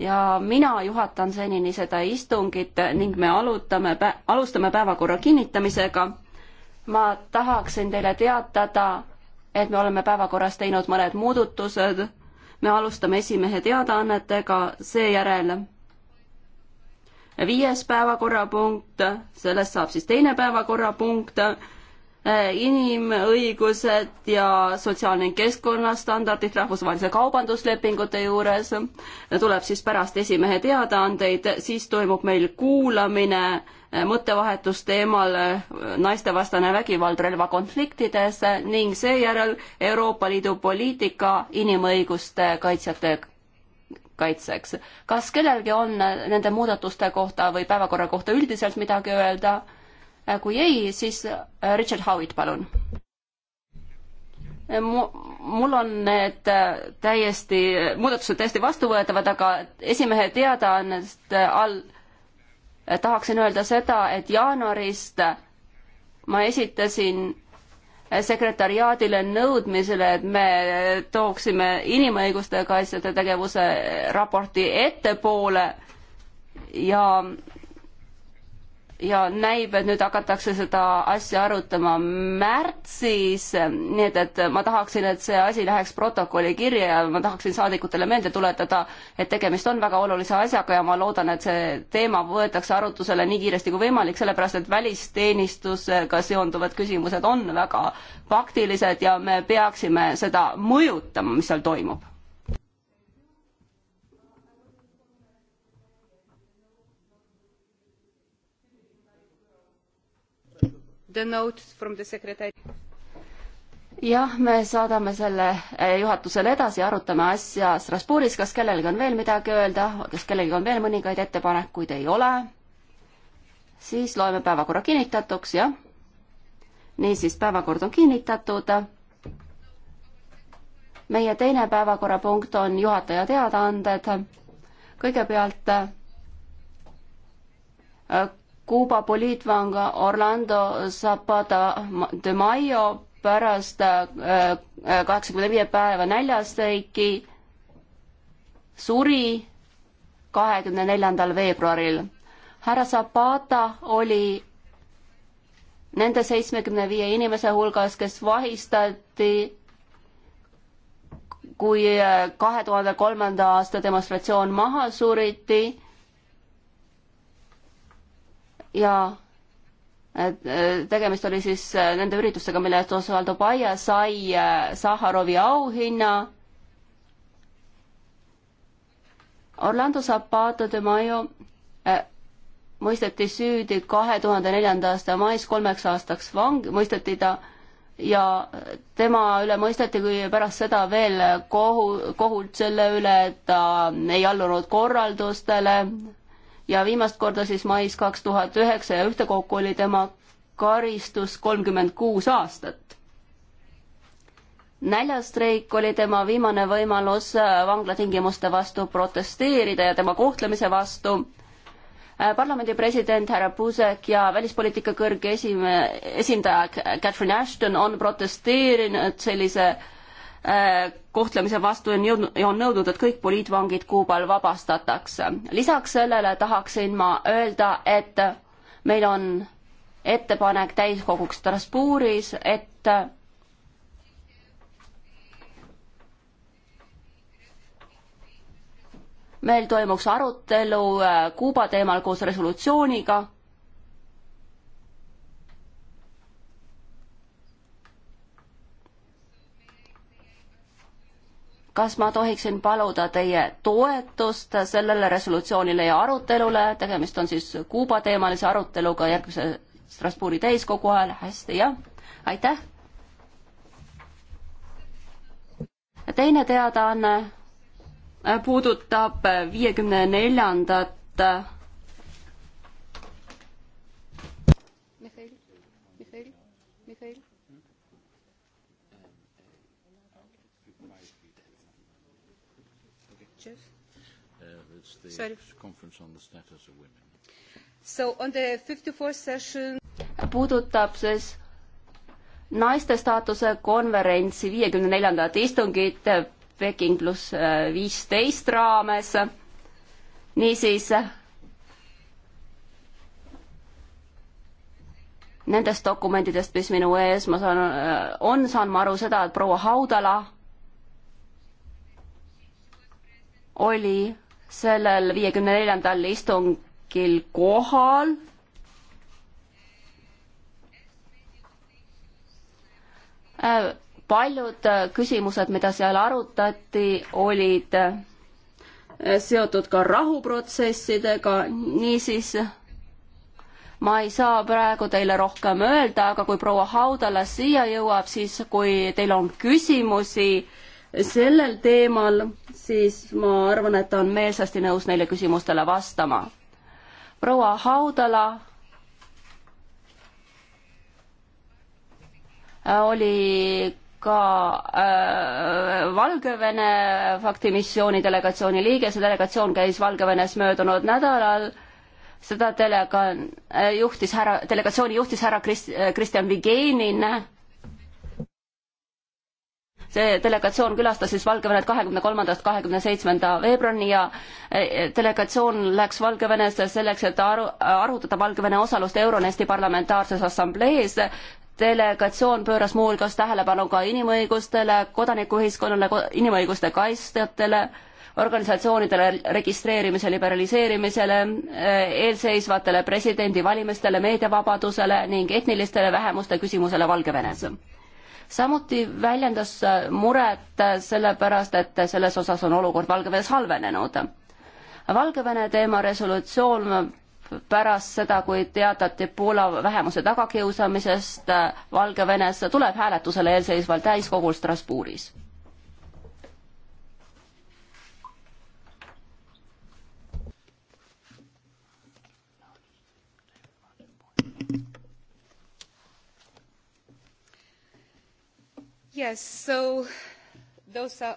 ja mina juhatan senini seda istungit ning me alutame, alustame päevakorra kinnitamisega. ma tahaksin teile teatada, et me oleme päevakorras teinud mõned muudatused. me alustame esimehe teadaannetega, seejärel viies päevakorrapunkt, sellest saab siis teine päevakorrapunkt Äh, inimõigused ja sotsiaalne keskkonnastandardid rahvusvahelise kaubanduslepingute juures. tuleb siis pärast esimehe teadaandeid, siis toimub meil kuulamine äh, mõttevahetus teemal äh, naistevastane vägivald relvakonfliktides ning seejärel Euroopa Liidu poliitika inimõiguste kaitsjate kaitseks. kas kellelgi on nende muudatuste kohta või päevakorra kohta üldiselt midagi öelda? Äh, kui ei, siis äh, Richard Howitt, palun. Äh, mul on need täiesti, muudatused täiesti vastuvõetavad, aga esimehe teadaannest all tahaksin öelda seda, et jaanuarist ma esitasin sekretariaadile nõudmisele, et me tooksime inimõiguste kaitsjate tegevuse raporti ettepoole ja ja näib, et nüüd hakatakse seda asja arutama märtsis, nii et, et ma tahaksin, et see asi läheks protokolli kirja ja ma tahaksin saadikutele meelde tuletada, et tegemist on väga olulise asjaga ja ma loodan, et see teema võetakse arutusele nii kiiresti kui võimalik, sellepärast et välisteenistusega seonduvad küsimused on väga faktilised ja me peaksime seda mõjutama, mis seal toimub. jah, me saadame selle eh, juhatusele edasi, arutame asja Strasbourgis, kas kellelgi on veel midagi öelda, kas kellelgi on veel mõningaid ettepanekuid, ei ole. siis loeme päevakorra kinnitatuks, jah. niisiis, päevakord on kinnitatud. meie teine päevakorrapunkt on juhataja teadaanded. kõigepealt eh, Kuuba poliitvanga Orlando Zapata de Mayo pärast äh, äh, kaheksakümne viie päeva näljastreiki suri kahekümne neljandal veebruaril. härra Zapata oli nende seitsmekümne viie inimese hulgas, kes vahistati, kui äh, kahe tuhande kolmanda aasta demonstratsioon maha suriti ja et äh, tegemist oli siis äh, nende üritustega, mille eest Osvaldo Paia sai äh, Saharovi auhinna. Orlando Zapata de Mayo äh, mõisteti süüdi kahe tuhande neljanda aasta mais kolmeks aastaks vang, mõisteti ta ja tema üle mõisteti kui pärast seda veel kohu, kohult selle üle, et ta ei allunud korraldustele, ja viimast korda siis mais kaks tuhat üheksa ja ühtekokku oli tema karistus kolmkümmend kuus aastat. näljastreik oli tema viimane võimalus äh, vanglatingimuste vastu protesteerida ja tema kohtlemise vastu. Äh, parlamendi president härra Buzek ja välispoliitika kõrge esime-, esindaja Catherine Ashton on protesteerinud sellise äh, kohtlemise vastu on jõudnud, on nõudnud, et kõik poliitvangid Kuubal vabastatakse. lisaks sellele tahaksin ma öelda, et meil on ettepanek täiskoguks Strasbourgis, et meil toimuks arutelu äh, Kuuba teemal koos resolutsiooniga kas ma tohiksin paluda teie toetust sellele resolutsioonile ja arutelule, tegemist on siis Kuuba teemalise aruteluga järgmise Strasbourgi täiskogu ajal, hästi, jah, aitäh. teine teadaanne puudutab viiekümne neljandat sorry. Conference on the status of women. So on the 54th session puudutab siis naiste staatuse konverentsi viiekümne neljandat istungit Peking pluss äh, viisteist raames. niisiis nendest dokumentidest, mis minu ees ma saan, äh, on, saan ma aru seda, et proua Haudala oli sellel viiekümne neljandal istungil kohal. Äh, paljud äh, küsimused, mida seal arutati, olid äh, seotud ka rahuprotsessidega, niisiis ma ei saa praegu teile rohkem öelda, aga kui proua Haudala siia jõuab, siis kui teil on küsimusi, sellel teemal, siis ma arvan, et on meelsasti nõus neile küsimustele vastama. proua Haudala oli ka äh, Valgevene faktimissiooni delegatsiooni liige, see delegatsioon käis Valgevenes möödunud nädalal, seda delega- äh,, juhtis härra, delegatsiooni juhtis härra Krist-, äh, Kristjan Vigenin äh,, see delegatsioon külastas siis Valgevenet kahekümne kolmandast kahekümne seitsmenda veebruarini ja eh, eh, delegatsioon läks Valgevenesse selleks, et aru, arutada Valgevene osalust Euronesti parlamentaarses assamblees delegatsioon pööras muuhulgas tähelepanu ka inimõigustele, kodanikuühiskonnale, inimõiguste kaitsjatele, organisatsioonidele registreerimise liberaliseerimisele, eh, eelseisvatele presidendivalimistele, meediavabadusele ning etnilistele vähemuste küsimusele Valgevenes samuti väljendas muret sellepärast, et selles osas on olukord Valgevenes halvenenud. Valgevene teema resolutsioon pärast seda, kui teatati Poola vähemuse tagakiusamisest Valgevenes, tuleb hääletusele eelseisval täiskogul Strasbourgis Yes,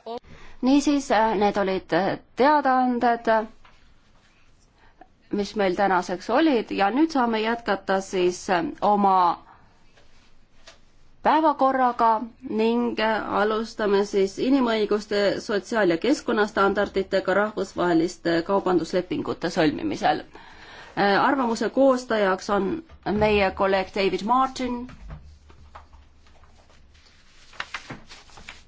all... niisiis, äh, need olid äh, teadaanded, äh, mis meil tänaseks olid ja nüüd saame jätkata siis oma päevakorraga ning alustame siis inimõiguste sotsiaal- ja keskkonnastandarditega rahvusvaheliste kaubanduslepingute sõlmimisel. arvamuse koostajaks on meie kolleeg David Martin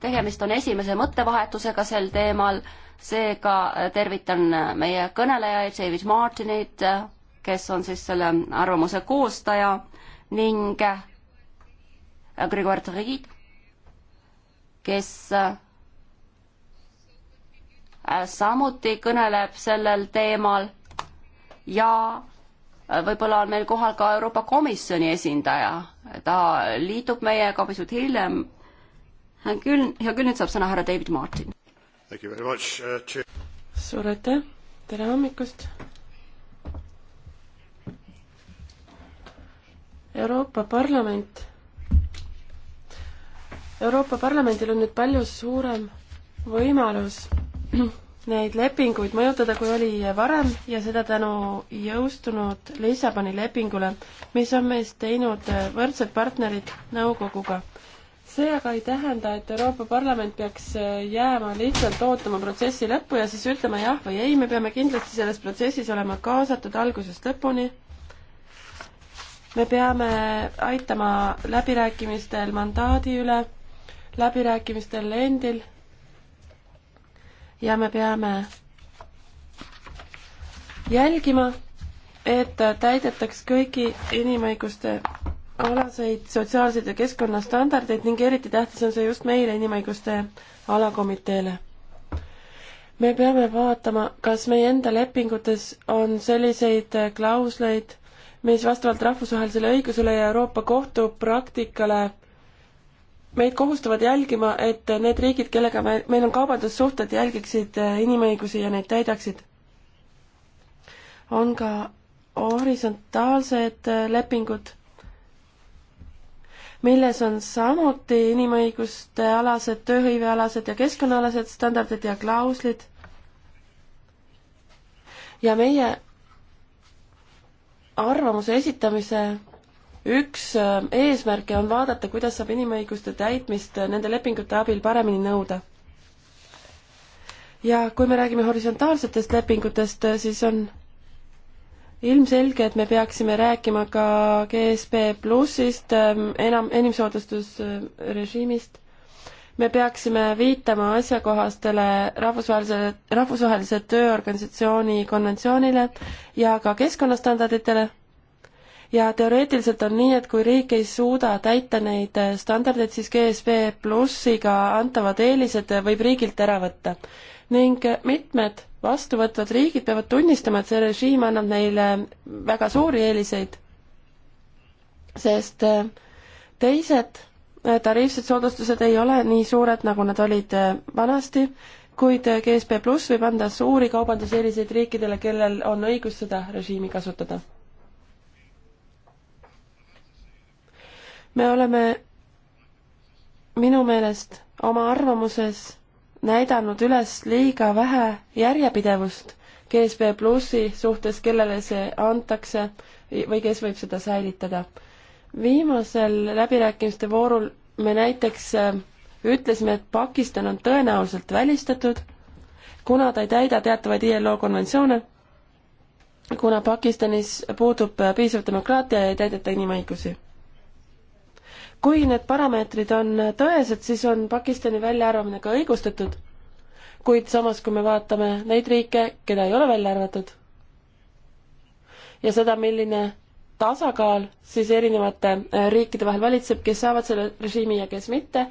tegemist on esimese mõttevahetusega sel teemal, seega tervitan meie kõnelejaid, James Martinit, kes on siis selle arvamuse koostaja ning Grigor Triid, kes äh, samuti kõneleb sellel teemal ja võib-olla on meil kohal ka Euroopa Komisjoni esindaja, ta liitub meiega pisut hiljem, küll, hea küll, nüüd saab sõna härra David Martin. Uh, suur aitäh, tere hommikust! Euroopa Parlament, Euroopa Parlamendil on nüüd palju suurem võimalus neid lepinguid mõjutada, kui oli varem ja seda tänu jõustunud Lissaboni lepingule, mis on meist teinud võrdsed partnerid nõukoguga see aga ei tähenda, et Euroopa Parlament peaks äh, jääma lihtsalt ootama protsessi lõppu ja siis ütlema jah või ei, me peame kindlasti selles protsessis olema kaasatud algusest lõpuni. me peame aitama läbirääkimistel mandaadi üle, läbirääkimistel endil ja me peame jälgima, et täidetaks kõigi inimõiguste alaseid sotsiaalseid ja keskkonnastandardeid ning eriti tähtis on see just meile, inimõiguste alakomiteele. me peame vaatama, kas meie enda lepingutes on selliseid klausleid, mis vastavalt rahvusvahelisele õigusele ja Euroopa Kohtu praktikale meid kohustavad jälgima, et need riigid, kellega me, meil on kaubandussuhted, jälgiksid inimõigusi ja neid täidaksid. on ka horisontaalsed lepingud milles on samuti inimõiguste alased, tööhõivealased ja keskkonnaalased standardid ja klauslid. ja meie arvamuse esitamise üks äh, eesmärke on vaadata, kuidas saab inimõiguste täitmist äh, nende lepingute abil paremini nõuda. ja kui me räägime horisontaalsetest lepingutest, äh, siis on ilmselge, et me peaksime rääkima ka GSP plussist, ähm, enam, enimsoodustusrežiimist. me peaksime viitama asjakohastele rahvusvahelisele, rahvusvahelise tööorganisatsiooni konventsioonile ja ka keskkonnastandarditele. ja teoreetiliselt on nii, et kui riik ei suuda täita neid standardeid, siis GSP plussiga antavad eelised võib riigilt ära võtta ning mitmed vastuvõtvad riigid peavad tunnistama, et see režiim annab neile väga suuri eeliseid, sest äh, teised äh, tariifsed soodustused ei ole nii suured, nagu nad olid äh, vanasti, kuid GSP pluss võib anda suuri kaubanduseeliseid riikidele, kellel on õigus seda režiimi kasutada. me oleme minu meelest oma arvamuses näidanud üles liiga vähe järjepidevust GSB Plussi suhtes, kellele see antakse või kes võib seda säilitada. viimasel läbirääkimiste voorul me näiteks äh, ütlesime, et Pakistan on tõenäoliselt välistatud, kuna ta ei täida teatavaid ILO konventsioone, kuna Pakistanis puudub äh, piisav demokraatia ja ei täideta inimõigusi kui need parameetrid on tõesed, siis on Pakistani väljaarvamine ka õigustatud. kuid samas, kui me vaatame neid riike, keda ei ole välja arvatud ja seda, milline tasakaal siis erinevate äh, riikide vahel valitseb, kes saavad selle režiimi ja kes mitte,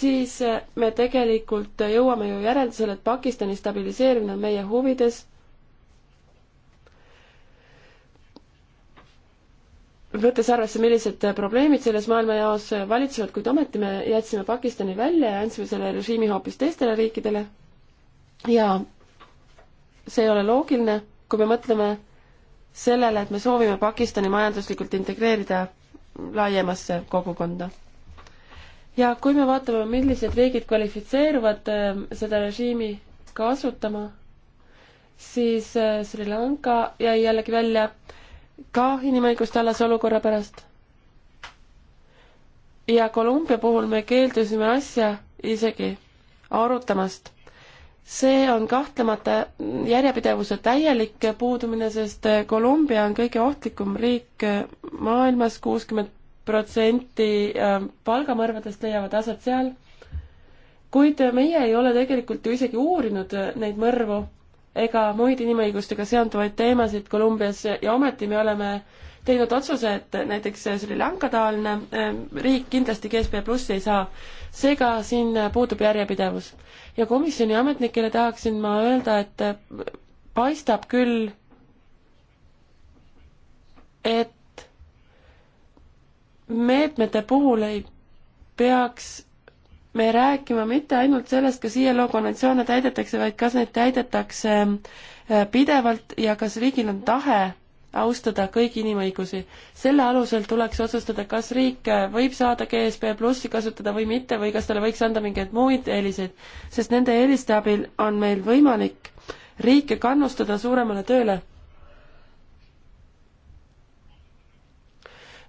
siis äh, me tegelikult jõuame ju järeldusele, et Pakistani stabiliseerimine on meie huvides võttes arvesse, millised probleemid selles maailmajaos valitsevad, kuid ometi me jätsime Pakistani välja ja andsime selle režiimi hoopis teistele riikidele. ja see ei ole loogiline, kui me mõtleme sellele, et me soovime Pakistani majanduslikult integreerida laiemasse kogukonda. ja kui me vaatame, millised riigid kvalifitseeruvad ähm, seda režiimi kasutama, siis äh, Sri Lanka jäi jällegi välja ka inimõiguste alase olukorra pärast. ja Kolumbia puhul me keeldusime asja isegi arutamast. see on kahtlemata järjepidevuse täielik puudumine, sest Kolumbia on kõige ohtlikum riik maailmas, kuuskümmend protsenti ähm, palgamõrvadest leiavad aset seal kuid meie ei ole tegelikult ju isegi uurinud neid mõrvu ega muid inimõigustega seonduvaid teemasid Kolumbias ja ometi me oleme teinud otsuse, et näiteks Sri Lanka taoline ähm, riik kindlasti GSP plussi ei saa. seega siin puudub järjepidevus. ja komisjoni ametnikele tahaksin ma öelda, et äh, paistab küll, et meetmete puhul ei peaks me rääkima mitte ainult sellest, kas ILO konventsioone täidetakse, vaid kas neid täidetakse äh, pidevalt ja kas riigil on tahe austada kõigi inimõigusi. selle alusel tuleks otsustada, kas riik äh, võib saada GSP plussi kasutada või mitte või kas talle võiks anda mingeid muid eeliseid, sest nende eeliste abil on meil võimalik riike kannustada suuremale tööle.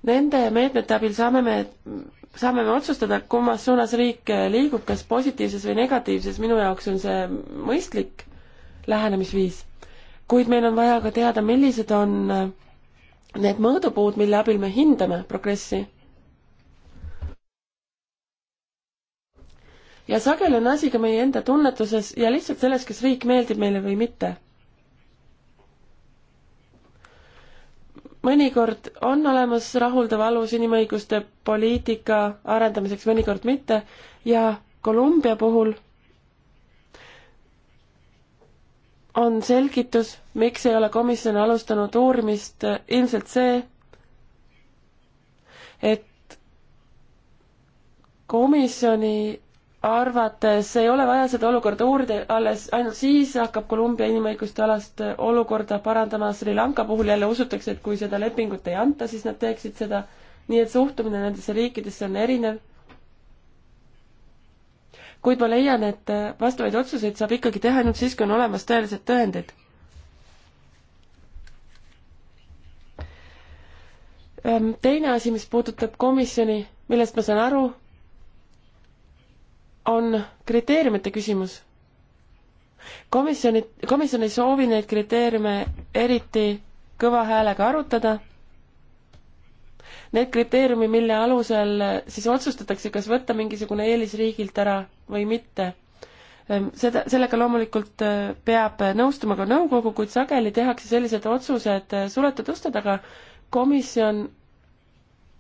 Nende meetmete abil saame me saame me otsustada, kummas suunas riik liigub, kas positiivses või negatiivses, minu jaoks on see mõistlik lähenemisviis. kuid meil on vaja ka teada, millised on äh, need mõõdupuud, mille abil me hindame progressi. ja sageli on asi ka meie enda tunnetuses ja lihtsalt selles, kas riik meeldib meile või mitte mõnikord on olemas rahuldav alus inimõiguste poliitika arendamiseks, mõnikord mitte ja Kolumbia puhul on selgitus, miks ei ole komisjon alustanud uurimist, ilmselt see, et komisjoni arvates ei ole vaja seda olukorda uurida, alles ainult siis hakkab Kolumbia inimõiguste alast olukorda parandama Sri Lanka puhul jälle usutakse, et kui seda lepingut ei anta, siis nad teeksid seda. nii et suhtumine nendesse riikidesse on erinev. kuid ma leian, et vastavaid otsuseid saab ikkagi teha ainult siis, kui on olemas tõelised tõendid. Ehm, teine asi, mis puudutab komisjoni, millest ma saan aru, on kriteeriumite küsimus. komisjonid, komisjon ei soovi neid kriteeriume eriti kõva häälega arutada. Need kriteeriumi, mille alusel siis otsustatakse, kas võtta mingisugune eelis riigilt ära või mitte ehm, seda, sellega loomulikult äh, peab nõustuma ka nõukogu, kuid sageli tehakse sellised otsused äh, suletud uste taga. komisjon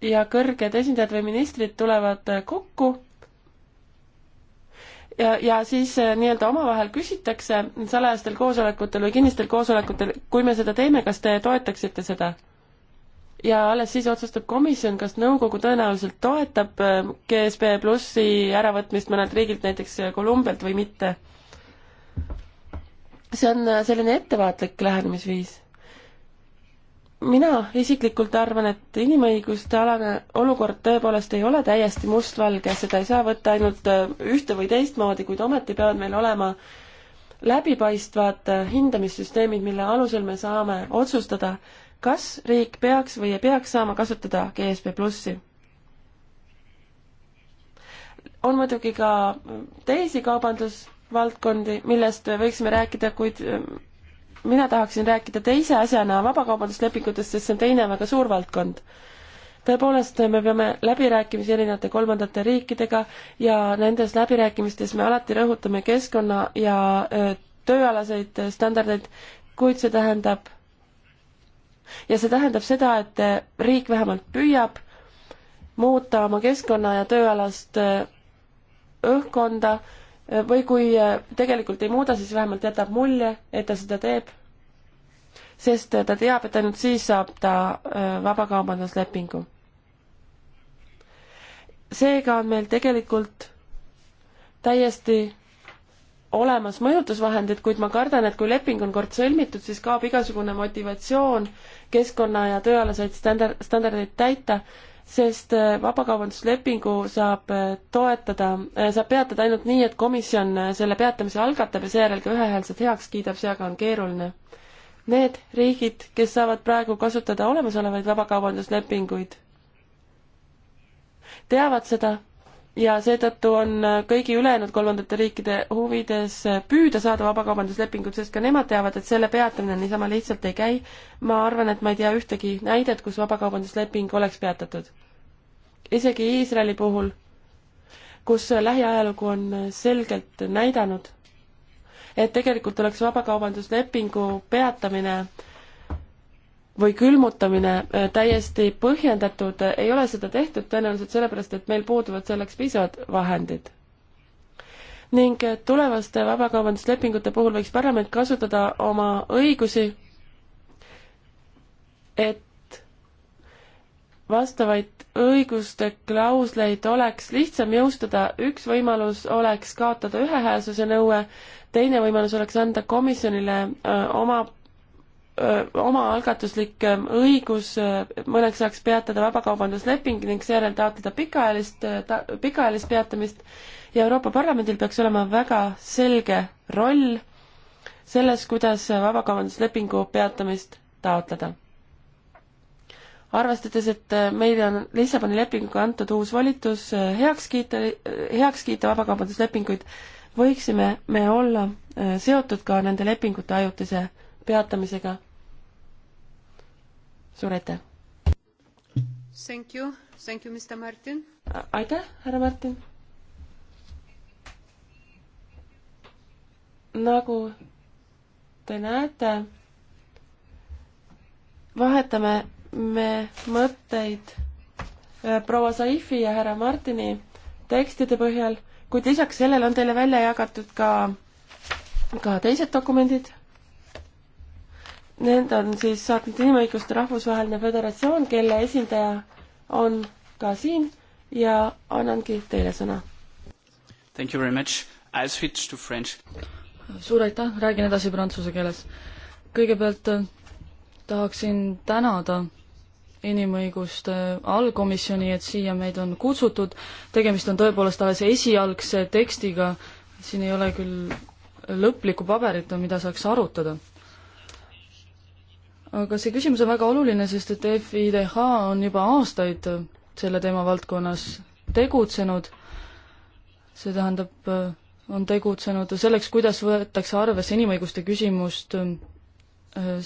ja kõrged esindajad või ministrid tulevad äh, kokku ja, ja siis eh, nii-öelda omavahel küsitakse salajastel koosolekutel või kinnistel koosolekutel, kui me seda teeme, kas te toetaksite seda? ja alles siis otsustab komisjon, kas nõukogu tõenäoliselt toetab eh, GSB Plussi äravõtmist mõnelt riigilt, näiteks eh, Kolumbialt või mitte. see on selline ettevaatlik lähenemisviis mina isiklikult arvan, et inimõiguste alane olukord tõepoolest ei ole täiesti mustvalge, seda ei saa võtta ainult äh, ühte või teistmoodi, kuid ometi peavad meil olema läbipaistvad äh, hindamissüsteemid, mille alusel me saame otsustada, kas riik peaks või ei peaks saama kasutada GSP Plussi. on muidugi ka teisi kaubandus valdkondi, millest võiksime rääkida, kuid äh, mina tahaksin rääkida teise asjana vabakaubanduslepingutest, sest see on teine väga suur valdkond. tõepoolest, me peame läbirääkimisi erinevate kolmandate riikidega ja nendes läbirääkimistes me alati rõhutame keskkonna ja tööalaseid standardeid, kuid see tähendab ja see tähendab seda, et riik vähemalt püüab muuta oma keskkonna ja tööalast õhkkonda või kui äh, tegelikult ei muuda, siis vähemalt jätab mulje, et ta seda teeb. sest äh, ta teab, et ainult siis saab ta äh, vabakaubanduslepingu. seega on meil tegelikult täiesti olemas mõjutusvahendid, kuid ma kardan, et kui leping on kord sõlmitud, siis kaob igasugune motivatsioon keskkonna ja tööalaseid standard, standardeid täita sest äh, vabakaubanduslepingu saab äh, toetada, äh, saab peatada ainult nii, et komisjon selle peatamise algatab ja seejärel ka ühehäälselt heaks kiidab, see aga on keeruline. Need riigid, kes saavad praegu kasutada olemasolevaid vabakaubanduslepinguid, teavad seda ja seetõttu on kõigi ülejäänud kolmandate riikide huvides püüda saada vabakaubanduslepingut, sest ka nemad teavad, et selle peatamine niisama lihtsalt ei käi. ma arvan, et ma ei tea ühtegi näidet, kus vabakaubandusleping oleks peatatud. isegi Iisraeli puhul, kus lähiajalugu on selgelt näidanud, et tegelikult oleks vabakaubanduslepingu peatamine äh, või külmutamine äh, täiesti põhjendatud, äh, ei ole seda tehtud tõenäoliselt sellepärast, et meil puuduvad selleks piisavad vahendid. ning äh, tulevaste vabakaubanduslepingute puhul võiks parlament kasutada oma õigusi, et vastavaid õiguste klausleid oleks lihtsam jõustada, üks võimalus oleks kaotada ühehäälsuse nõue, teine võimalus oleks anda komisjonile oma omaalgatuslik õigus mõneks ajaks peatada vabakaubandusleping ning seejärel taotleda pikaajalist ta,, pikaajalist peatamist ja Euroopa Parlamendil peaks olema väga selge roll selles, kuidas vabakaubanduslepingu peatamist taotleda. arvestades, et meile on Lissaboni lepinguga antud uus volitus heaks kiita, heaks kiita vabakaubanduslepinguid, võiksime me olla seotud ka nende lepingute ajutise peatamisega suur aitäh! Thank you, thank you, Mr Martin! aitäh, härra Martin! nagu te näete, vahetame me mõtteid e, proua Saifi ja härra Martini tekstide põhjal, kuid lisaks sellele on teile välja jagatud ka, ka teised dokumendid Need on siis saatnud inimõiguste rahvusvaheline föderatsioon, kelle esindaja on ka siin ja annangi teile sõna. Thank you very much, I switch to french. suur aitäh, räägin edasi prantsuse keeles. kõigepealt äh, tahaksin tänada inimõiguste allkomisjoni, et siia meid on kutsutud. tegemist on tõepoolest alles esialgse tekstiga, siin ei ole küll lõplikku paberit, mida saaks arutada aga see küsimus on väga oluline, sest et FIDH on juba aastaid selle teemavaldkonnas tegutsenud, see tähendab, on tegutsenud selleks, kuidas võetakse arvesse inimõiguste küsimust äh,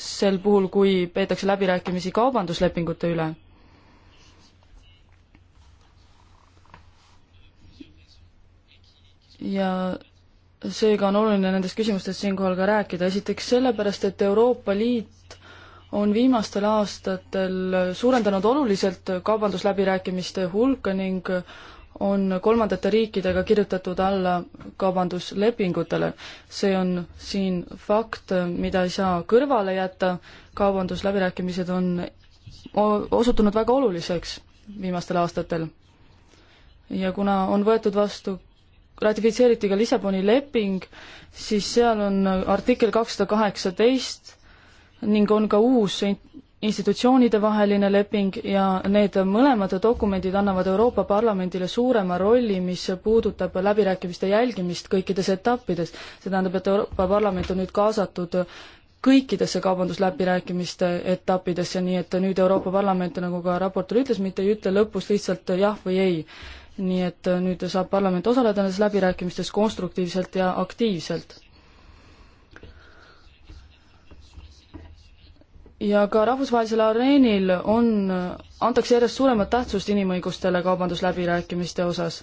sel puhul, kui peetakse läbirääkimisi kaubanduslepingute üle. ja seega on oluline nendest küsimustest siinkohal ka rääkida, esiteks sellepärast, et Euroopa Liit on viimastel aastatel suurendanud oluliselt kaubandusläbirääkimiste hulka ning on kolmandate riikidega kirjutatud alla kaubanduslepingutele. see on siin fakt, mida ei saa kõrvale jätta, kaubandusläbirääkimised on osutunud väga oluliseks viimastel aastatel. ja kuna on võetud vastu, ratifitseeriti ka Lissaboni leping, siis seal on artikkel kakssada kaheksateist, ning on ka uus institutsioonide vaheline leping ja need mõlemad dokumendid annavad Euroopa Parlamendile suurema rolli, mis puudutab läbirääkimiste jälgimist kõikides etappides. see tähendab, et Euroopa Parlament on nüüd kaasatud kõikidesse kaubandusläbirääkimiste etappidesse, nii et nüüd Euroopa Parlament, nagu ka raportöör ütles, mitte ei ütle lõpus lihtsalt jah või ei. nii et nüüd saab parlament osaleda nendes läbirääkimistes konstruktiivselt ja aktiivselt ja ka rahvusvahelisel areenil on, antakse järjest suuremat tähtsust inimõigustele kaubandusläbirääkimiste osas.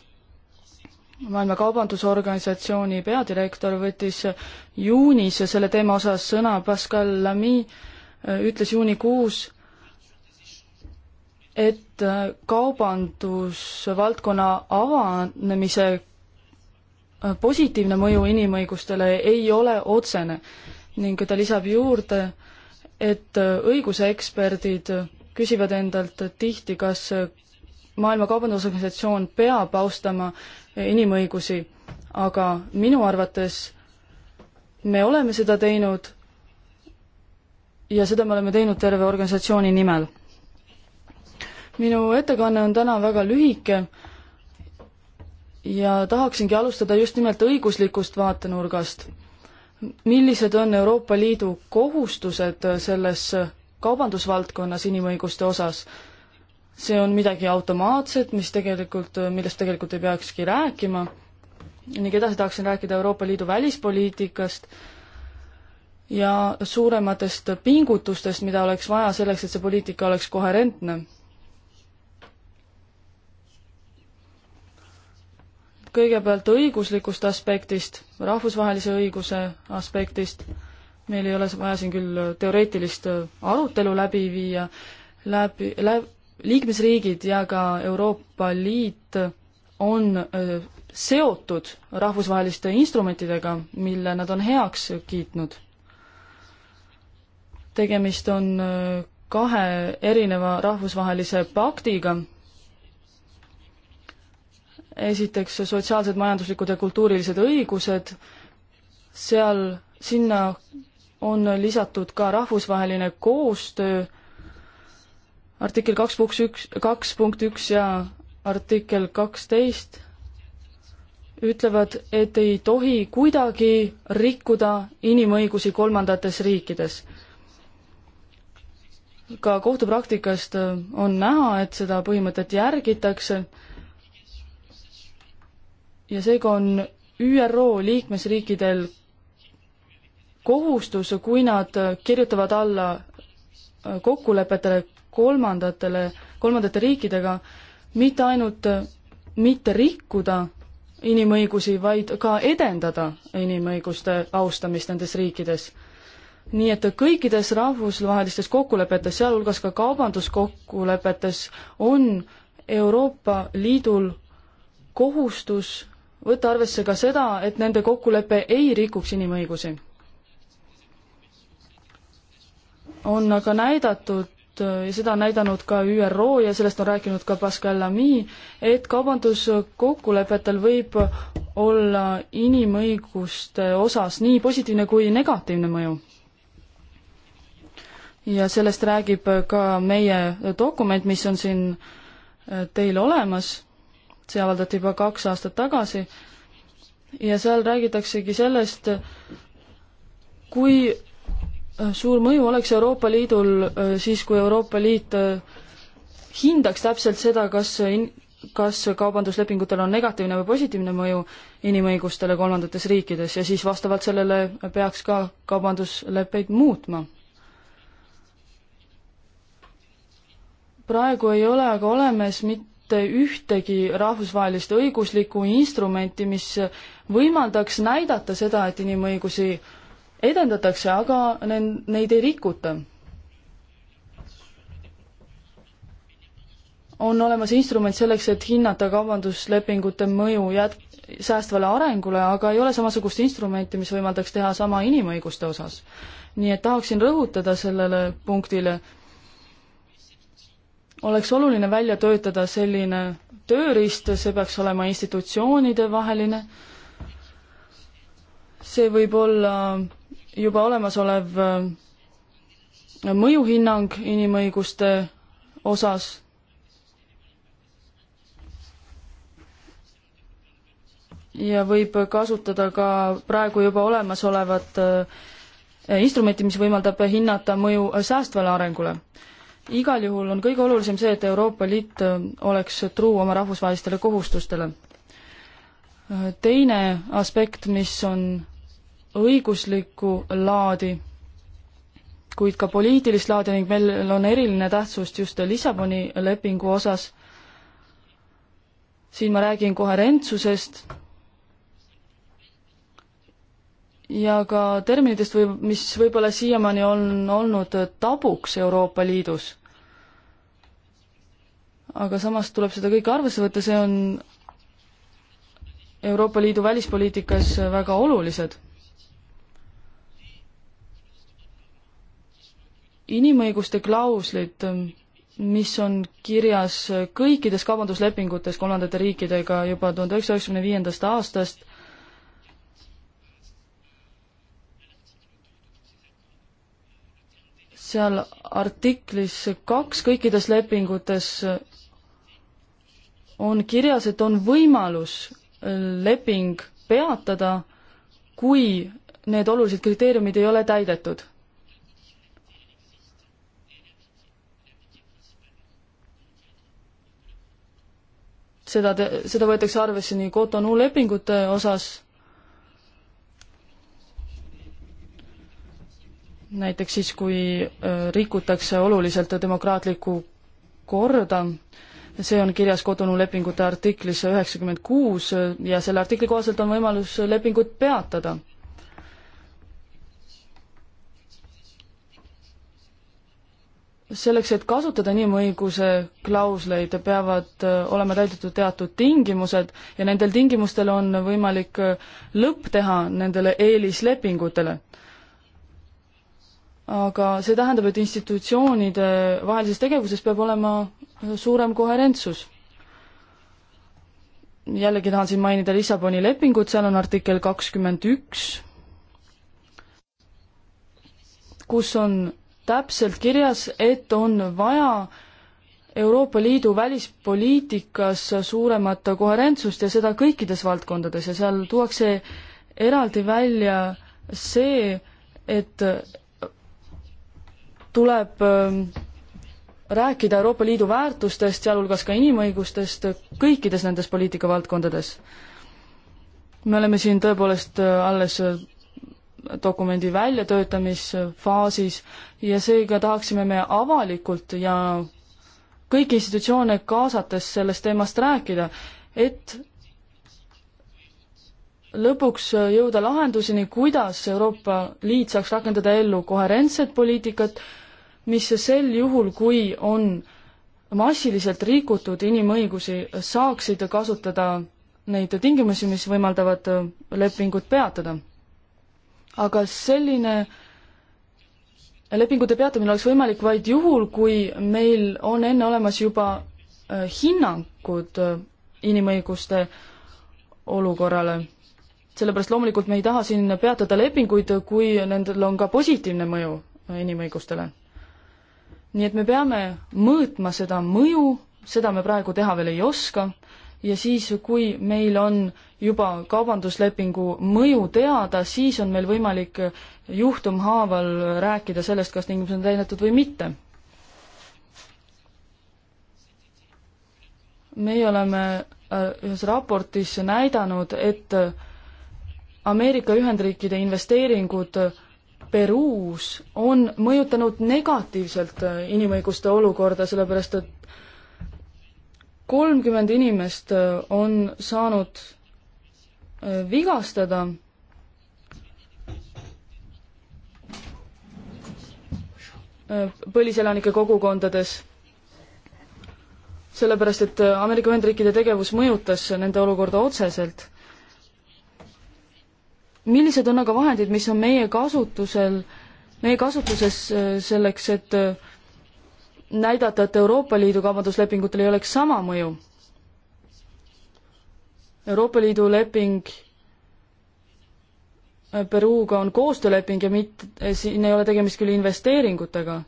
maailma Kaubandusorganisatsiooni peadirektor võttis juunis selle teema osas sõna, Pascal Lamy äh, ütles juunikuus, et äh, kaubandusvaldkonna avanemise äh, positiivne mõju inimõigustele ei ole otsene ning ta lisab juurde, et äh, õiguse eksperdid küsivad endalt tihti, kas äh, Maailma Kaubandusorganisatsioon peab austama äh, inimõigusi, aga minu arvates me oleme seda teinud ja seda me oleme teinud terve organisatsiooni nimel. minu ettekanne on täna väga lühike ja tahaksingi alustada just nimelt õiguslikust vaatenurgast millised on Euroopa Liidu kohustused selles kaubandusvaldkonnas inimõiguste osas? see on midagi automaatset, mis tegelikult, millest tegelikult ei peakski rääkima ning edasi tahaksin rääkida Euroopa Liidu välispoliitikast ja suurematest pingutustest, mida oleks vaja selleks, et see poliitika oleks koherentne kõigepealt õiguslikust aspektist, rahvusvahelise õiguse aspektist, meil ei ole vaja siin küll teoreetilist äh, arutelu läbi viia, läbi, läb-, liikmesriigid ja ka Euroopa Liit on öö, äh, seotud rahvusvaheliste instrumentidega, mille nad on heaks kiitnud. tegemist on öö, äh, kahe erineva rahvusvahelise paktiga esiteks sotsiaalsed, majanduslikud ja kultuurilised õigused, seal, sinna on lisatud ka rahvusvaheline koostöö, artikkel kaks punkt üks, kaks punkt üks ja artikkel kaksteist ütlevad, et ei tohi kuidagi rikkuda inimõigusi kolmandates riikides. ka kohtupraktikast on näha, et seda põhimõtet järgitakse ja seega on ÜRO liikmesriikidel kohustus, kui nad kirjutavad alla äh, kokkulepetele kolmandatele, kolmandate riikidega, mitte ainult äh, mitte rikkuda inimõigusi, vaid ka edendada inimõiguste austamist nendes riikides. nii et kõikides rahvusvahelistes kokkulepetes, sealhulgas ka kaubanduskokkulepetes, on Euroopa Liidul kohustus võtta arvesse ka seda, et nende kokkulepe ei rikuks inimõigusi. on aga näidatud ja seda on näidanud ka ÜRO ja sellest on rääkinud ka Pascal Lamy, et kaubanduskokkulepetel võib olla inimõiguste osas nii positiivne kui negatiivne mõju. ja sellest räägib ka meie dokument, mis on siin teil olemas see avaldati juba kaks aastat tagasi ja seal räägitaksegi sellest, kui äh, suur mõju oleks Euroopa Liidul äh, siis, kui Euroopa Liit äh, hindaks täpselt seda, kas in-, kas kaubanduslepingutel on negatiivne või positiivne mõju inimõigustele kolmandates riikides ja siis vastavalt sellele peaks ka kaubandusleppeid muutma. praegu ei ole aga olemas mit-, mitte ühtegi rahvusvahelist õiguslikku instrumenti, mis võimaldaks näidata seda, et inimõigusi edendatakse, aga neid ei rikuta. on olemas instrument selleks, et hinnata kaubanduslepingute mõju jät-, säästvale arengule, aga ei ole samasugust instrumenti, mis võimaldaks teha sama inimõiguste osas. nii et tahaksin rõhutada sellele punktile, oleks oluline välja töötada selline tööriist, see peaks olema institutsioonide vaheline, see võib olla juba olemasolev äh, mõjuhinnang inimõiguste osas, ja võib kasutada ka praegu juba olemasolevat äh, instrumenti, mis võimaldab hinnata mõju säästvale arengule igal juhul on kõige olulisem see, et Euroopa Liit äh, oleks truu oma rahvusvahelistele kohustustele. Äh, teine aspekt, mis on õiguslikku laadi, kuid ka poliitilist laadi ning meil on eriline tähtsus just Lissaboni lepingu osas, siin ma räägin koherentsusest ja ka terminitest või mis võib-olla siiamaani on olnud tabuks Euroopa Liidus. aga samas tuleb seda kõike arvesse võtta, see on Euroopa Liidu välispoliitikas väga olulised. inimõiguste klauslid, mis on kirjas kõikides kaubanduslepingutes kolmandate riikidega juba tuhande üheksasaja üheksakümne viiendast aastast seal artiklis kaks kõikides lepingutes on kirjas, et on võimalus leping peatada, kui need olulised kriteeriumid ei ole täidetud. seda, seda võetakse arvesse nii Cotonou lepingute osas näiteks siis, kui äh, rikutakse oluliselt demokraatlikku korda, see on kirjas Kotonu lepingute artiklis üheksakümmend kuus äh, ja selle artikli kohaselt on võimalus lepingut peatada. selleks, et kasutada inimõiguse klausleid, peavad äh, olema täidetud teatud tingimused ja nendel tingimustel on võimalik lõpp teha nendele eelislepingutele aga see tähendab, et institutsioonide vahelises tegevuses peab olema suurem koherentsus jällegi tahan siin mainida Lissaboni lepingut, seal on artikkel kakskümmend üks, kus on täpselt kirjas, et on vaja Euroopa Liidu välispoliitikas suuremat koherentsust ja seda kõikides valdkondades ja seal tuuakse eraldi välja see, et tuleb ähm, rääkida Euroopa Liidu väärtustest, sealhulgas ka inimõigustest, kõikides nendes poliitikavaldkondades. me oleme siin tõepoolest äh, alles äh, dokumendi väljatöötamisfaasis ja seega tahaksime me avalikult ja kõiki institutsioone kaasates sellest teemast rääkida, et lõpuks äh, jõuda lahenduseni, kuidas Euroopa Liit saaks rakendada ellu koherentset poliitikat, mis sel juhul, kui on massiliselt rikutud inimõigusi, saaksid kasutada neid tingimusi, mis võimaldavad lepingut peatada. aga selline lepingute peatamine oleks võimalik vaid juhul, kui meil on enne olemas juba äh, hinnangud äh, inimõiguste olukorrale. sellepärast loomulikult me ei taha siin peatada lepinguid, kui nendel on ka positiivne mõju äh, inimõigustele nii et me peame mõõtma seda mõju, seda me praegu teha veel ei oska, ja siis, kui meil on juba kaubanduslepingu mõju teada, siis on meil võimalik juhtumhaaval rääkida sellest, kas tingimused on täidetud või mitte. meie oleme äh, ühes raportis näidanud, et Ameerika Ühendriikide investeeringud äh, Peruus on mõjutanud negatiivselt äh, inimõiguste olukorda, sellepärast et kolmkümmend inimest äh, on saanud äh, vigastada põliselanike kogukondades, sellepärast et Ameerika Ühendriikide tegevus mõjutas nende olukorda otseselt millised on aga vahendid, mis on meie kasutusel, meie kasutuses äh, selleks, et äh, näidata, et Euroopa Liidu kaubanduslepingutel ei oleks sama mõju? Euroopa Liidu leping äh, Peruga on koostööleping ja mitte, siin ei ole tegemist küll investeeringutega,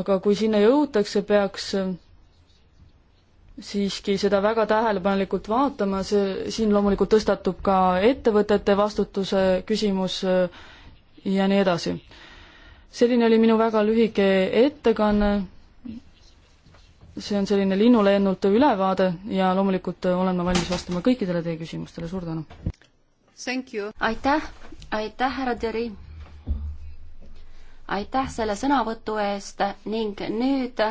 aga kui sinna jõutakse, peaks siiski seda väga tähelepanelikult vaatama, see, siin loomulikult tõstatub ka ettevõtete vastutuse küsimus äh, ja nii edasi. selline oli minu väga lühike ettekanne, see on selline linnulennult ülevaade ja loomulikult äh, olen ma valmis vastama kõikidele teie küsimustele, suur tänu! aitäh, aitäh, härra Teri! aitäh selle sõnavõtu eest ning nüüd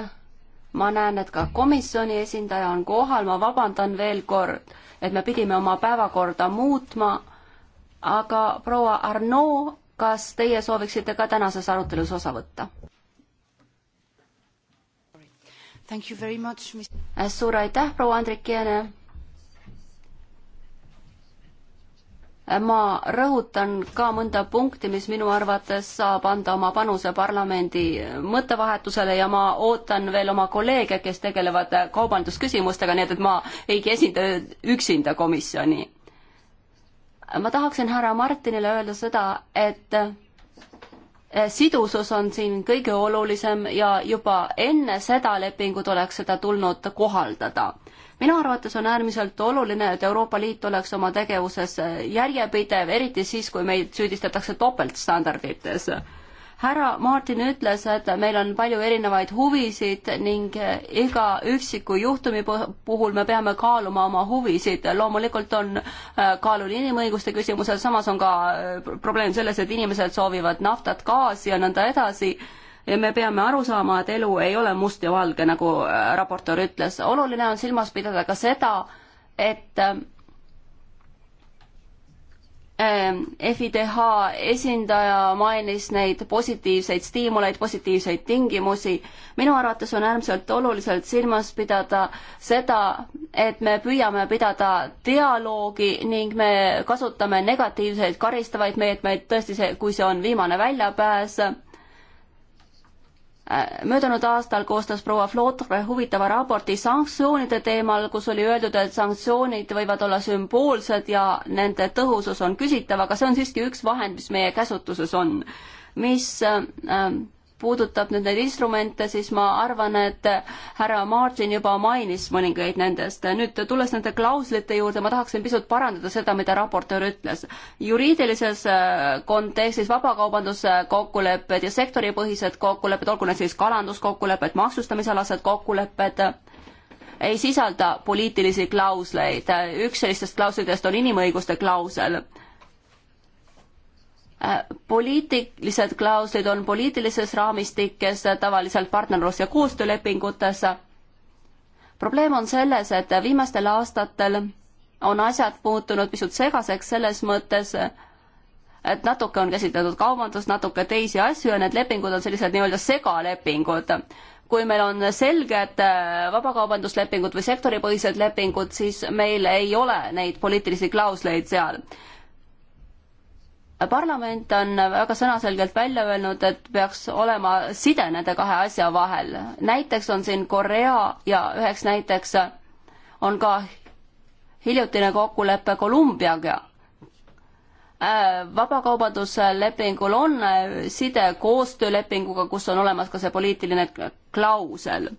ma näen, et ka komisjoni esindaja on kohal, ma vabandan veel kord, et me pidime oma päevakorda muutma, aga proua Arno, kas teie sooviksite ka tänases arutelus osa võtta? suur aitäh, proua Andrikiene ma rõhutan ka mõnda punkti, mis minu arvates saab anda oma panuse parlamendi mõttevahetusele ja ma ootan veel oma kolleege, kes tegelevad kaubandusküsimustega, nii et, et ma ei esinda üksinda komisjoni. ma tahaksin härra Martinile öelda seda, et sidusus on siin kõige olulisem ja juba enne seda lepingut oleks seda tulnud kohaldada minu arvates on äärmiselt oluline, et Euroopa Liit oleks oma tegevuses järjepidev, eriti siis, kui meid süüdistatakse topeltstandardites. härra Martin ütles, et meil on palju erinevaid huvisid ning iga üksiku juhtumi puhul me peame kaaluma oma huvisid. loomulikult on äh, kaalul inimõiguste küsimused, samas on ka äh, probleem selles, et inimesed soovivad naftat, gaasi ja nõnda edasi ja me peame aru saama, et elu ei ole must ja valge, nagu äh, raportöör ütles. oluline on silmas pidada ka seda, et ähm, FIDH esindaja mainis neid positiivseid stiimuleid, positiivseid tingimusi. minu arvates on äärmiselt oluliselt silmas pidada seda, et me püüame pidada dialoogi ning me kasutame negatiivseid karistavaid meetmeid tõesti see, kui see on viimane väljapääs Äh, möödunud aastal koostas proua Flotre huvitava raporti sanktsioonide teemal, kus oli öeldud, et sanktsioonid võivad olla sümboolsed ja nende tõhusus on küsitav, aga see on siiski üks vahend, mis meie käsutuses on. mis äh, puudutab nüüd neid instrumente, siis ma arvan, et härra Martin juba mainis mõningaid nendest. nüüd tulles nende klauslite juurde, ma tahaksin pisut parandada seda, mida raportöör ütles. juriidilises äh, kontekstis vabakaubanduskokkulepped ja sektoripõhised kokkulepped, olgu need siis kalanduskokkulepped, maksustamisalased kokkulepped, ei sisalda poliitilisi klausleid. üks sellistest klauslitest on inimõiguste klausel Äh, poliitilised klauslid on poliitilises raamistikes, äh, tavaliselt partnerlus- ja koostöölepingutes. probleem on selles, et viimastel aastatel on asjad muutunud pisut segaseks selles mõttes, et natuke on käsitletud kaubandust, natuke teisi asju ja need lepingud on sellised nii-öelda segalepingud. kui meil on selged äh, vabakaubanduslepingud või sektoripõhised lepingud, siis meil ei ole neid poliitilisi klausleid seal parlament on väga sõnaselgelt välja öelnud, et peaks olema side nende kahe asja vahel. näiteks on siin Korea ja üheks näiteks on ka hiljutine kokkulepe Kolumbiaga. Äh, vabakaubanduslepingul on äh, side koostöölepinguga, kus on olemas ka see poliitiline klausel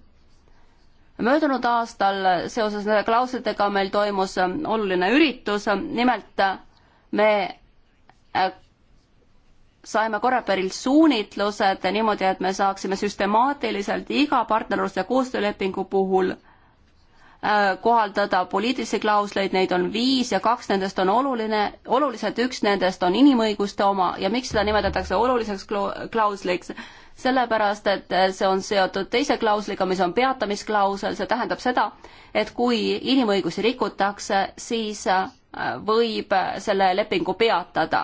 möödunud aastal seoses nende klauslitega meil toimus äh, oluline üritus, nimelt me saime Coreperilt suunitlused niimoodi, et me saaksime süstemaatiliselt iga partnerluse koostöölepingu puhul äh, kohaldada poliitilisi klausleid, neid on viis ja kaks nendest on oluline, olulised, üks nendest on inimõiguste oma ja miks seda nimetatakse oluliseks klausliks? sellepärast, et see on seotud teise klausliga, mis on peatamisklausel, see tähendab seda, et kui inimõigusi rikutakse, siis äh, võib selle lepingu peatada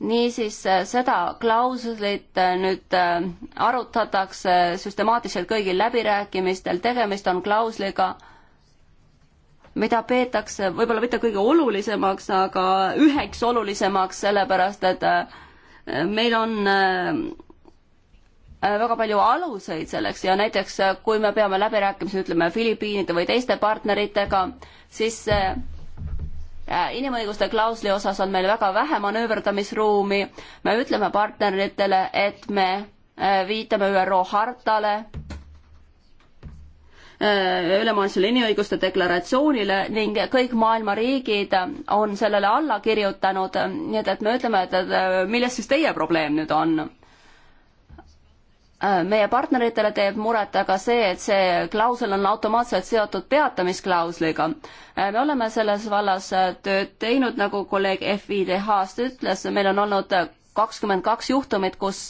niisiis äh, seda klauslit äh, nüüd äh, arutatakse süstemaatiliselt kõigil läbirääkimistel, tegemist on klausliga, mida peetakse võib-olla mitte kõige olulisemaks, aga üheks olulisemaks, sellepärast et meil on väga palju aluseid selleks ja näiteks kui me peame läbirääkimisi, ütleme, Filipiinide või teiste partneritega, siis Äh, inimõiguste klausli osas on meil väga vähe manööverdamisruumi. me ütleme partneritele, et me äh, viitame ÜRO hartale, äh, ülemaailmsele inimõiguste deklaratsioonile ning kõik maailma riigid on sellele alla kirjutanud, nii et, et me ütleme, et, et milles siis teie probleem nüüd on Äh, meie partneritele teeb muret aga see, et see klausel on automaatselt seotud peatamisklausliga. Äh, me oleme selles vallas äh, tööd teinud, nagu kolleeg FIDH-st ütles, meil on olnud kakskümmend kaks juhtumit, kus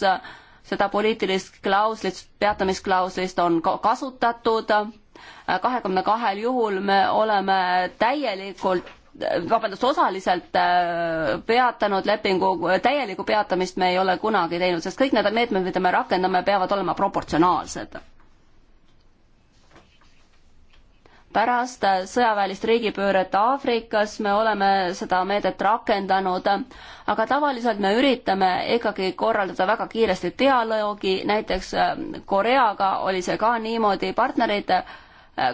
seda poliitilist klauslit, peatamisklauslist on kasutatud. kahekümne kahel juhul me oleme täielikult vabandust, osaliselt äh, peatanud lepingu täielikku peatamist me ei ole kunagi teinud, sest kõik need meetmed, mida me rakendame, peavad olema proportsionaalsed. pärast äh, sõjaväelist riigipööret Aafrikas me oleme seda meedet rakendanud, aga tavaliselt me üritame ikkagi korraldada väga kiiresti dialoogi, näiteks äh, Koreaga oli see ka niimoodi, partnerid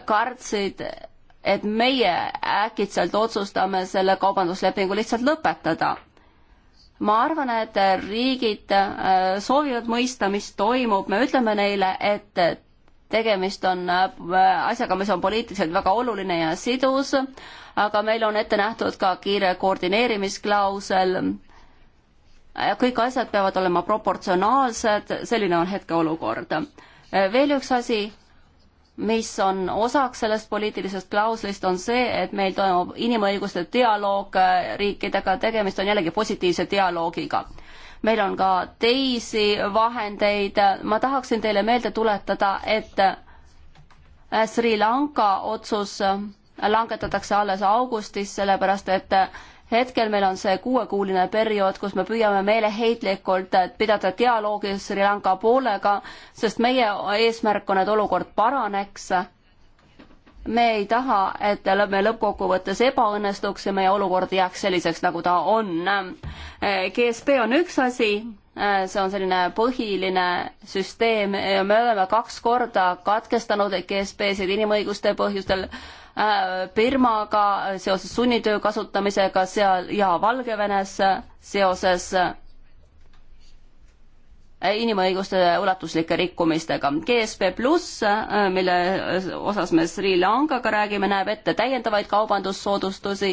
kartsid et meie äkitselt otsustame selle kaubanduslepingu lihtsalt lõpetada. ma arvan, et riigid äh, soovivad mõista, mis toimub, me ütleme neile, et tegemist on äh, asjaga, mis on poliitiliselt väga oluline ja sidus, aga meil on ette nähtud ka kiire koordineerimisklausel. kõik asjad peavad olema proportsionaalsed, selline on hetkeolukord. Äh, veel üks asi mis on osaks sellest poliitilisest klauslist, on see, et meil toimub inimõiguste dialoog äh, riikidega, tegemist on jällegi positiivse dialoogiga. meil on ka teisi vahendeid, ma tahaksin teile meelde tuletada, et äh, Sri Lanka otsus äh, langetatakse alles augustis, sellepärast et hetkel meil on see kuuekuuline periood, kus me püüame meeleheitlikult pidada dialoogi Sri Lanka poolega, sest meie eesmärk on, et olukord paraneks. me ei taha, et me lõppkokkuvõttes ebaõnnestuks ja meie olukord jääks selliseks, nagu ta on. GSP on üks asi, see on selline põhiline süsteem, me oleme kaks korda katkestanud GSP-sid inimõiguste põhjustel Äh, Birmaga seoses sunnitöö kasutamisega seal ja Valgevenes seoses äh, inimõiguste ulatuslike rikkumistega. GSP pluss, äh, mille osas me Sri Lankaga räägime, näeb ette täiendavaid kaubandussoodustusi.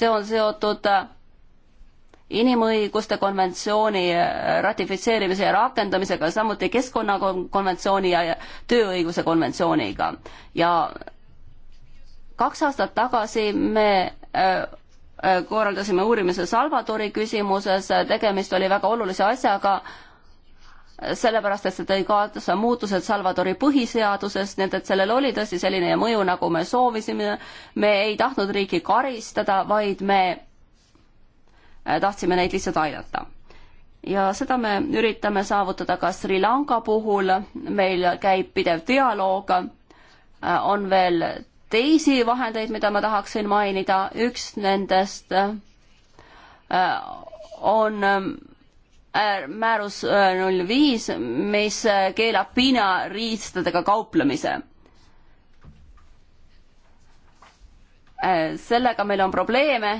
see on seotud inimõiguste konventsiooni ratifitseerimise ja rakendamisega, samuti keskkonnakonventsiooni ja tööõiguse konventsiooniga. ja kaks aastat tagasi me äh, äh, korraldasime uurimise Salvadori küsimuses, äh, tegemist oli väga olulise asjaga, sellepärast et see tõi kaasa muutused Salvadori põhiseaduses, nii et, et sellel oli tõesti selline mõju, nagu me soovisime. me ei tahtnud riiki karistada, vaid me tahtsime neid lihtsalt aidata. ja seda me üritame saavutada ka Sri Lanka puhul, meil käib pidev dialoog, on veel teisi vahendeid, mida ma tahaksin mainida, üks nendest äh, on ähm, äh, määrus äh, null viis, mis keelab piinariistadega kauplemise. sellega meil on probleeme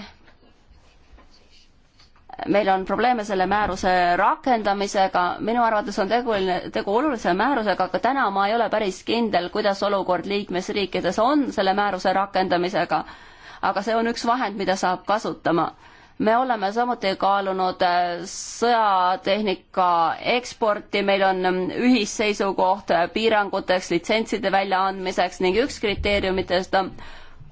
meil on probleeme selle määruse rakendamisega, minu arvates on tegu, tegu olulise määrusega, aga täna ma ei ole päris kindel, kuidas olukord liikmesriikides on selle määruse rakendamisega. aga see on üks vahend, mida saab kasutama. me oleme samuti kaalunud äh, sõjatehnika eksporti, meil on ähm, ühisseisukoht äh, piiranguteks, litsentside väljaandmiseks ning üks kriteeriumitest on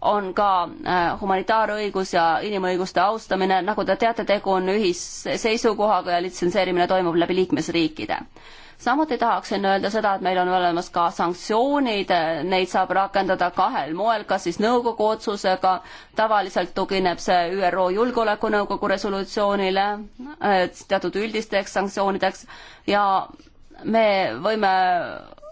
on ka äh, humanitaarõigus ja inimõiguste austamine, nagu te teate, tegu on ühisseisukohaga ja litsenseerimine toimub läbi liikmesriikide. samuti tahaksin öelda seda, et meil on olemas ka sanktsioonid, neid saab rakendada kahel moel, kas siis nõukogu otsusega, tavaliselt tugineb see ÜRO Julgeolekunõukogu resolutsioonile, äh, teatud üldisteks sanktsioonideks ja me võime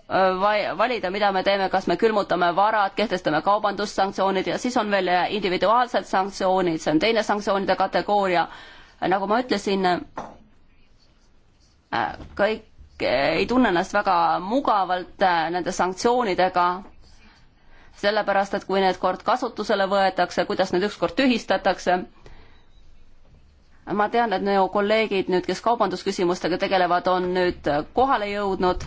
Äh, valida, mida me teeme, kas me külmutame varad, kehtestame kaubandussanktsioonid ja siis on veel äh, individuaalsed sanktsioonid, see on teine sanktsioonide kategooria. nagu ma ütlesin, äh, kõik ei tunne ennast väga mugavalt nende sanktsioonidega, sellepärast et kui need kord kasutusele võetakse, kuidas need ükskord tühistatakse, ma tean, et minu kolleegid nüüd, kes kaubandusküsimustega tegelevad, on nüüd kohale jõudnud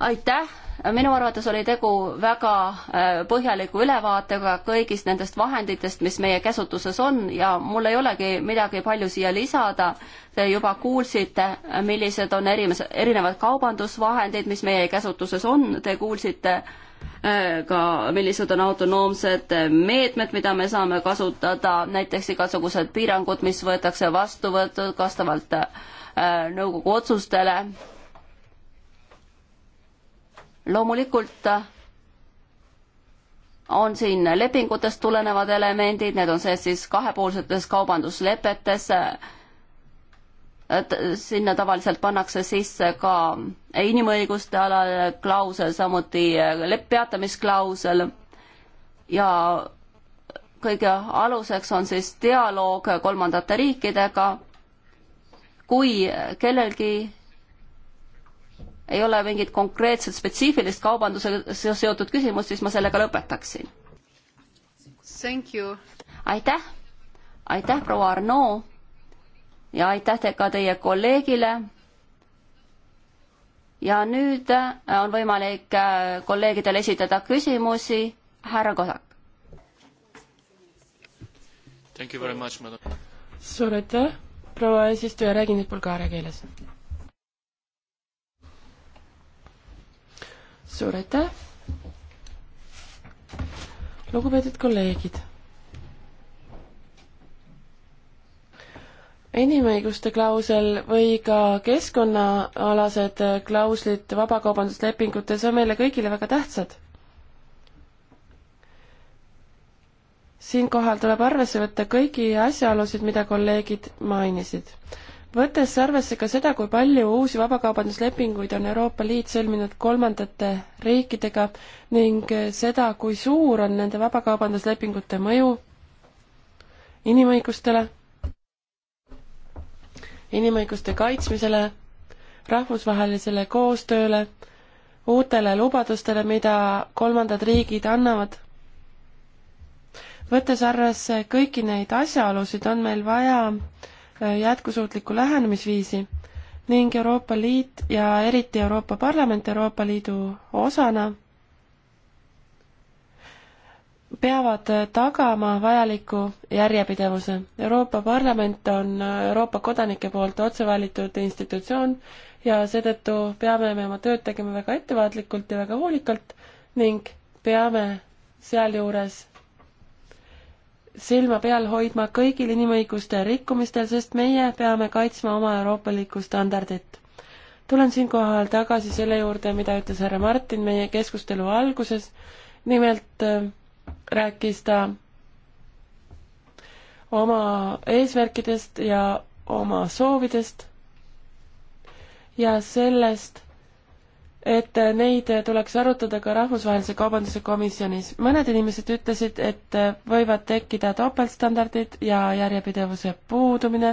aitäh, minu arvates oli tegu väga äh, põhjaliku ülevaatega kõigist nendest vahenditest, mis meie käsutuses on ja mul ei olegi midagi palju siia lisada. Te juba kuulsite, äh, millised on erinevad kaubandusvahendid, mis meie käsutuses on, te kuulsite äh, ka millised on autonoomsed meetmed, mida me saame kasutada, näiteks igasugused piirangud, mis võetakse vastu võetud vastavalt nõukogu otsustele loomulikult äh, on siin lepingutest tulenevad elemendid, need on sees siis kahepoolsetes kaubanduslepetes. Äh, sinna tavaliselt pannakse sisse ka inimõiguste alal klausel, samuti äh, peatamisklausel ja kõige aluseks on siis dialoog kolmandate riikidega. kui kellelgi ei ole mingit konkreetset spetsiifilist kaubandusega seotud küsimust, siis ma sellega lõpetaksin. aitäh, aitäh, proua Arno ja aitäh te ka teie kolleegile. ja nüüd äh, on võimalik äh, kolleegidel esitada küsimusi, härra Kosak. suur aitäh, proua eesistuja, räägin nüüd bulgaaria keeles suur aitäh. lugupeetud kolleegid. inimõiguste klausel või ka keskkonnaalased klauslid vabakaubanduslepingutes on meile kõigile väga tähtsad siinkohal tuleb arvesse võtta kõigi asjaolusid, mida kolleegid mainisid võttes arvesse ka seda, kui palju uusi vabakaubanduslepinguid on Euroopa Liit sõlminud kolmandate riikidega ning seda, kui suur on nende vabakaubanduslepingute mõju inimõigustele, inimõiguste kaitsmisele, rahvusvahelisele koostööle, uutele lubadustele, mida kolmandad riigid annavad. võttes arvesse kõiki neid asjaolusid, on meil vaja Äh, jätkusuutlikku lähenemisviisi ning Euroopa Liit ja eriti Euroopa Parlament Euroopa Liidu osana peavad äh, tagama vajaliku järjepidevuse. Euroopa Parlament on äh, Euroopa kodanike poolt otse valitud institutsioon ja seetõttu peame me oma tööd tegema väga ettevaatlikult ja väga hoolikalt ning peame sealjuures silma peal hoidma kõigil inimõiguste rikkumistel, sest meie peame kaitsma oma euroopalikku standardit. tulen siinkohal tagasi selle juurde, mida ütles härra Martin meie keskustelu alguses, nimelt äh, rääkis ta oma eesmärkidest ja oma soovidest ja sellest, et neid tuleks arutada ka Rahvusvahelise Kaubanduse Komisjonis. mõned inimesed ütlesid, et võivad tekkida topeltstandardid ja järjepidevuse puudumine,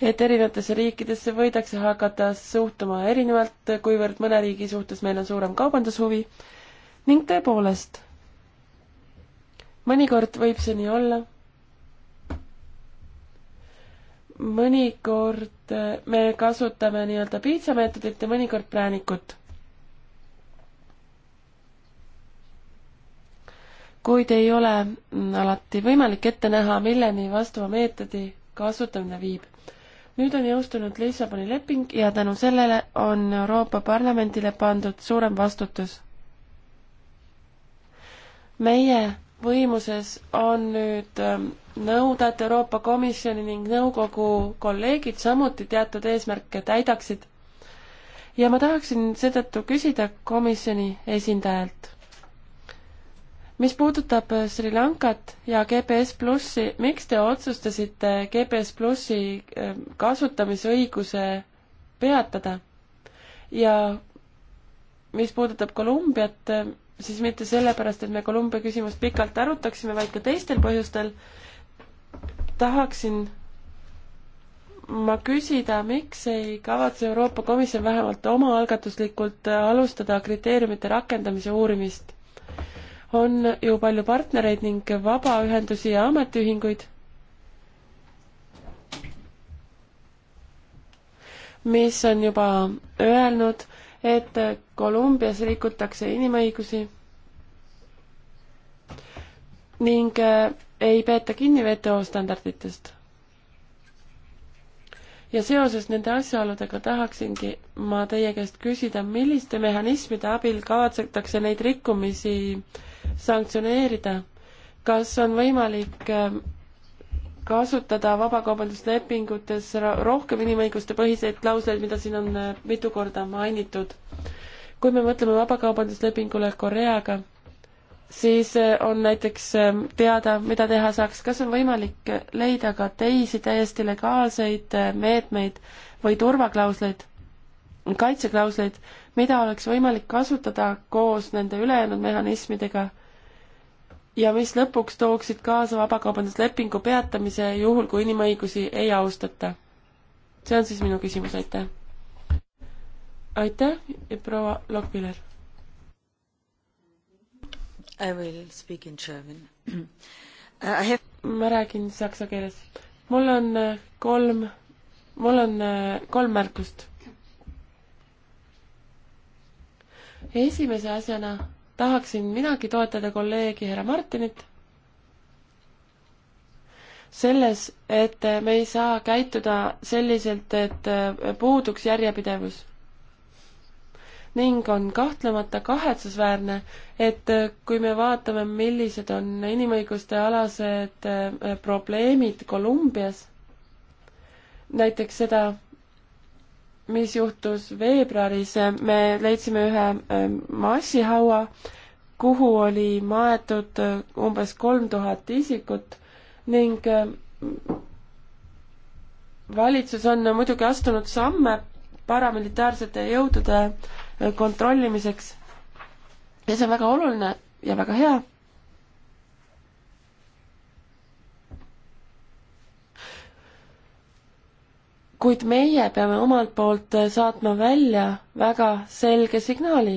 et erinevatesse riikidesse võidakse hakata suhtuma erinevalt, kuivõrd mõne riigi suhtes meil on suurem kaubandushuvi ning tõepoolest, mõnikord võib see nii olla mõnikord me kasutame nii-öelda piitsameetodit ja mõnikord präänikut kuid ei ole alati võimalik ette näha, milleni vastava meetodi kasutamine viib. nüüd on jõustunud Lissaboni leping ja tänu sellele on Euroopa Parlamendile pandud suurem vastutus. meie võimuses on nüüd ähm, nõuda, et Euroopa Komisjoni ning nõukogu kolleegid samuti teatud eesmärke täidaksid. ja ma tahaksin seetõttu küsida komisjoni esindajalt mis puudutab äh, Sri Lankat ja GPS plussi, miks te otsustasite GPS plussi ähm, kasutamisõiguse peatada? ja mis puudutab Kolumbiat, äh, siis mitte sellepärast, et me Kolumbia küsimust pikalt arutaksime, vaid ka teistel põhjustel, tahaksin ma küsida, miks ei kavatse Euroopa Komisjon vähemalt omaalgatuslikult äh, alustada kriteeriumite rakendamise uurimist? on ju palju partnereid ning vabaühendusi ja ametiühinguid, mis on juba öelnud, et Kolumbias rikutakse inimõigusi ning ei peeta kinni WTO standarditest ja seoses nende asjaoludega tahaksingi ma teie käest küsida, milliste mehhanismide abil kavatsetakse neid rikkumisi sanktsioneerida? kas on võimalik ähm, kasutada vabakaubanduslepingutes rohkem inimõiguste põhiseid klausleid, mida siin on äh, mitu korda mainitud. kui me mõtleme vabakaubanduslepingule Koreaga, siis eh, on näiteks eh, teada, mida teha saaks, kas on võimalik leida ka teisi täiesti legaalseid eh, meetmeid või turvaklausleid, kaitseklausleid, mida oleks võimalik kasutada koos nende ülejäänud mehhanismidega ja mis lõpuks tooksid kaasa vabakaubanduslepingu peatamise juhul, kui inimõigusi ei austata. see on siis minu küsimus, aitäh! aitäh ja proua Lokviler! I will speak in german uh, I have... ma räägin saksa keeles. mul on äh, kolm, mul on äh, kolm märkust. esimese asjana tahaksin minagi toetada kolleegi härra Martinit selles, et me ei saa käituda selliselt, et äh, puuduks järjepidevus ning on kahtlemata kahetsusväärne, et äh, kui me vaatame, millised on inimõiguste alased äh, probleemid Kolumbias, näiteks seda, mis juhtus veebruaris, äh, me leidsime ühe massihaua, kuhu oli maetud umbes kolm tuhat isikut ning valitsus on muidugi astunud samme paramilitaarsete jõudude äh, kontrollimiseks. ja see on väga oluline ja väga hea. kuid meie peame omalt poolt saatma välja väga selge signaali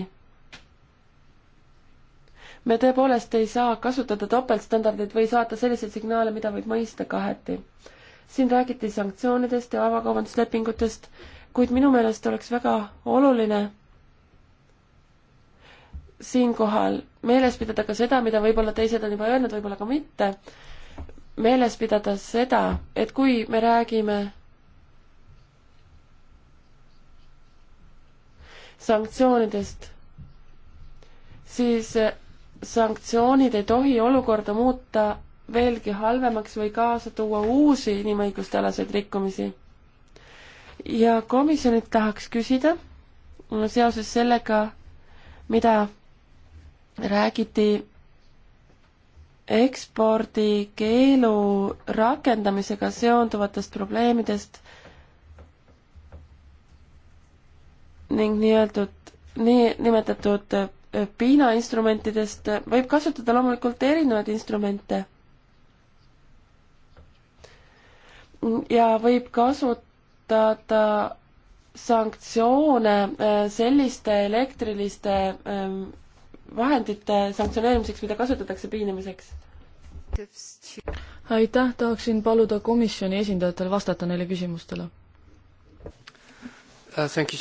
me tõepoolest ei saa kasutada topeltstandardeid või saata selliseid signaale, mida võib mõista kaheti. siin räägiti sanktsioonidest ja vabakaubanduslepingutest, kuid minu meelest oleks väga oluline siinkohal meeles pidada ka seda, mida võib-olla teised on juba öelnud, võib-olla ka mitte, meeles pidada seda, et kui me räägime sanktsioonidest, siis sanktsioonid ei tohi olukorda muuta veelgi halvemaks või kaasa tuua uusi inimõiguste alaseid rikkumisi. ja komisjonilt tahaks küsida seoses sellega, mida räägiti ekspordikeelu rakendamisega seonduvatest probleemidest ning nii-öeldud, nii nimetatud äh, piinainstrumentidest võib kasutada loomulikult erinevaid instrumente. ja võib kasutada sanktsioone äh, selliste elektriliste ähm, vahendite sanktsioneerimiseks, mida kasutatakse piinamiseks? aitäh, tahaksin paluda komisjoni esindajatel vastata neile küsimustele uh,.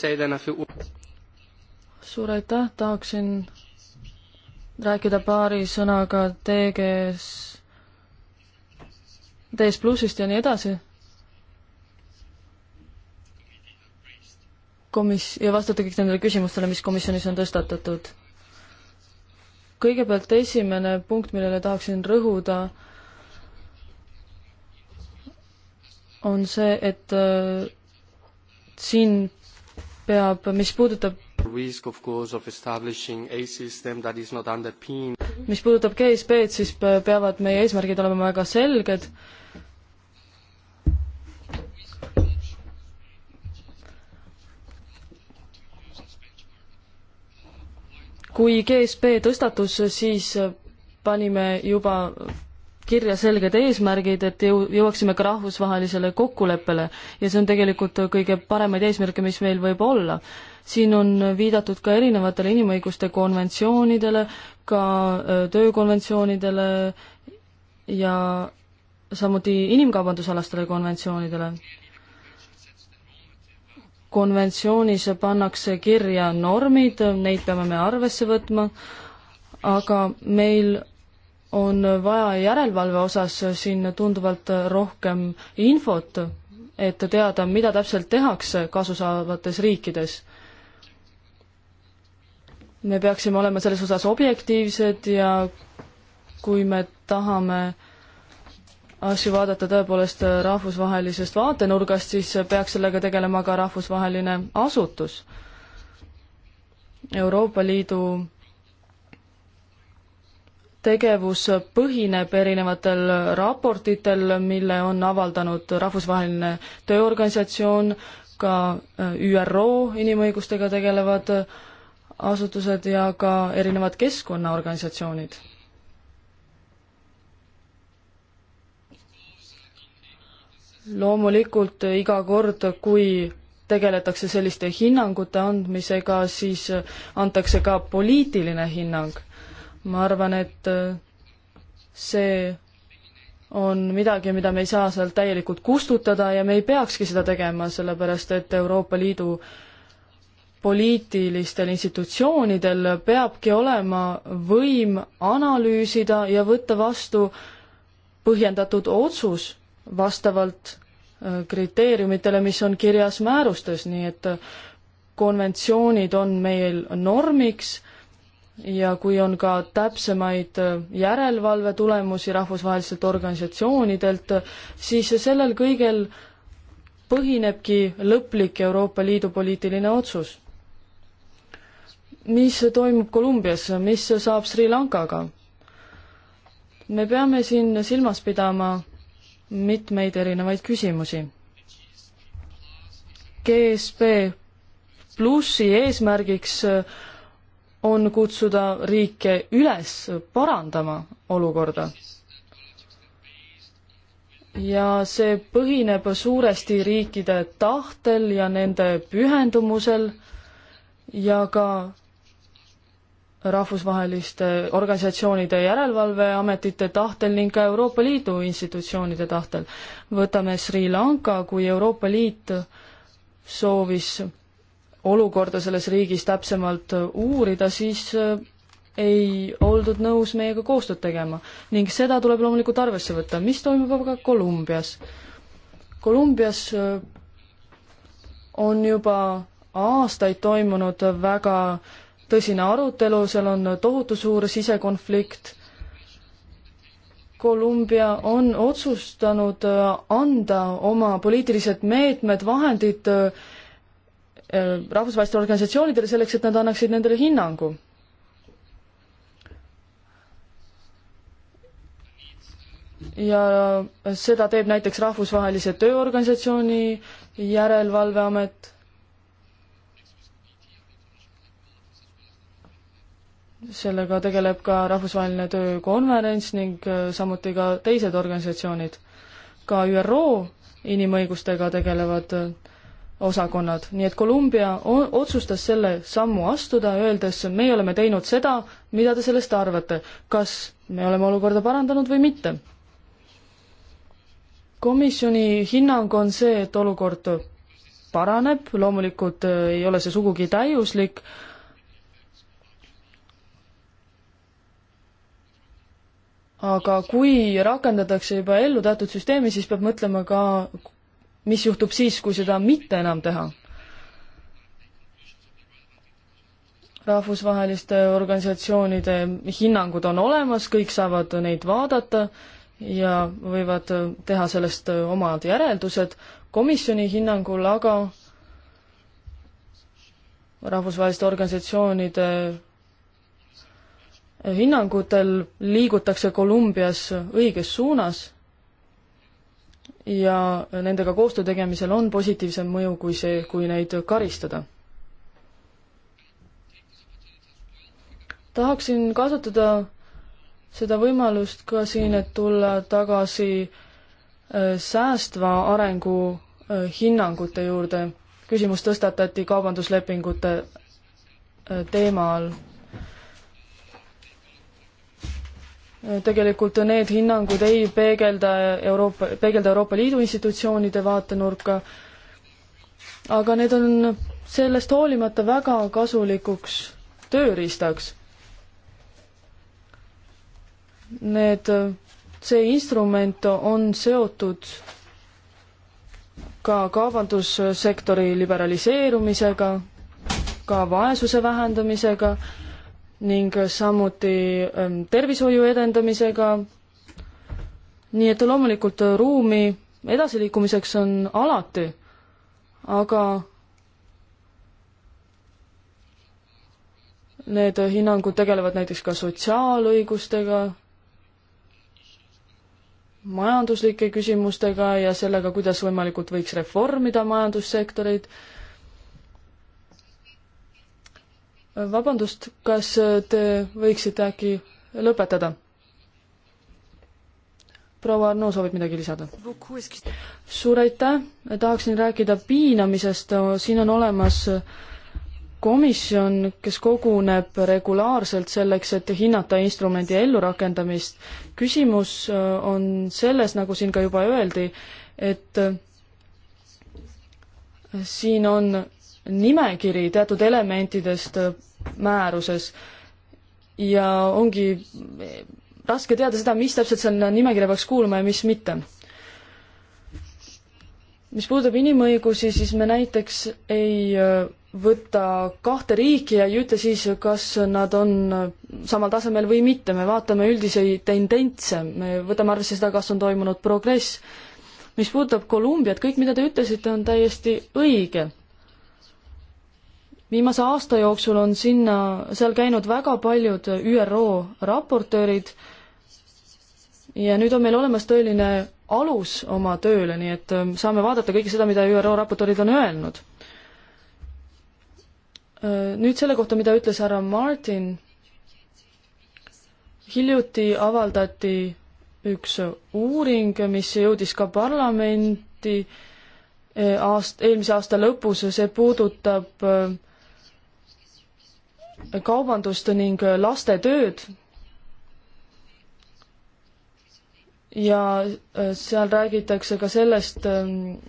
suur aitäh, tahaksin rääkida paari sõnaga TG-s, TS Plussist ja nii edasi komis- ja vastata kõik nendele küsimustele, mis komisjonis on tõstatatud. kõigepealt esimene punkt, millele tahaksin rõhuda, on see, et äh, siin peab, mis puudutab risk of course of establishing a system that is not underpinned mis puudutab GSP-d, siis peavad meie eesmärgid olema väga selged äh, kui GSP tõstatus, siis panime juba kirja selged eesmärgid, et jõu-, jõuaksime ka rahvusvahelisele kokkuleppele ja see on tegelikult kõige paremaid eesmärke, mis meil võib olla. siin on viidatud ka erinevatele inimõiguste konventsioonidele, ka äh, töökonventsioonidele ja samuti inimkaubandusalastele konventsioonidele konventsioonis pannakse kirja normid, neid peame me arvesse võtma, aga meil on vaja järelevalve osas siin tunduvalt rohkem infot, et teada, mida täpselt tehakse kasu saavates riikides. me peaksime olema selles osas objektiivsed ja kui me tahame asju vaadata tõepoolest rahvusvahelisest vaatenurgast, siis peaks sellega tegelema ka rahvusvaheline asutus. Euroopa Liidu tegevus põhineb erinevatel raportitel, mille on avaldanud Rahvusvaheline Tööorganisatsioon, ka ÜRO inimõigustega tegelevad asutused ja ka erinevad keskkonnaorganisatsioonid loomulikult iga kord, kui tegeletakse selliste hinnangute andmisega, siis antakse ka poliitiline hinnang. ma arvan, et see on midagi, mida me ei saa sealt täielikult kustutada ja me ei peakski seda tegema, sellepärast et Euroopa Liidu poliitilistel institutsioonidel peabki olema võim analüüsida ja võtta vastu põhjendatud otsus vastavalt äh, kriteeriumitele, mis on kirjas määrustes, nii et äh, konventsioonid on meil normiks ja kui on ka täpsemaid äh, järelevalve tulemusi rahvusvahelistelt organisatsioonidelt, siis sellel kõigel põhinebki lõplik Euroopa Liidu poliitiline otsus. mis toimub Kolumbias, mis saab Sri Lankaga? me peame siin silmas pidama mitmeid erinevaid küsimusi. GSP plussi eesmärgiks äh, on kutsuda riike üles parandama olukorda. ja see põhineb suuresti riikide tahtel ja nende pühendumusel ja ka rahvusvaheliste organisatsioonide järelevalveametite tahtel ning ka Euroopa Liidu institutsioonide tahtel. võtame Sri Lanka, kui Euroopa Liit soovis olukorda selles riigis täpsemalt uurida, siis äh, ei oldud nõus meiega koostööd tegema ning seda tuleb loomulikult arvesse võtta, mis toimub aga Kolumbias. Kolumbias äh, on juba aastaid toimunud väga äh, tõsine arutelu, seal on tohutu suur sisekonflikt. Kolumbia on otsustanud äh, anda oma poliitilised meetmed, vahendid äh, rahvusvahelistele organisatsioonidele selleks, et nad annaksid nendele hinnangu. ja seda teeb näiteks Rahvusvahelise Tööorganisatsiooni järelevalveamet sellega tegeleb ka Rahvusvaheline Töökonverents ning äh, samuti ka teised organisatsioonid. ka ÜRO inimõigustega tegelevad äh, osakonnad, nii et Kolumbia otsustas selle sammu astuda, öeldes meie oleme teinud seda, mida te sellest arvate, kas me oleme olukorda parandanud või mitte. komisjoni hinnang on see, et olukord paraneb, loomulikult äh, ei ole see sugugi täiuslik, aga kui rakendatakse juba ellu teatud süsteemi, siis peab mõtlema ka, mis juhtub siis, kui seda mitte enam teha. rahvusvaheliste organisatsioonide hinnangud on olemas, kõik saavad neid vaadata ja võivad teha sellest omad järeldused, komisjoni hinnangul aga rahvusvaheliste organisatsioonide hinnangutel liigutakse Kolumbias õiges suunas ja nendega koostöö tegemisel on positiivsem mõju kui see, kui neid karistada. tahaksin kasutada seda võimalust ka siin, et tulla tagasi äh, säästva arengu äh, hinnangute juurde. küsimus tõstatati kaubanduslepingute äh, teema all tegelikult need hinnangud ei peegelda Euroopa, peegelda Euroopa Liidu institutsioonide vaatenurka, aga need on sellest hoolimata väga kasulikuks tööriistaks. Need, see instrument on seotud ka kaubandussektori liberaliseerumisega, ka vaesuse vähendamisega ning samuti ähm, tervishoiu edendamisega. nii et loomulikult ruumi edasiliikumiseks on alati, aga need hinnangud tegelevad näiteks ka sotsiaalõigustega, majanduslike küsimustega ja sellega, kuidas võimalikult võiks reformida majandussektoreid vabandust, kas te võiksite äkki lõpetada? proua Arno soovib midagi lisada. suur aitäh, tahaksin rääkida piinamisest, siin on olemas komisjon, kes koguneb regulaarselt selleks, et hinnata instrumendi ellurakendamist. küsimus äh, on selles, nagu siin ka juba öeldi, et äh, siin on nimekiri teatud elementidest äh, määruses ja ongi eh, raske teada seda, mis täpselt sinna nimekirja peaks kuuluma ja mis mitte. mis puudutab inimõigusi, siis me näiteks ei äh, võta kahte riiki ja ei ütle siis, kas nad on äh, samal tasemel või mitte, me vaatame üldisi tendentse, me võtame arvesse seda, kas on toimunud progress. mis puudutab Kolumbiat, kõik, mida te ütlesite, on täiesti õige viimase aasta jooksul on sinna, seal käinud väga paljud ÜRO raportöörid ja nüüd on meil olemas tõeline alus oma tööle, nii et ähm, saame vaadata kõike seda, mida ÜRO raportöörid on öelnud. Äh, nüüd selle kohta, mida ütles härra Martin, hiljuti avaldati üks uuring, mis jõudis ka parlamenti äh, aast-, eelmise aasta lõpus, see puudutab äh, kaubandust ning äh, lastetööd. ja äh, seal räägitakse ka sellest, ähm,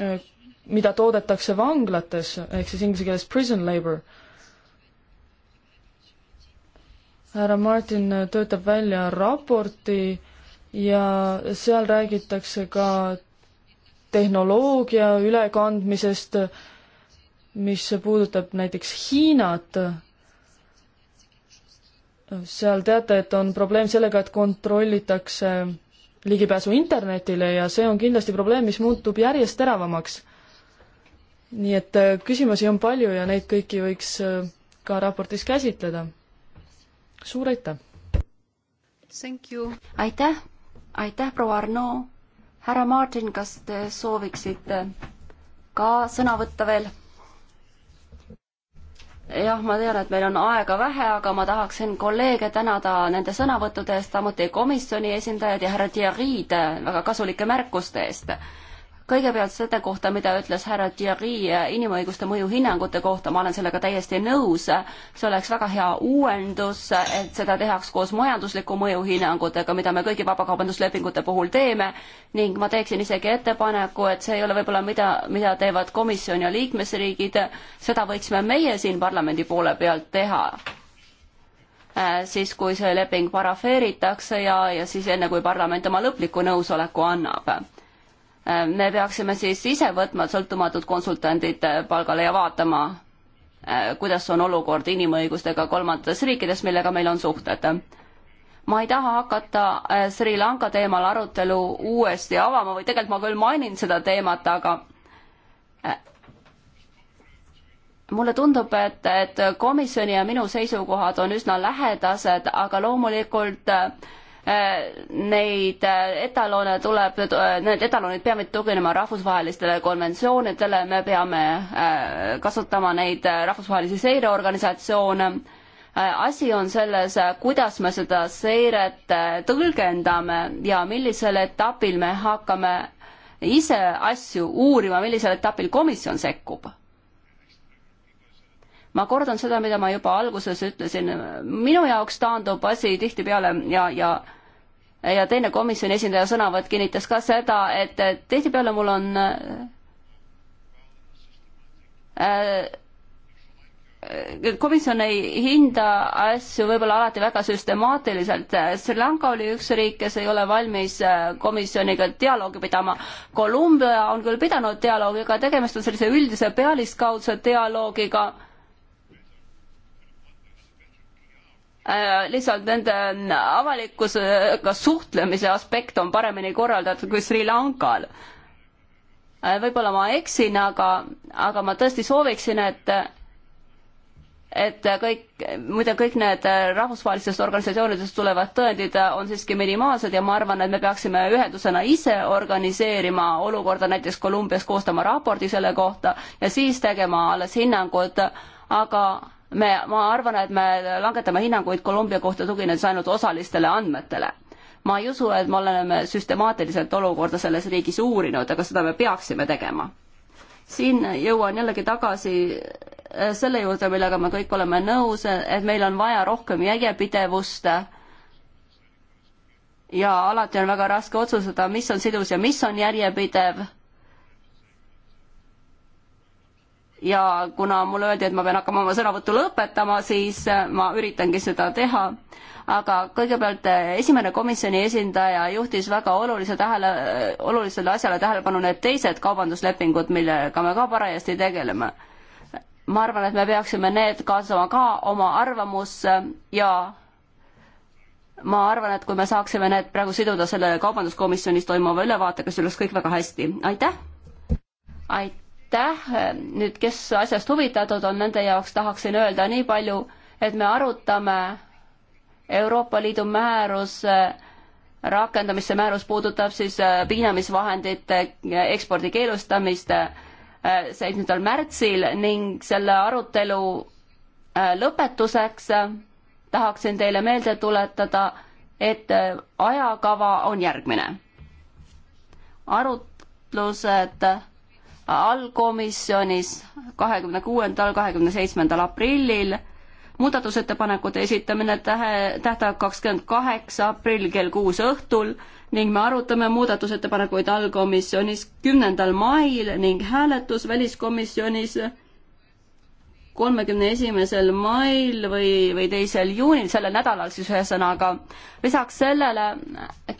äh, mida toodetakse vanglates, ehk siis inglise keeles prison labor. härra Martin töötab välja raporti ja seal räägitakse ka tehnoloogia ülekandmisest, mis puudutab näiteks Hiinat seal teate, et on probleem sellega, et kontrollitakse ligipääsu internetile ja see on kindlasti probleem, mis muutub järjest teravamaks. nii et äh, küsimusi on palju ja neid kõiki võiks äh, ka raportis käsitleda. suur aitäh! aitäh, aitäh, proua Arno! härra Martin, kas te sooviksite ka sõna võtta veel? jah, ma tean, et meil on aega vähe, aga ma tahaksin kolleege tänada nende sõnavõttude eest, samuti komisjoni esindajad ja härra Thierry'd väga kasulike märkuste eest kõigepealt selle kohta, mida ütles härra Thierry eh, inimõiguste mõjuhinnangute kohta, ma olen sellega täiesti nõus. see oleks väga hea uuendus, et seda tehaks koos majandusliku mõjuhinnangutega, mida me kõigi vabakaubanduslepingute puhul teeme ning ma teeksin isegi ettepaneku, et see ei ole võib-olla mida, mida teevad komisjon ja liikmesriigid, seda võiksime meie siin parlamendi poole pealt teha äh, siis, kui see leping parafeeritakse ja, ja siis enne, kui parlament oma lõpliku nõusoleku annab Äh, me peaksime siis ise võtma sõltumatud konsultandid äh, palgale ja vaatama, äh, kuidas on olukord inimõigustega kolmandates riikides, millega meil on suhted. ma ei taha hakata Sri Lanka teemal arutelu uuesti avama või tegelikult ma küll mainin seda teemat, aga mulle tundub, et, et komisjoni ja minu seisukohad on üsna lähedased, aga loomulikult äh, Äh, neid äh, etalone tuleb, äh, need etalonid peavad tuginema rahvusvahelistele konventsioonidele, me peame kasutama neid rahvusvahelisi seireorganisatsioone. asi on selles, kuidas me seda seiret tõlgendame ja millisel etapil me hakkame ise asju uurima, millisel etapil komisjon sekkub ma kordan seda, mida ma juba alguses ütlesin, minu jaoks taandub asi tihtipeale ja, ja ja teine komisjoni esindaja sõnavõtt kinnitas ka seda, et tihtipeale mul on äh, äh, komisjon ei hinda asju võib-olla alati väga süstemaatiliselt. Sri Lanka oli üks riik, kes ei ole valmis äh, komisjoniga dialoogi pidama. Kolumbia on küll pidanud dialoogi, aga tegemist on sellise üldise pealiskaudse dialoogiga Äh, lihtsalt nende avalikkusega suhtlemise aspekt on paremini korraldatud kui Sri Lankal. Äh, võib-olla ma eksin, aga, aga ma tõesti sooviksin, et et kõik, muide kõik need rahvusvahelistest organisatsioonidest tulevad tõendid on siiski minimaalsed ja ma arvan, et me peaksime ühendusena ise organiseerima olukorda näiteks Kolumbias, koostama raporti selle kohta ja siis tegema alles hinnangud, aga me, ma arvan, et me langetame hinnanguid Kolumbia kohta tuginedes ainult osalistele andmetele. ma ei usu, et me oleme süstemaatiliselt olukorda selles riigis uurinud, aga seda me peaksime tegema. siin jõuan jällegi tagasi äh, selle juurde, millega me kõik oleme nõus, et meil on vaja rohkem järjepidevust ja alati on väga raske otsustada, mis on sidus ja mis on järjepidev ja kuna mulle öeldi, et ma pean hakkama oma sõnavõttu lõpetama, siis äh, ma üritangi seda teha. aga kõigepealt äh, esimene komisjoni esindaja juhtis väga olulise tähele, äh, olulisele asjale tähelepanu need teised kaubanduslepingud, millega me ka parajasti tegeleme. ma arvan, et me peaksime need kaasama ka oma arvamusse ja ma arvan, et kui me saaksime need praegu siduda selle kaubanduskomisjonis toimuva ülevaatega, siis oleks kõik väga hästi. aitäh! aitäh! aitäh, nüüd kes asjast huvitatud on, nende jaoks tahaksin öelda nii palju, et me arutame Euroopa Liidu määruse rakendamisse, määrus puudutab siis äh, piinamisvahendite äh, ekspordi keelustamist äh, seitsmendal märtsil ning selle arutelu lõpetuseks tahaksin teile meelde tuletada, et ajakava on järgmine. arutlused allkomisjonis kahekümne kuuendal, kahekümne seitsmendal aprillil. muudatusettepanekute esitamine tähe, tähtaeg kakskümmend kaheksa aprill kell kuus õhtul ning me arutame muudatusettepanekuid allkomisjonis kümnendal mail ning hääletus väliskomisjonis kolmekümne esimesel mail või, või teisel juunil, sellel nädalal siis ühesõnaga. lisaks sellele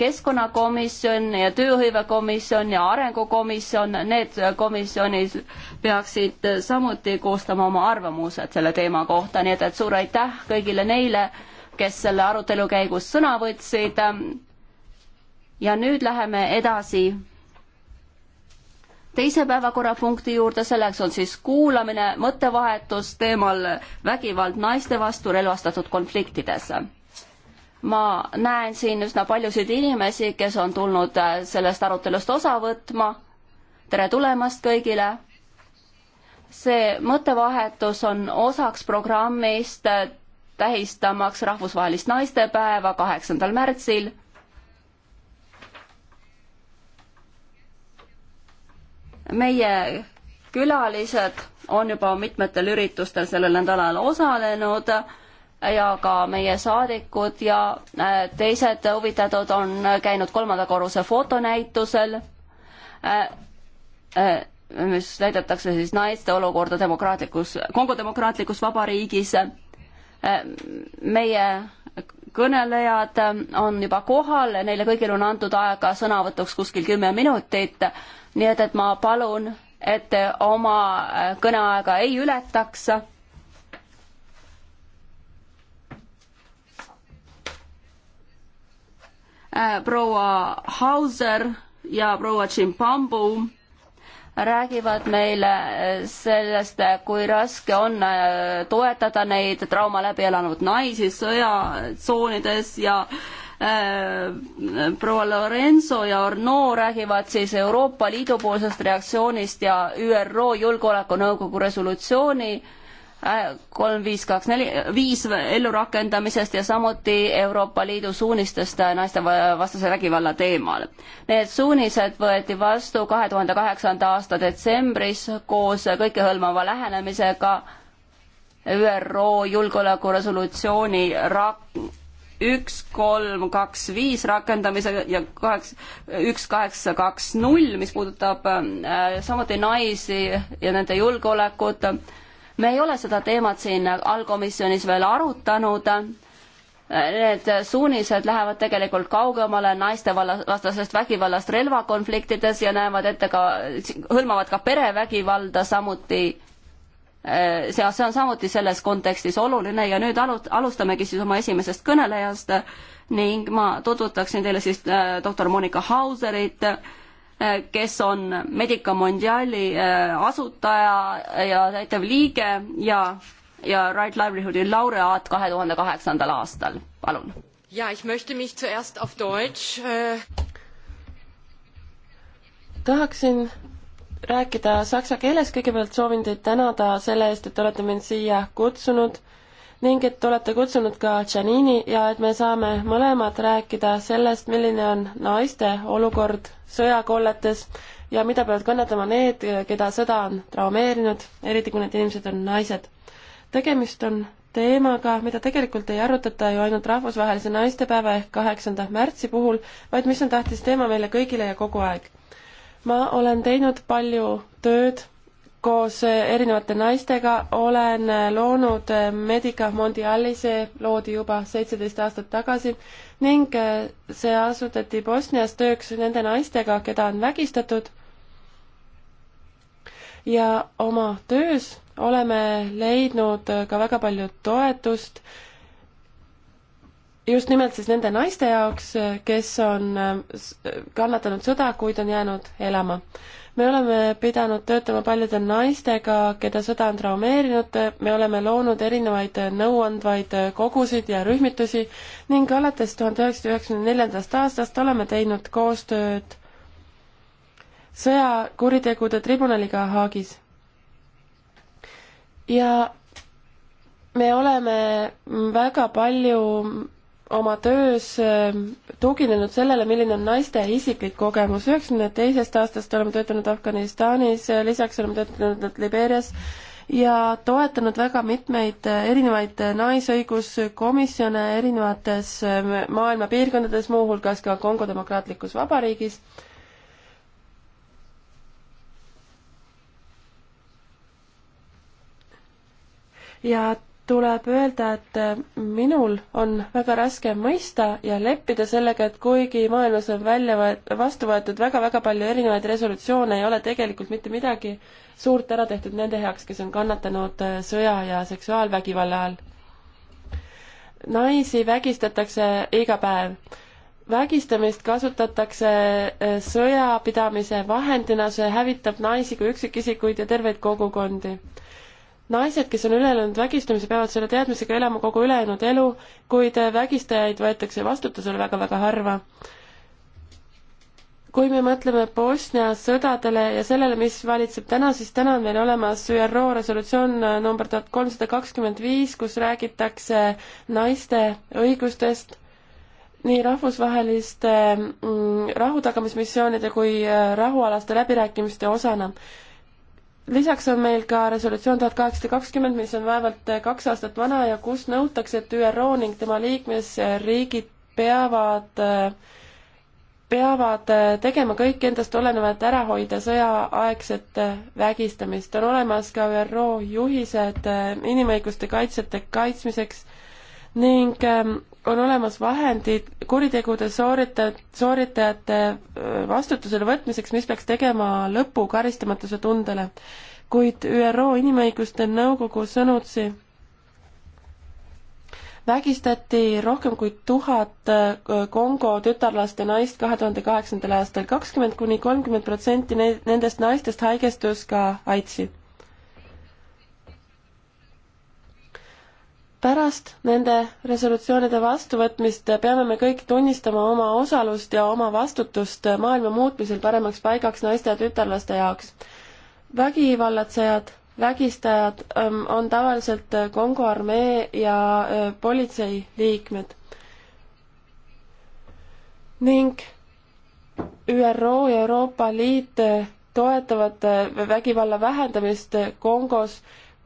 keskkonnakomisjon ja tööhõivekomisjon ja arengukomisjon, need komisjonid peaksid samuti koostama oma arvamused selle teema kohta, nii et, et suur aitäh kõigile neile, kes selle arutelu käigus sõna võtsid. ja nüüd läheme edasi teise päevakorrapunkti juurde, selleks on siis kuulamine, mõttevahetus teemal vägivald naiste vastu relvastatud konfliktides. ma näen siin üsna paljusid inimesi, kes on tulnud äh, sellest arutelust osa võtma. tere tulemast kõigile! see mõttevahetus on osaks programmist äh, tähistamaks rahvusvahelist naistepäeva kaheksandal märtsil meie külalised on juba mitmetel üritustel sellel nädalal osalenud ja ka meie saadikud ja äh, teised huvitatud on käinud kolmanda korruse fotonäitusel, äh, äh, mis näidatakse siis naiste olukorda demokraatlikus, Kongo demokraatlikus vabariigis. meie kõnelejad on juba kohal, neile kõigile on antud aega sõnavõtuks kuskil kümme minutit nii et, et ma palun, et te oma äh, kõneaega ei ületaks. Äh, proua Hauser ja proua Tšimpambu räägivad meile äh, sellest, kui raske on toetada neid trauma läbi elanud naisi sõjatsoonides ja äh, Äh, proua Lorenzo ja Arno räägivad siis Euroopa Liidu poolsest reaktsioonist ja ÜRO Julgeolekunõukogu resolutsiooni äh, kolm, viis, kaks, neli, viis ellurakendamisest ja samuti Euroopa Liidu suunistest äh, naistevastase vägivalla teemal. Need suunised võeti vastu kahe tuhande kaheksanda aasta detsembris koos kõikehõlmava lähenemisega ÜRO julgeolekuresolutsiooni rak-, üks, kolm, kaks, viis rakendamise ja kaheksa, üks, kaheksa, kaks, null, mis puudutab äh, samuti naisi ja nende julgeolekut. me ei ole seda teemat siin allkomisjonis veel arutanud. Need suunised lähevad tegelikult kaugemale naistevastasest vägivallast relvakonfliktides ja näevad ette ka, hõlmavad ka perevägivalda, samuti Äh, see, see on samuti selles kontekstis oluline ja nüüd alu-, alustamegi siis oma esimesest kõnelejast ning ma tutvutaksin teile siis äh, doktor Monika Hauserit, äh, kes on Medica Mondiali asutaja ja täitevliige ja, ja Right Livelihoodi laureaat kahe tuhande kaheksandal aastal, palun. ja, ich möchte mich zuerst auf deutsch äh... tahaksin rääkida saksa keeles, kõigepealt soovin teid tänada selle eest, et olete mind siia kutsunud ning et olete kutsunud ka Janini ja et me saame mõlemad rääkida sellest, milline on naiste olukord sõjakolletes ja mida peavad kannatama need, keda sõda on traumeerinud, eriti kui need inimesed on naised. tegemist on teemaga, mida tegelikult ei arutata ju ainult rahvusvahelise naistepäeva ehk kaheksanda märtsi puhul, vaid mis on tähtis teema meile kõigile ja kogu aeg ma olen teinud palju tööd koos äh, erinevate naistega olen äh, loonud äh, Medica Mondiali, see loodi juba seitseteist aastat tagasi ning see asutati Bosnias tööks nende naistega, keda on vägistatud. ja oma töös oleme leidnud ka väga palju toetust just nimelt siis nende naiste jaoks, kes on äh, kannatanud sõda, kuid on jäänud elama. me oleme pidanud töötama paljude naistega, keda sõda on traumeerinud, me oleme loonud erinevaid nõuandvaid kogusid ja rühmitusi ning alates tuhande üheksasaja üheksakümne neljandast aastast oleme teinud koostööd sõjakuritegude tribunaliga Haagis. ja me oleme väga palju oma töös äh, tuginenud sellele, milline on naiste isiklik kogemus. üheksakümne teisest aastast oleme töötanud Afganistanis, äh, lisaks oleme töötanud Liberias ja toetanud väga mitmeid äh, erinevaid naisõiguskomisjone erinevates maailma piirkondades, muuhulgas ka Kongo Demokraatlikus Vabariigis. ja tuleb öelda, et äh, minul on väga raske mõista ja leppida sellega, et kuigi maailmas on välja võet-, vastu võetud väga-väga palju erinevaid resolutsioone, ei ole tegelikult mitte midagi suurt ära tehtud nende heaks, kes on kannatanud äh, sõja ja seksuaalvägivalla all. naisi vägistatakse iga päev. vägistamist kasutatakse äh, sõjapidamise vahendina, see hävitab naisi kui üksikisikuid ja terveid kogukondi naised, kes on üle elanud vägistamise, peavad selle teadmisega elama kogu ülejäänud elu, kuid äh, vägistajaid võetakse vastutusele väga-väga harva. kui me mõtleme Bosnia sõdadele ja sellele, mis valitseb täna, siis täna on meil olemas ÜRO resolutsioon äh, number tuhat kolmsada kakskümmend viis, kus räägitakse naiste õigustest nii rahvusvaheliste mm, rahutagamismissioonide kui äh, rahualaste läbirääkimiste osana lisaks on meil ka resolutsioon tuhat kaheksasada kakskümmend, mis on vaevalt kaks aastat vana ja kus nõutakse, et ÜRO ning tema liikmesriigid peavad, peavad tegema kõik endast oleneva, et ära hoida sõjaaegset vägistamist. on olemas ka ÜRO juhised inimõiguste kaitsjate kaitsmiseks ning ähm, on olemas vahendid kuritegude sooritajad, sooritajate vastutusele võtmiseks, mis peaks tegema lõpu karistamatuse tundele. kuid ÜRO Inimõiguste Nõukogu sõnutsi vägistati rohkem kui tuhat Kongo tütarlaste naist kahe tuhande kaheksandal aastal. kakskümmend kuni kolmkümmend protsenti nendest naistest haigestus ka AIDSi pärast nende resolutsioonide vastuvõtmist peame me kõik tunnistama oma osalust ja oma vastutust maailma muutmisel paremaks paigaks naiste ja tütarlaste jaoks. vägivallatsejad, vägistajad ähm, on tavaliselt Kongo armee ja äh, politsei liikmed. ning ÜRO ja Euroopa Liit toetavad äh, vägivalla vähendamist Kongos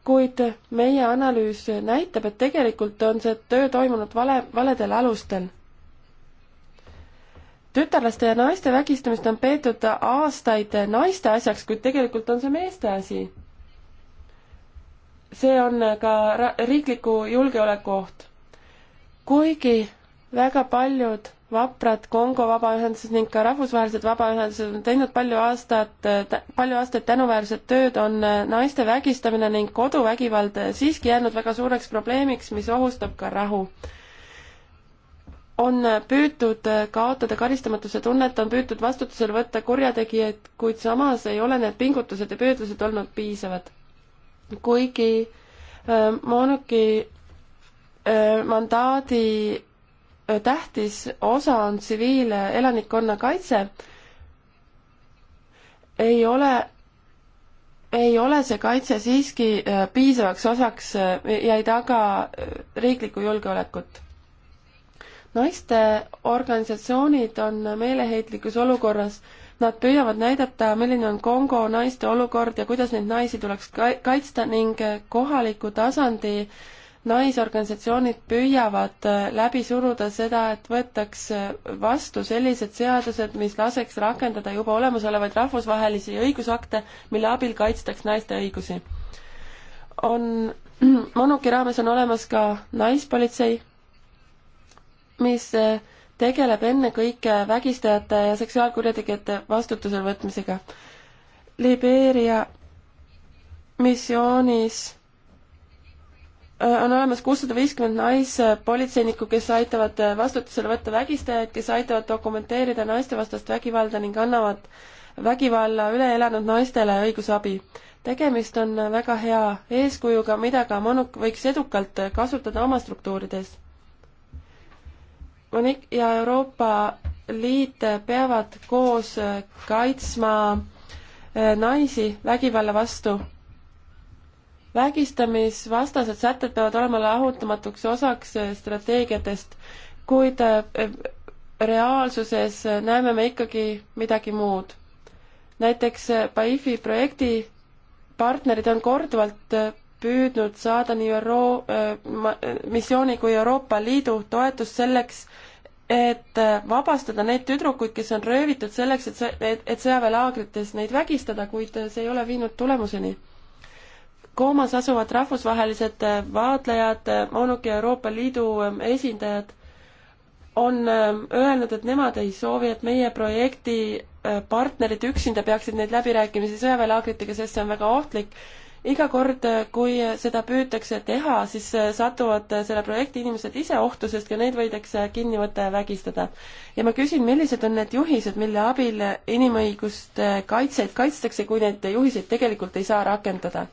kuid meie analüüs näitab, et tegelikult on see töö toimunud vale, valedel alustel. tütarlaste ja naiste vägistamist on peetud aastaid naiste asjaks, kuid tegelikult on see meeste asi. see on ka riikliku julgeoleku oht. kuigi väga paljud vaprad Kongo vabaühendused ning ka rahvusvahelised vabaühendused on teinud palju aastat, palju aastaid tänuväärset tööd, on äh, naiste vägistamine ning koduvägivald äh, siiski jäänud väga suureks probleemiks, mis ohustab ka rahu. on äh, püütud kaotada karistamatuse tunnet, on püütud vastutusele võtta kurjategijaid, kuid samas ei ole need pingutused ja püüdlused olnud piisavad. kuigi äh, Moonuki mandaadi tähtis osa on tsiviilelanikkonna kaitse, ei ole, ei ole see kaitse siiski äh, piisavaks osaks äh, ja ei taga äh, riiklikku julgeolekut. naiste organisatsioonid on meeleheitlikus olukorras, nad püüavad näidata, milline on Kongo naiste olukord ja kuidas neid naisi tuleks kaitsta ning kohaliku tasandi äh, naisorganisatsioonid püüavad äh, läbi suruda seda, et võetaks äh, vastu sellised seadused, mis laseks rakendada juba olemasolevaid rahvusvahelisi õigusakte, mille abil kaitstaks naiste õigusi. on, Manuki raames on olemas ka naispolitsei, mis äh, tegeleb ennekõike vägistajate ja seksuaalkurjategijate vastutusele võtmisega. Libeeria missioonis Äh, on olemas kuussada viiskümmend naispolitseinikku, kes aitavad äh, vastutusele võtta vägistajaid, kes aitavad dokumenteerida naistevastast vägivalda ning annavad vägivalla üle elanud naistele õigusabi. tegemist on äh, väga hea eeskujuga, mida ka Monuk võiks edukalt kasutada oma struktuurides. Monik ja Euroopa Liit peavad koos kaitsma naisi vägivalla vastu vägistamisvastased sätted peavad olema lahutamatuks osaks eh, strateegiatest, kuid eh, reaalsuses eh, näeme me ikkagi midagi muud. näiteks Paifi projekti partnerid on korduvalt püüdnud saada nii ÜRO missiooni kui Euroopa Liidu toetust selleks, et vabastada neid tüdrukuid, kes on röövitud selleks, et, et, et sõjaväelaagrites neid vägistada, kuid see ei ole viinud tulemuseni Koomas asuvad rahvusvahelised äh, vaatlejad, äh, ONUK ja Euroopa Liidu ähm, esindajad on ähm, öelnud, et nemad ei soovi, et meie projekti äh, partnerid üksinda peaksid neid läbirääkimisi sõjaväelaagritega, sest see on väga ohtlik. iga kord, kui seda püütakse teha, siis satuvad selle projekti inimesed ise ohtu, sest ka neid võidakse kinni võtta ja vägistada. ja ma küsin, millised on need juhised, mille abil inimõiguste kaitseid kaitstakse, kui neid juhiseid tegelikult ei saa rakendada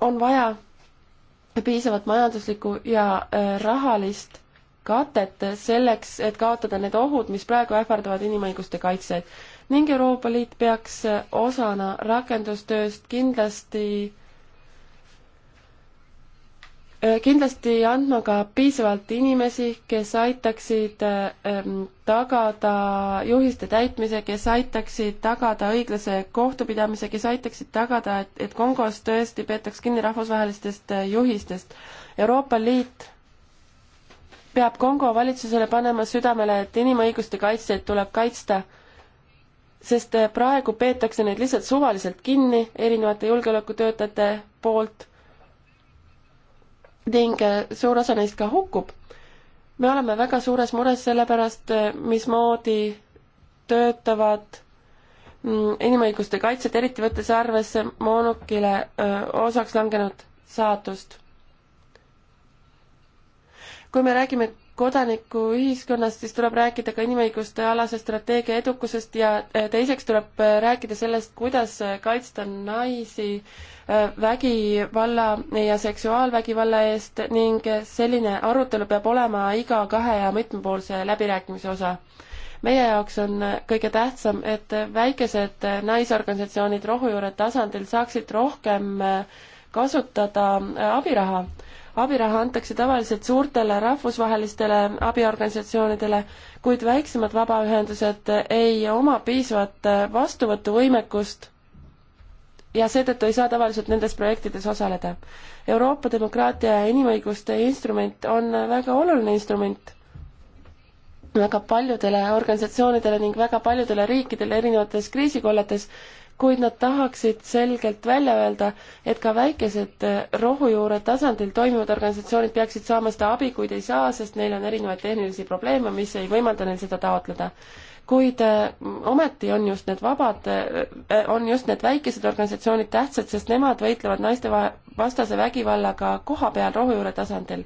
on vaja piisavat majanduslikku ja äh, rahalist katet selleks, et kaotada need ohud, mis praegu ähvardavad inimõiguste kaitset. ning Euroopa Liit peaks äh, osana rakendustööst kindlasti Äh, kindlasti andma ka piisavalt inimesi, kes aitaksid äh, ähm, tagada juhiste täitmise, kes aitaksid tagada õiglase kohtupidamise, kes aitaksid tagada, et, et Kongos tõesti peetaks kinni rahvusvahelistest äh, juhistest. Euroopa Liit peab Kongo valitsusele panema südamele, et inimõiguste kaitsjaid tuleb kaitsta, sest praegu peetakse neid lihtsalt suvaliselt kinni erinevate julgeolekutöötajate poolt ning äh, suur osa neist ka hukkub. me oleme väga suures mures selle pärast, äh, mismoodi töötavad mm, inimõiguste kaitset, eriti võttes arvesse moonukile äh, osaks langenud saatust. kui me räägime kodanikuühiskonnast, siis tuleb rääkida ka inimõiguste alase strateegia edukusest ja eh, teiseks tuleb eh, rääkida sellest, kuidas eh, kaitsta naisi vägivalla ja seksuaalvägivalla eest ning selline arutelu peab olema iga kahe ja mitmepoolse läbirääkimise osa. meie jaoks on kõige tähtsam, et väikesed naisorganisatsioonid rohujuure tasandil saaksid rohkem kasutada abiraha abiraha antakse tavaliselt suurtele rahvusvahelistele abiorganisatsioonidele, kuid väiksemad vabaühendused ei oma piisavat vastuvõtuvõimekust ja seetõttu ei saa tavaliselt nendes projektides osaleda. Euroopa demokraatia ja inimõiguste instrument on väga oluline instrument väga paljudele organisatsioonidele ning väga paljudele riikidele erinevates kriisikolletes kuid nad tahaksid selgelt välja öelda, et ka väikesed äh, rohujuure tasandil toimivad organisatsioonid peaksid saama seda abi, kuid ei saa, sest neil on erinevaid tehnilisi probleeme, mis ei võimalda neil seda taotleda. kuid äh, ometi on just need vabad, äh, on just need väikesed organisatsioonid tähtsad, sest nemad võitlevad naiste vastase vägivallaga koha peal rohujuure tasandil.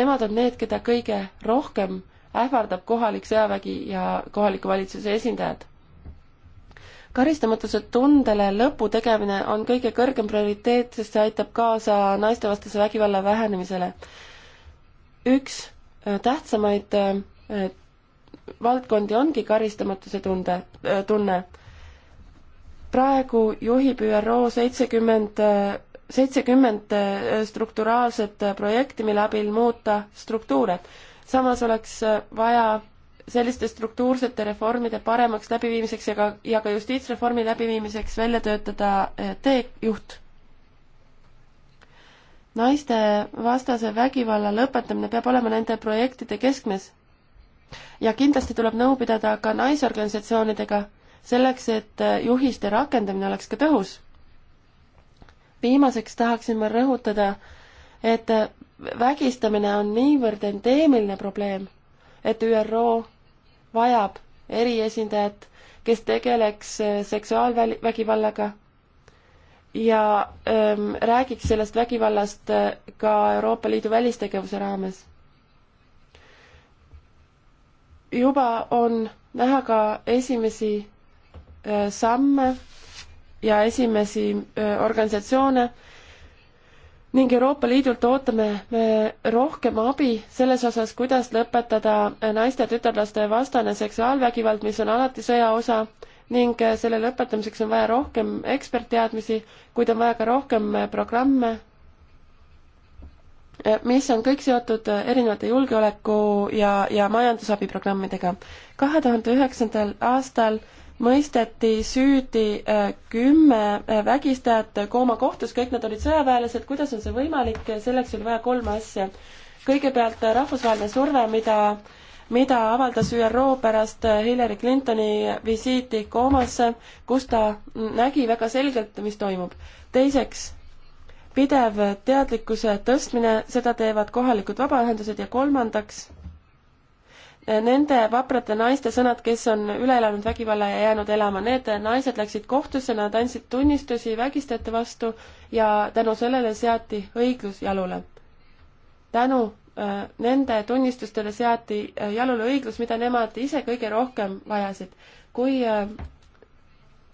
Nemad on need, keda kõige rohkem ähvardab kohalik sõjavägi ja kohaliku valitsuse esindajad karistamatuse tundele lõpu tegemine on kõige kõrgem prioriteet, sest see aitab kaasa naistevastase vägivalla vähenemisele. üks äh, tähtsamaid äh, valdkondi ongi karistamatuse tunde, äh, tunne. praegu juhib ÜRO seitsekümmend, seitsekümmend strukturaalset projekti, mille abil muuta struktuure. samas oleks vaja selliste struktuursete reformide paremaks läbiviimiseks ja ka, ja ka justiitsreformi läbiviimiseks välja töötada eh, teejuht. naistevastase vägivalla lõpetamine peab olema nende projektide keskmes. ja kindlasti tuleb nõu pidada ka naisorganisatsioonidega, selleks et eh, juhiste rakendamine oleks ka tõhus. viimaseks tahaksin ma rõhutada, et eh, vägistamine on niivõrd endeemiline probleem, et ÜRO vajab eriesindajat, kes tegeleks äh, seksuaalvägivallaga ja ähm, räägiks sellest vägivallast äh, ka Euroopa Liidu välistegevuse raames. juba on näha ka esimesi äh, samme ja esimesi äh, organisatsioone äh,, ning Euroopa Liidult ootame me rohkem abi selles osas, kuidas lõpetada naiste ja tütarlaste vastane seksuaalvägivald, mis on alati sõja osa ning selle lõpetamiseks on vaja rohkem ekspertteadmisi, kuid on vaja ka rohkem programme, mis on kõik seotud erinevate julgeoleku ja, ja majandusabiprogrammidega. kahe tuhande üheksandal aastal äh, mõisteti süüdi äh, kümme äh, vägistajat äh, Kooma kohtus, kõik nad olid sõjaväelased, kuidas on see võimalik, selleks oli vaja kolme asja. kõigepealt rahvusvaheline surve, mida, mida avaldas ÜRO pärast Hillary Clintoni visiiti Koomasse, kus ta nägi väga selgelt, mis toimub. teiseks, pidev teadlikkuse tõstmine, seda teevad kohalikud vabaühendused ja kolmandaks, nende vaprate naiste sõnad, kes on üle elanud vägivalla ja jäänud elama. Need naised läksid kohtusse, nad andsid tunnistusi vägistajate vastu ja tänu sellele seati õiglus jalule. tänu äh, nende tunnistustele seati äh, jalule õiglus, mida nemad ise kõige rohkem vajasid. kui äh,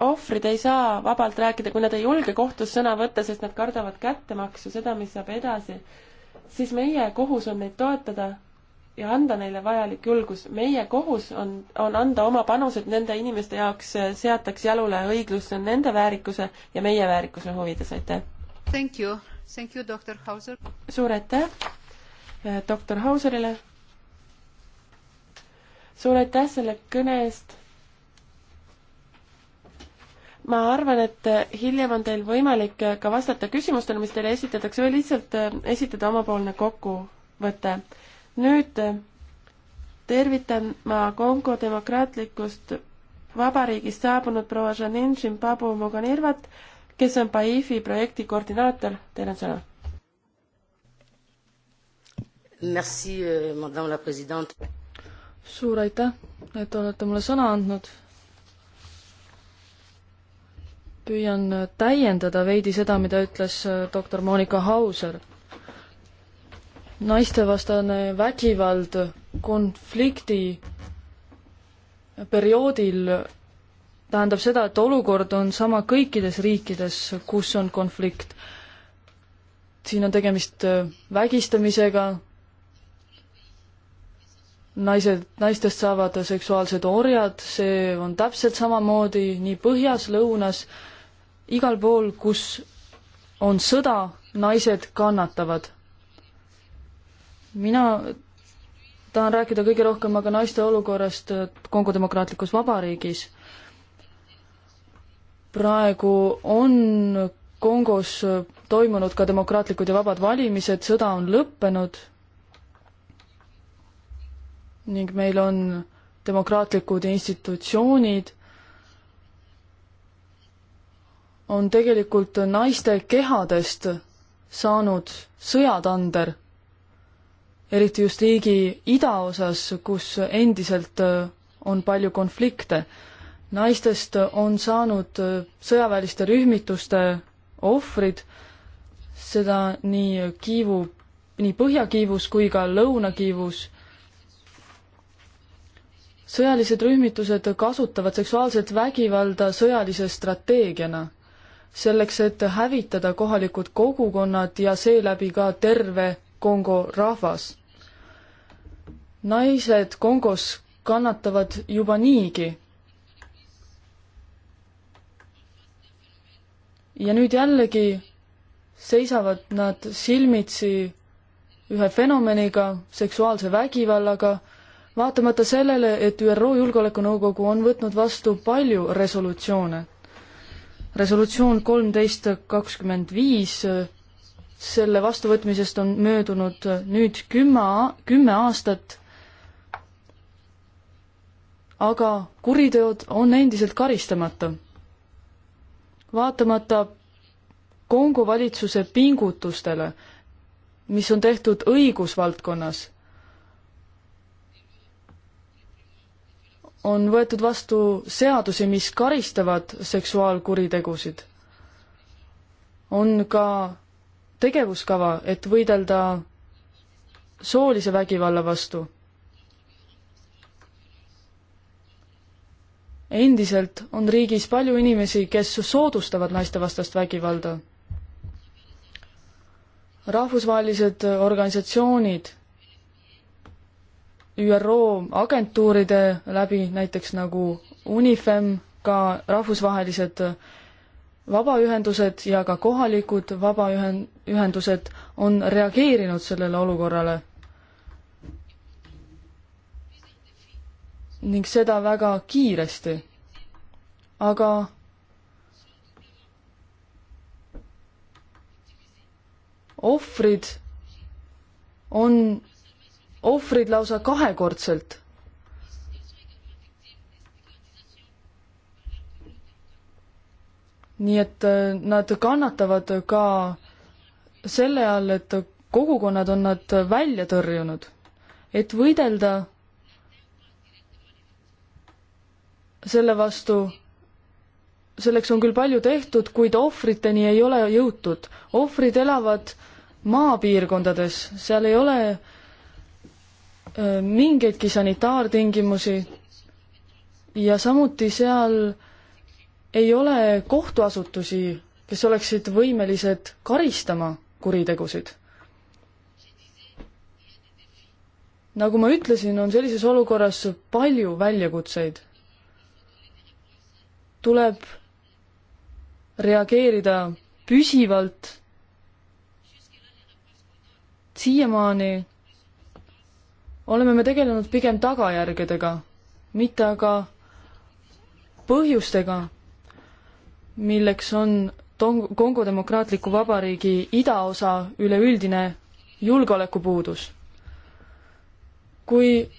ohvrid ei saa vabalt rääkida, kui nad ei julge kohtus sõna võtta, sest nad kardavad kättemaksu, seda, mis saab edasi, siis meie kohus on neid toetada ja anda neile vajalik julgus. meie kohus on, on anda oma panus, et nende inimeste jaoks äh, seataks jalule õiglus nende väärikuse ja meie väärikuse huvides, aitäh! Thank you, thank you, doktor Hauser! suur aitäh äh, doktor Hauserile! suur aitäh selle kõne eest! ma arvan, et äh, hiljem on teil võimalik ka vastata küsimustele, mis teile esitatakse või lihtsalt esitada omapoolne kokkuvõte nüüd eh, tervitan ma Kongo demokraatlikust vabariigist saabunud proua Janine Shimbabu Muganirvat, kes on Paifi projekti koordinaator, teil on sõna. Merci, euh, madame la president. suur aitäh, et olete mulle sõna andnud. püüan täiendada veidi seda, mida ütles äh, doktor Monika Hauser naistevastane vägivald konflikti perioodil tähendab seda, et olukord on sama kõikides riikides, kus on konflikt. siin on tegemist äh, vägistamisega, naised, naistest saavad seksuaalsed orjad, see on täpselt samamoodi nii põhjas, lõunas, igal pool, kus on sõda, naised kannatavad mina tahan rääkida kõige rohkem aga naiste olukorrast Kongo Demokraatlikus Vabariigis. praegu on Kongos toimunud ka demokraatlikud ja vabad valimised, sõda on lõppenud ning meil on demokraatlikud institutsioonid, on tegelikult naiste kehadest saanud sõjatander eriti just riigi idaosas, kus endiselt äh, on palju konflikte. naistest äh, on saanud äh, sõjaväeliste rühmituste ohvrid, seda nii Kiivu, nii Põhja-Kiivus kui ka Lõuna-Kiivus. sõjalised rühmitused kasutavad seksuaalset vägivalda sõjalise strateegiana selleks, et hävitada kohalikud kogukonnad ja seeläbi ka terve Kongo rahvas. naised Kongos kannatavad juba niigi. ja nüüd jällegi seisavad nad silmitsi ühe fenomeniga, seksuaalse vägivallaga, vaatamata sellele, et ÜRO Julgeolekunõukogu on võtnud vastu palju resolutsioone. resolutsioon kolmteist kakskümmend viis selle vastuvõtmisest on möödunud nüüd kümme, kümme aastat, aga kuriteod on endiselt karistamata. vaatamata Kongo valitsuse pingutustele, mis on tehtud õigusvaldkonnas, on võetud vastu seadusi, mis karistavad seksuaalkuritegusid. on ka tegevuskava, et võidelda soolise vägivalla vastu. endiselt on riigis palju inimesi, kes soodustavad naistevastast vägivalda. rahvusvahelised organisatsioonid, ÜRO agentuuride läbi, näiteks nagu UNIFEM, ka rahvusvahelised vabaühendused ja ka kohalikud vabaühen-, ühendused on reageerinud sellele olukorrale. ning seda väga kiiresti. aga ohvrid on ohvrid lausa kahekordselt. nii et äh, nad kannatavad ka selle all, et kogukonnad on nad välja tõrjunud, et võidelda selle vastu, selleks on küll palju tehtud, kuid ohvriteni ei ole jõutud. ohvrid elavad maapiirkondades, seal ei ole mingeidki sanitaartingimusi ja samuti seal ei ole kohtuasutusi, kes oleksid võimelised karistama kuritegusid. nagu ma ütlesin, on sellises olukorras palju väljakutseid. tuleb reageerida püsivalt. siiamaani oleme me tegelenud pigem tagajärgedega, mitte aga põhjustega, milleks on Tong-, Kongo Demokraatliku Vabariigi idaosa üleüldine julgeolekupuudus. kui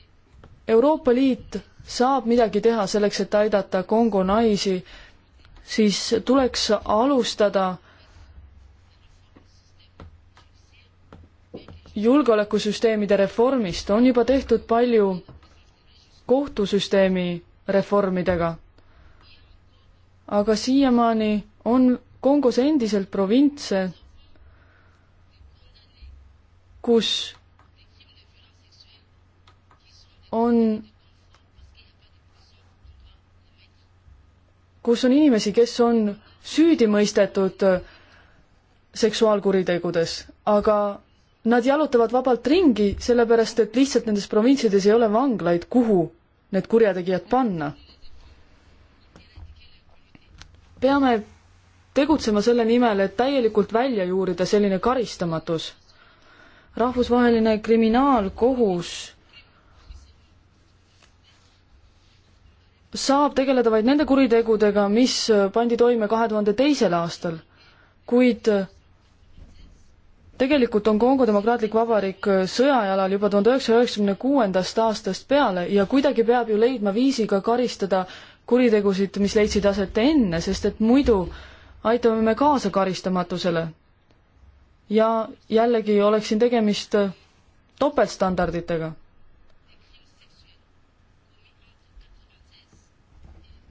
Euroopa Liit saab midagi teha selleks, et aidata Kongo naisi, siis tuleks alustada julgeolekusüsteemide reformist, on juba tehtud palju kohtusüsteemi reformidega. aga siiamaani on Kongos endiselt provintse, kus on, kus on inimesi, kes on süüdi mõistetud äh, seksuaalkuritegudes, aga nad jalutavad vabalt ringi, sellepärast et lihtsalt nendes provintsides ei ole vanglaid, kuhu need kurjategijad panna. peame tegutsema selle nimel, et täielikult välja juurida selline karistamatus. rahvusvaheline kriminaalkohus saab tegeleda vaid nende kuritegudega, mis pandi toime kahe tuhande teisel aastal, kuid tegelikult on Kongo Demokraatlik Vabariik sõjajalal juba tuhande üheksasaja üheksakümne kuuendast aastast peale ja kuidagi peab ju leidma viisi ka karistada kuritegusid, mis leidsid aset enne, sest et muidu äh, aitame me kaasa karistamatusele. ja jällegi oleks siin tegemist äh, topeltstandarditega.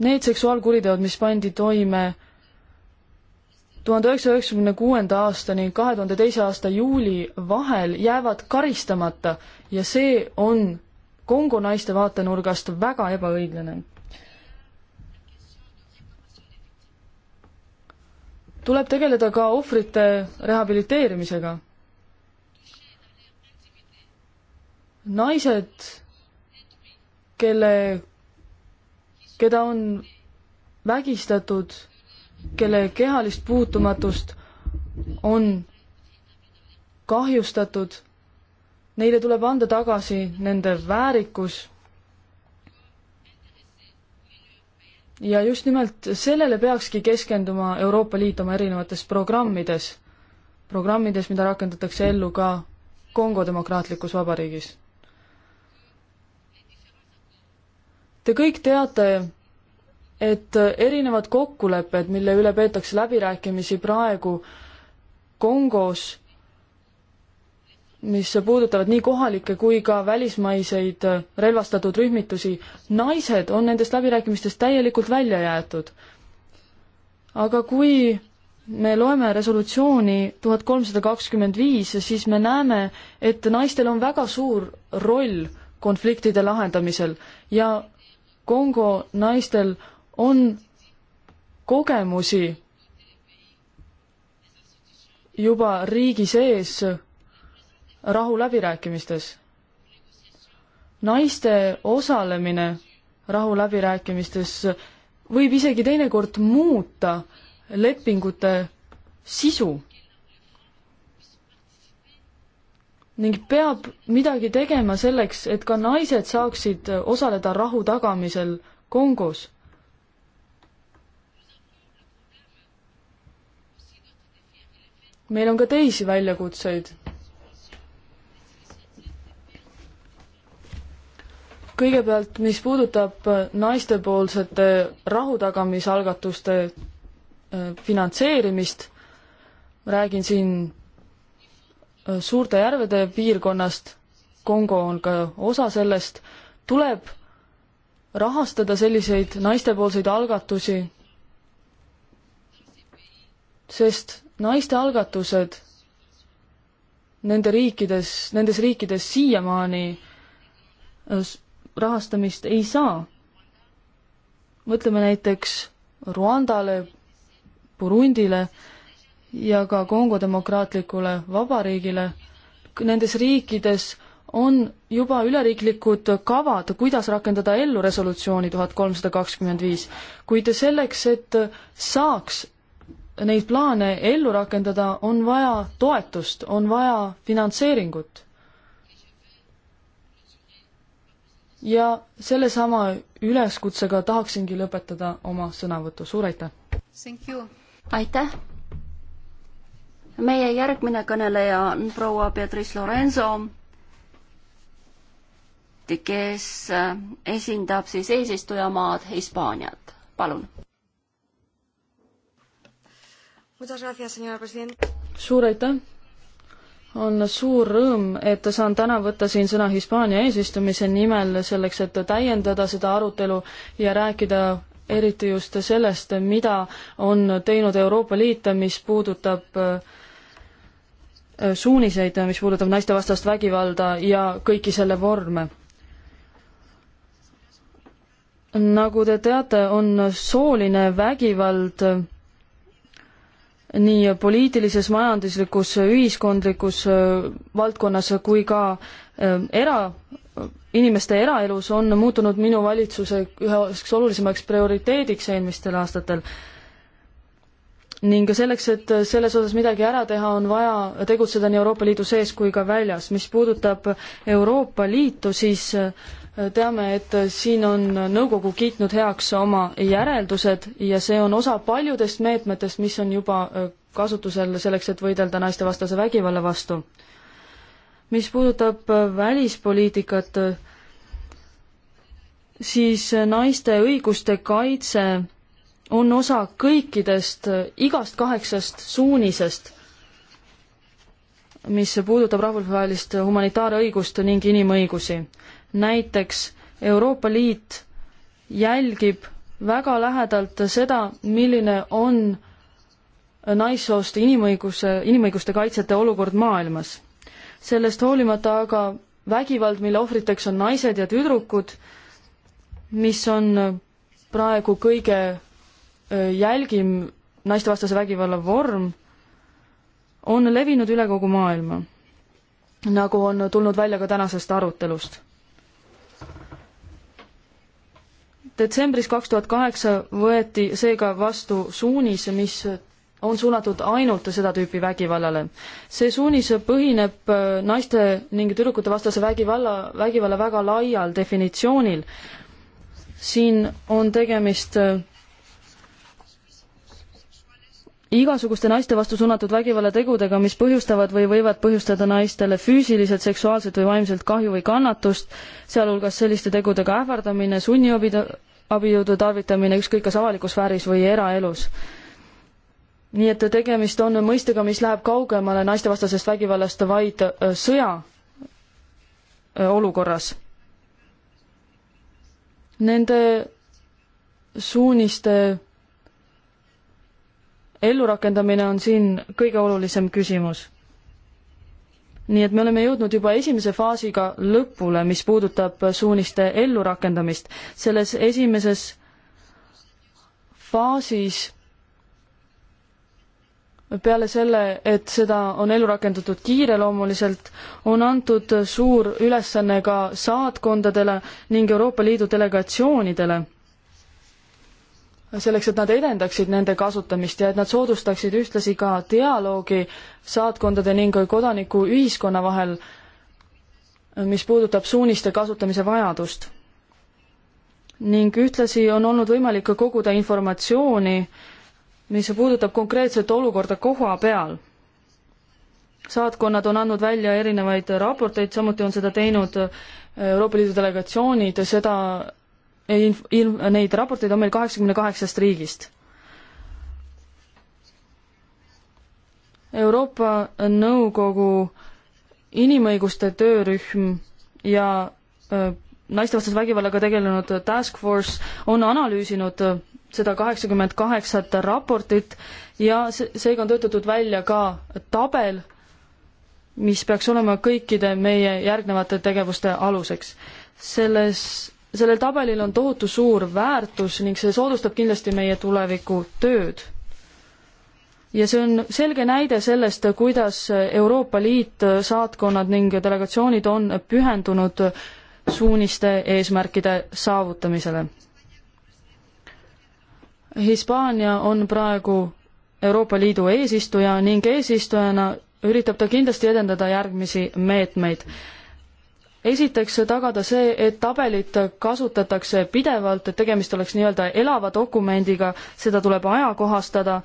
Need seksuaalkuriteod, mis pandi toime tuhande üheksasaja üheksakümne kuuenda aasta ning kahe tuhande teise aasta juuli vahel jäävad karistamata ja see on Kongo naiste vaatenurgast väga ebaõiglane tuleb tegeleda ka ohvrite rehabiliteerimisega. naised, kelle, keda on vägistatud, kelle kehalist puutumatust on kahjustatud, neile tuleb anda tagasi nende väärikus ja just nimelt sellele peakski keskenduma Euroopa Liit oma erinevates programmides, programmides, mida rakendatakse ellu ka Kongo Demokraatlikus Vabariigis. Te kõik teate, et erinevad kokkulepped, mille üle peetakse läbirääkimisi praegu Kongos mis puudutavad nii kohalikke kui ka välismaiseid relvastatud rühmitusi, naised on nendest läbirääkimistest täielikult välja jäetud. aga kui me loeme resolutsiooni tuhat kolmsada kakskümmend viis, siis me näeme, et naistel on väga suur roll konfliktide lahendamisel ja Kongo naistel on kogemusi juba riigi sees rahuläbirääkimistes. naiste osalemine rahuläbirääkimistes võib isegi teinekord muuta lepingute sisu ning peab midagi tegema selleks, et ka naised saaksid osaleda rahu tagamisel Kongos. meil on ka teisi väljakutseid. kõigepealt, mis puudutab äh, naistepoolsete rahutagamisalgatuste äh, finantseerimist, räägin siin äh, suurte järvede piirkonnast, Kongo on ka osa sellest, tuleb rahastada selliseid naistepoolseid algatusi, sest naiste algatused nende riikides, nendes riikides siiamaani rahastamist ei saa. mõtleme näiteks Rwandale, Burundile ja ka Kongo Demokraatlikule Vabariigile. Nendes riikides on juba üleriiklikud kavad, kuidas rakendada ellu resolutsiooni tuhat kolmsada kakskümmend viis, kuid selleks, et saaks neid plaane ellu rakendada, on vaja toetust, on vaja finantseeringut ja sellesama üleskutsega tahaksingi lõpetada oma sõnavõtu, suur aitäh! aitäh! meie järgmine kõneleja on proua Beatrice Lorenzo, kes äh, esindab siis eesistujamaad Hispaaniat, palun. suur aitäh, on suur rõõm, et saan täna võtta siin sõna Hispaania eesistumise nimel selleks, et täiendada seda arutelu ja rääkida eriti just sellest, mida on teinud Euroopa Liit, mis puudutab äh, suuniseid, mis puudutab naistevastast vägivalda ja kõiki selle vorme. nagu te teate, on sooline vägivald nii poliitilises, majanduslikus, ühiskondlikus äh, valdkonnas kui ka äh, era, inimeste eraelus on muutunud minu valitsuse üheks olulisemaks prioriteediks eelmistel aastatel. ning selleks, et selles osas midagi ära teha, on vaja tegutseda nii Euroopa Liidu sees kui ka väljas. mis puudutab Euroopa Liitu, siis äh, teame, et siin on nõukogu kiitnud heaks oma järeldused ja see on osa paljudest meetmetest, mis on juba äh, kasutusel selleks, et võidelda naistevastase vägivalla vastu. mis puudutab äh, välispoliitikat, äh, siis naiste õiguste kaitse on osa kõikidest, igast kaheksast suunisest, mis puudutab rahvusvahelist humanitaarõigust ning inimõigusi näiteks Euroopa Liit jälgib väga lähedalt seda, milline on naissoost inimõiguse, inimõiguste kaitsjate olukord maailmas. sellest hoolimata aga vägivald, mille ohvriteks on naised ja tüdrukud, mis on praegu kõige jälgim naistevastase vägivalla vorm, on levinud üle kogu maailma, nagu on tulnud välja ka tänasest arutelust detsembris kaks tuhat kaheksa võeti seega vastu suunis, mis on suunatud ainult seda tüüpi vägivallale. see suunis põhineb äh, naiste ning tüdrukute vastase vägivalla, vägivalla väga laial definitsioonil. siin on tegemist äh, igasuguste naiste vastu suunatud vägivallategudega, mis põhjustavad või võivad põhjustada naistele füüsiliselt, seksuaalselt või vaimselt kahju või kannatust, sealhulgas selliste tegudega ähvardamine, sunniobida-, abijõudu tarvitamine ükskõik kas avalikus sfääris või eraelus. nii et tegemist on mõistega, mis läheb kaugemale naistevastasest vägivallast vaid sõja olukorras. Nende suuniste ellurakendamine on siin kõige olulisem küsimus nii et me oleme jõudnud juba esimese faasiga lõpule, mis puudutab suuniste ellurakendamist. selles esimeses faasis peale selle, et seda on ellu rakendatud kiireloomuliselt, on antud suur ülesanne ka saatkondadele ning Euroopa Liidu delegatsioonidele selleks, et nad edendaksid nende kasutamist ja et nad soodustaksid ühtlasi ka dialoogi saatkondade ning kodanikuühiskonna vahel, mis puudutab suuniste kasutamise vajadust. ning ühtlasi on olnud võimalik ka koguda informatsiooni, mis puudutab konkreetset olukorda koha peal. saatkonnad on andnud välja erinevaid raporteid, samuti on seda teinud Euroopa Liidu delegatsioonid, seda inf-, inf-, neid raporteid on meil kaheksakümne kaheksast riigist. Euroopa Nõukogu inimõiguste töörühm ja naistevastase vägivallaga tegelenud task force on analüüsinud seda kaheksakümmend kaheksat raportit ja seega on töötatud välja ka tabel, mis peaks olema kõikide meie järgnevate tegevuste aluseks. selles sellel tabelil on tohutu suur väärtus ning see soodustab kindlasti meie tuleviku tööd. ja see on selge näide sellest, kuidas Euroopa Liit, saatkonnad ning delegatsioonid on pühendunud suuniste eesmärkide saavutamisele. Hispaania on praegu Euroopa Liidu eesistuja ning eesistujana üritab ta kindlasti edendada järgmisi meetmeid esiteks tagada see, et tabelit kasutatakse pidevalt, et tegemist oleks nii-öelda elava dokumendiga, seda tuleb ajakohastada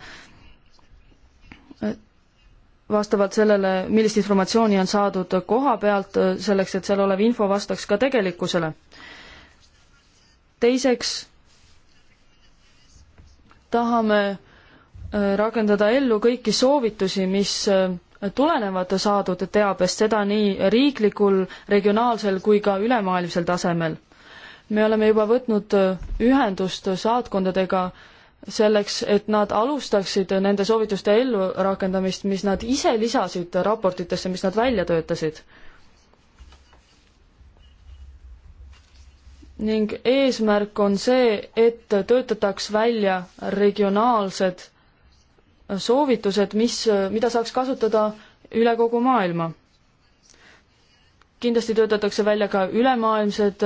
vastavalt sellele, millist informatsiooni on saadud koha pealt, selleks et seal olev info vastaks ka tegelikkusele. teiseks tahame äh, rakendada ellu kõiki soovitusi, mis äh, tulenevad saadud teabest, seda nii riiklikul, regionaalsel kui ka ülemaailmsel tasemel. me oleme juba võtnud ühendust saatkondadega selleks, et nad alustaksid nende soovituste ellurakendamist, mis nad ise lisasid raportitesse, mis nad välja töötasid. ning eesmärk on see, et töötataks välja regionaalsed soovitused, mis, mida saaks kasutada üle kogu maailma. kindlasti töötatakse välja ka ülemaailmsed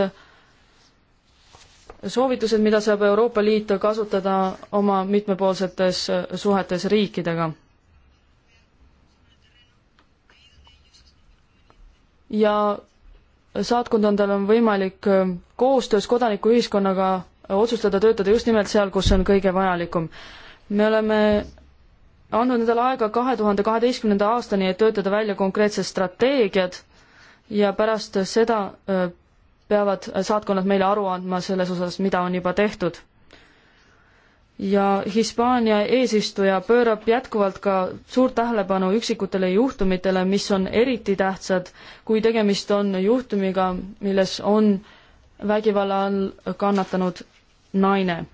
soovitused, mida saab Euroopa Liit kasutada oma mitmepoolsetes suhetes riikidega. ja saatkondadel on võimalik koostöös kodanikuühiskonnaga otsustada töötada just nimelt seal, kus see on kõige vajalikum. me oleme andnud endale aega kahe tuhande kaheteistkümnenda aastani, et töötada välja konkreetsed strateegiad ja pärast seda peavad saatkonnad meile aru andma selles osas, mida on juba tehtud. ja Hispaania eesistuja pöörab jätkuvalt ka suurt tähelepanu üksikutele juhtumitele, mis on eriti tähtsad, kui tegemist on juhtumiga, milles on vägivalla all kannatanud naine.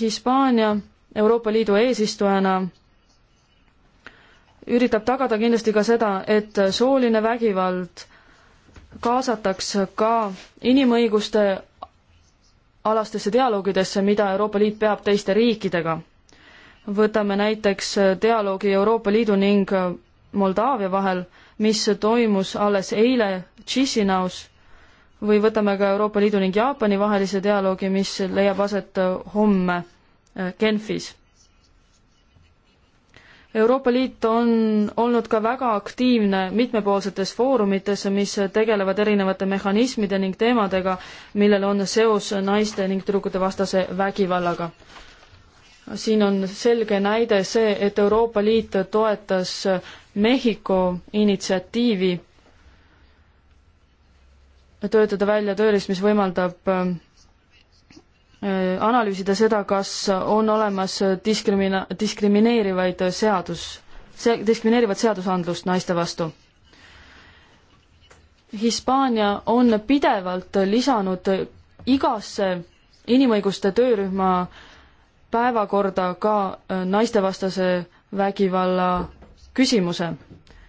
Hispaania Euroopa Liidu eesistujana üritab tagada kindlasti ka seda, et sooline vägivald kaasataks ka inimõiguste alastesse dialoogidesse, mida Euroopa Liit peab teiste riikidega. võtame näiteks dialoogi Euroopa Liidu ning Moldaavia vahel, mis toimus alles eile Chisinau's või võtame ka Euroopa Liidu ning Jaapani vahelise dialoogi, mis leiab aset homme Äh, Genfis. Euroopa Liit on olnud ka väga aktiivne mitmepoolsetes foorumites, mis tegelevad erinevate mehhanismide ning teemadega, millel on seos naiste ning tüdrukute vastase vägivallaga siin on selge näide see, et Euroopa Liit toetas Mehhiko initsiatiivi töötada välja tööriist, mis võimaldab äh, Äh, analüüsida seda, kas on olemas diskrimina-, diskrimineerivaid seadus, see, diskrimineerivat seadusandlust naiste vastu. Hispaania on pidevalt lisanud igasse inimõiguste töörühma päevakorda ka äh, naistevastase vägivalla küsimuse.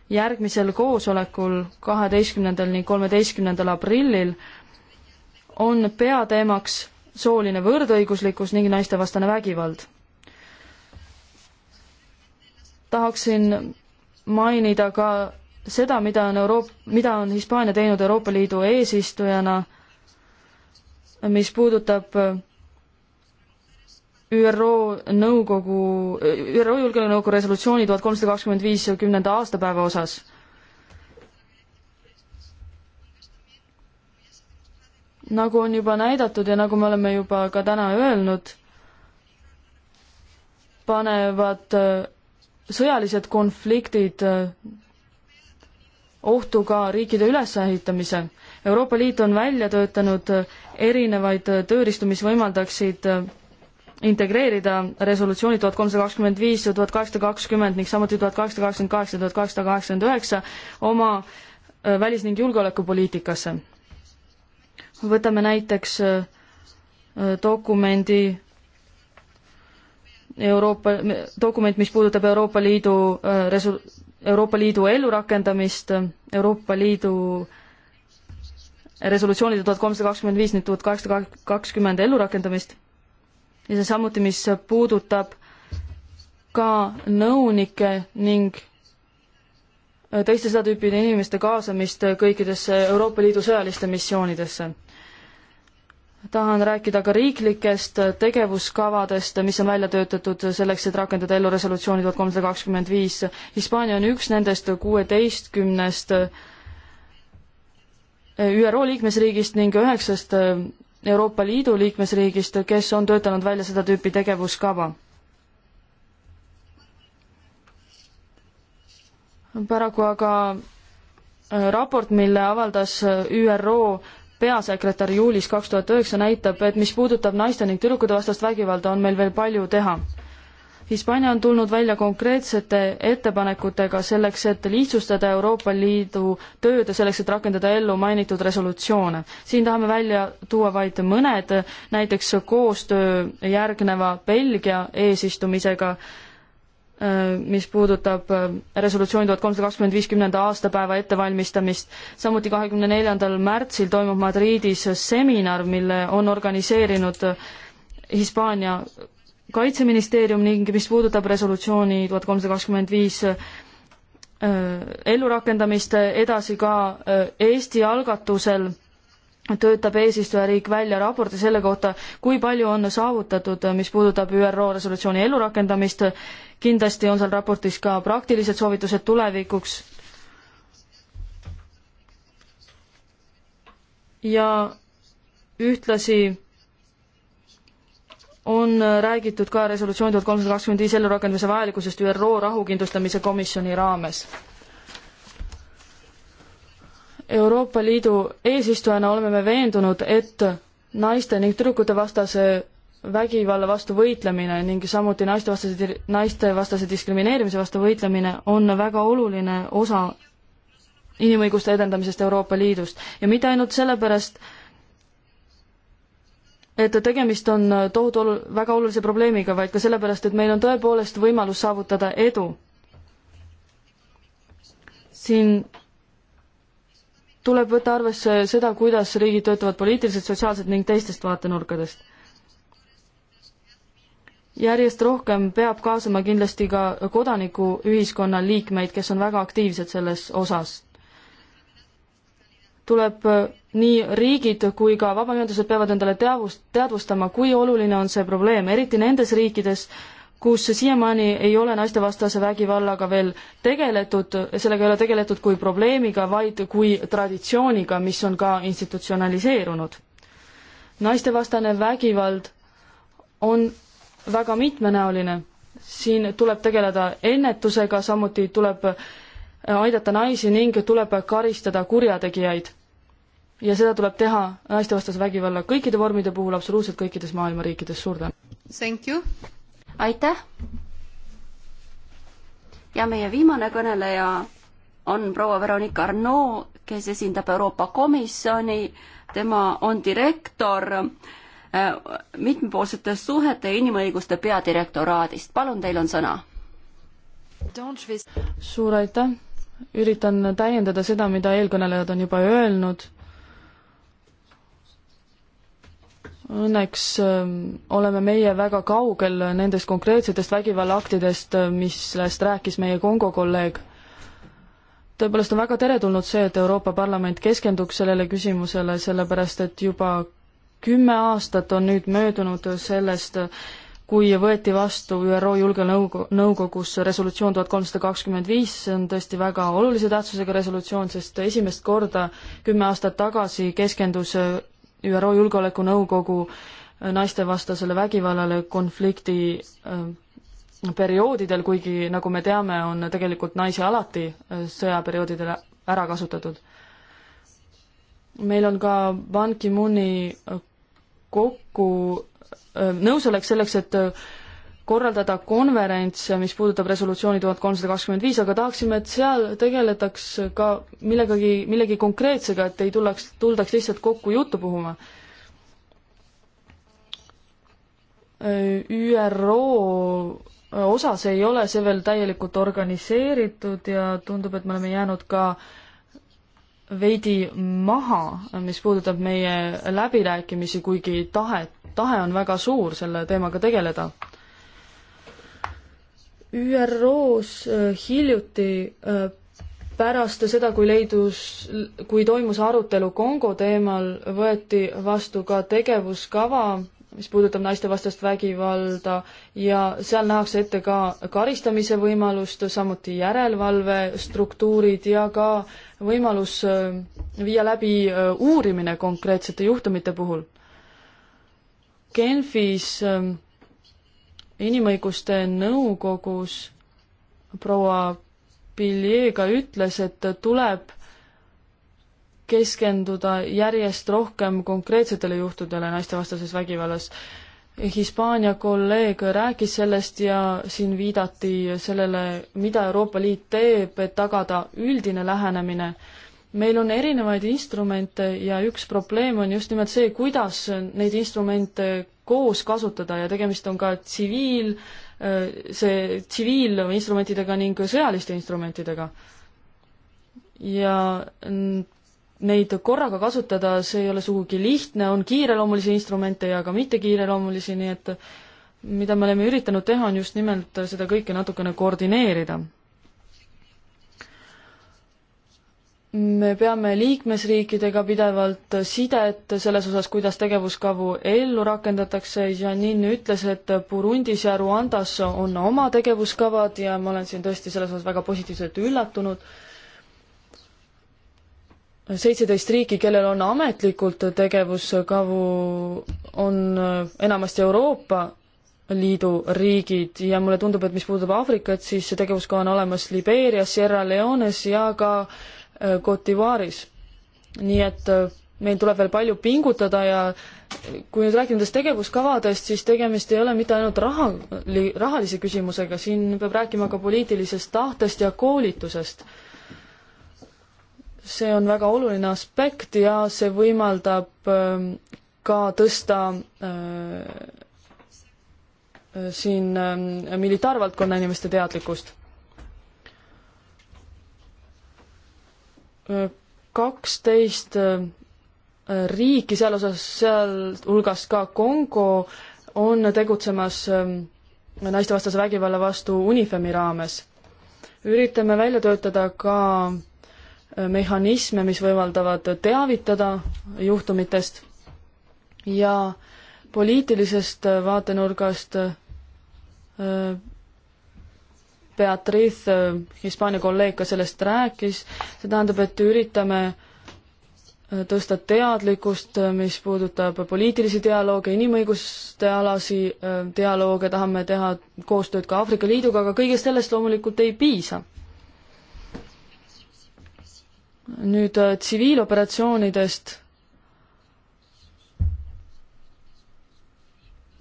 järgmisel koosolekul, kaheteistkümnendal ning kolmeteistkümnendal aprillil on peateemaks sooline võrdõiguslikkus ning naistevastane vägivald. tahaksin mainida ka seda, mida on Euroop-, mida on Hispaania teinud Euroopa Liidu eesistujana, mis puudutab ÜRO nõukogu, ÜRO Julgeolekunõukogu resolutsiooni tuhat kolmsada kakskümmend viis kümnenda aastapäeva osas nagu on juba näidatud ja nagu me oleme juba ka täna öelnud, panevad äh, sõjalised konfliktid äh, ohtu ka riikide ülesehitamise. Euroopa Liit on välja töötanud äh, erinevaid tööriistu, mis võimaldaksid integreerida resolutsioonid tuhat kolmsada kakskümmend viis ja tuhat kaheksasada kakskümmend ning samuti tuhat kaheksasada kaheksakümmend kaheksa ja tuhat kaheksasada kaheksakümmend üheksa oma välis- ning julgeolekupoliitikasse võtame näiteks äh, äh, dokumendi Euroopa, dokument, mis puudutab Euroopa Liidu äh, resu-, Euroopa Liidu ellurakendamist, Euroopa Liidu resolutsioonide tuhat kolmsada kakskümmend viis, nüüd tuhat kaheksasada kakskümmend ellurakendamist ja see samuti, mis puudutab ka nõunikke ning teiste seda tüüpi inimeste kaasamist kõikidesse Euroopa Liidu sõjaliste missioonidesse tahan rääkida ka riiklikest tegevuskavadest, mis on välja töötatud selleks, et rakendada ellu resolutsiooni tuhat kolmsada kakskümmend viis. Hispaania on üks nendest kuueteistkümnest ÜRO liikmesriigist ning üheksast Euroopa Liidu liikmesriigist, kes on töötanud välja seda tüüpi tegevuskava. paraku aga raport, mille avaldas ÜRO peasekretär juulis kaks tuhat üheksa näitab, et mis puudutab naiste ning tüdrukute vastast vägivalda, on meil veel palju teha. Hispaania on tulnud välja konkreetsete ettepanekutega selleks, et lihtsustada Euroopa Liidu tööd ja selleks, et rakendada ellu mainitud resolutsioone. siin tahame välja tuua vaid mõned, näiteks koostöö järgneva Belgia eesistumisega äh, Äh, mis puudutab äh, resolutsiooni tuhat kolmsada kakskümmend viiskümnenda aastapäeva ettevalmistamist. samuti kahekümne neljandal märtsil toimub Madridis seminar, mille on organiseerinud äh, Hispaania kaitseministeerium ning mis puudutab resolutsiooni tuhat kolmsada kakskümmend viis ellurakendamist edasi ka Eesti algatusel töötab eesistujariik välja raporti selle kohta, kui palju on saavutatud, mis puudutab ÜRO resolutsiooni ellurakendamist kindlasti on seal raportis ka praktilised soovitused tulevikuks. ja ühtlasi on räägitud ka resolutsiooni tuhat kolmsada kakskümmend viis ellurakendamise vajalikkusest ÜRO rahukindlustamise komisjoni raames. Euroopa Liidu eesistujana oleme me veendunud, et naiste ning tüdrukute vastase vägivalla vastu võitlemine ning samuti naistevastase, naistevastase diskrimineerimise vastu võitlemine on väga oluline osa inimõiguste edendamisest Euroopa Liidust ja mitte ainult sellepärast, et tegemist on tohutu olu-, väga olulise probleemiga, vaid ka sellepärast, et meil on tõepoolest võimalus saavutada edu. siin tuleb võtta arvesse seda, kuidas riigid töötavad poliitiliselt, sotsiaalselt ning teistest vaatenurkadest järjest rohkem peab kaasama kindlasti ka kodanikuühiskonna liikmeid, kes on väga aktiivsed selles osas. tuleb äh, nii riigid kui ka vabaühendused peavad endale teavust, teadvustama, kui oluline on see probleem, eriti nendes riikides, kus siiamaani ei ole naistevastase vägivallaga veel tegeletud, sellega ei ole tegeletud kui probleemiga, vaid kui traditsiooniga, mis on ka institutsionaliseerunud. naistevastane vägivald on väga mitmenäoline. siin tuleb tegeleda ennetusega, samuti tuleb aidata naisi ning tuleb karistada kurjategijaid. ja seda tuleb teha naistevastase vägivalla kõikide vormide puhul absoluutselt kõikides maailma riikides. suur tänu! Thank you! aitäh! ja meie viimane kõneleja on proua Veronika Arnaud, kes esindab Euroopa Komisjoni, tema on direktor äh, Äh, mitmepoolsete suhete inimõiguste peadirektoraadist. palun, teil on sõna. suur aitäh, üritan täiendada seda, mida eelkõnelejad on juba öelnud. Õnneks ähm, oleme meie väga kaugel nendest konkreetsetest vägivallaaktidest, äh, millest rääkis meie Kongo kolleeg tõepoolest on väga teretulnud see, et Euroopa Parlament keskenduks sellele küsimusele, sellepärast et juba kümme aastat on nüüd möödunud sellest, kui võeti vastu ÜRO Julgenõukogus resolutsioon tuhat kolmsada kakskümmend viis, see on tõesti väga olulise tähtsusega resolutsioon, sest esimest korda kümme aastat tagasi keskendus ÜRO Julgeolekunõukogu naistevastasele vägivallale konflikti äh, perioodidel, kuigi nagu me teame, on tegelikult naisi alati äh, sõjaperioodidel ära kasutatud. meil on ka Ban Ki-mooni kokku nõusolek selleks, et korraldada konverents, mis puudutab resolutsiooni tuhat kolmsada kakskümmend viis, aga tahaksime, et seal tegeletaks ka millegagi, millegi konkreetsega, et ei tullaks, tuldaks lihtsalt kokku juttu puhuma. ÜRO osas ei ole see veel täielikult organiseeritud ja tundub, et me oleme jäänud ka äh, veidi maha, mis puudutab meie läbirääkimisi, kuigi tahe, tahe on väga suur selle teemaga tegeleda. ÜRO-s äh, hiljuti äh, pärast seda, kui leidus, kui toimus arutelu Kongo teemal, võeti vastu ka tegevuskava mis puudutab naistevastast vägivalda ja seal nähakse ette ka karistamise võimalust, samuti järelevalvestruktuurid ja ka võimalus äh, viia läbi äh, uurimine konkreetsete juhtumite puhul. Genfis äh, inimõiguste nõukogus proua Pilliega ütles, et tuleb keskenduda järjest rohkem konkreetsetele juhtudele naistevastases vägivallas. Hispaania kolleeg rääkis sellest ja siin viidati sellele, mida Euroopa Liit teeb, et tagada üldine lähenemine. meil on erinevaid instrumente ja üks probleem on just nimelt see, kuidas neid instrumente koos kasutada ja tegemist on ka tsiviil, see tsiviilinstrumentidega ning sõjaliste instrumentidega ja neid korraga kasutada, see ei ole sugugi lihtne, on kiireloomulisi instrumente ja ka mitte kiireloomulisi, nii et mida me oleme üritanud teha, on just nimelt seda kõike natukene koordineerida. me peame liikmesriikidega pidevalt sidet selles osas, kuidas tegevuskavu ellu rakendatakse, Janine ütles, et Burundis ja Ruandas on oma tegevuskavad ja ma olen siin tõesti selles osas väga positiivselt üllatunud seitseteist riiki, kellel on ametlikult tegevuskavu, on enamasti Euroopa Liidu riigid ja mulle tundub, et mis puudutab Aafrikat, siis see tegevuskava on olemas Libeerias, Sierra Leones ja ka äh, Cote d'Ivoire'is. nii et äh, meil tuleb veel palju pingutada ja äh, kui nüüd rääkida nendest tegevuskavadest, siis tegemist ei ole mitte ainult raha, rahalise küsimusega, siin peab rääkima ka poliitilisest tahtest ja koolitusest see on väga oluline aspekt ja see võimaldab ähm, ka tõsta äh, äh, siin ähm, militaarvaldkonna inimeste teadlikkust. Äh, kaksteist riiki, seal osas, sealhulgas ka Kongo, on tegutsemas ähm, naistevastase vägivalla vastu UNIFEM-i raames. üritame välja töötada ka mehhanisme, mis võimaldavad teavitada juhtumitest ja poliitilisest vaatenurgast äh, Beatrice, äh, Hispaania kolleeg, ka sellest rääkis, see tähendab, et üritame äh, tõsta teadlikkust, mis puudutab poliitilisi dialoogi, inimõiguste alasi dialoog ja tahame teha koostööd ka Aafrika Liiduga, aga kõigest sellest loomulikult ei piisa nüüd äh, tsiviiloperatsioonidest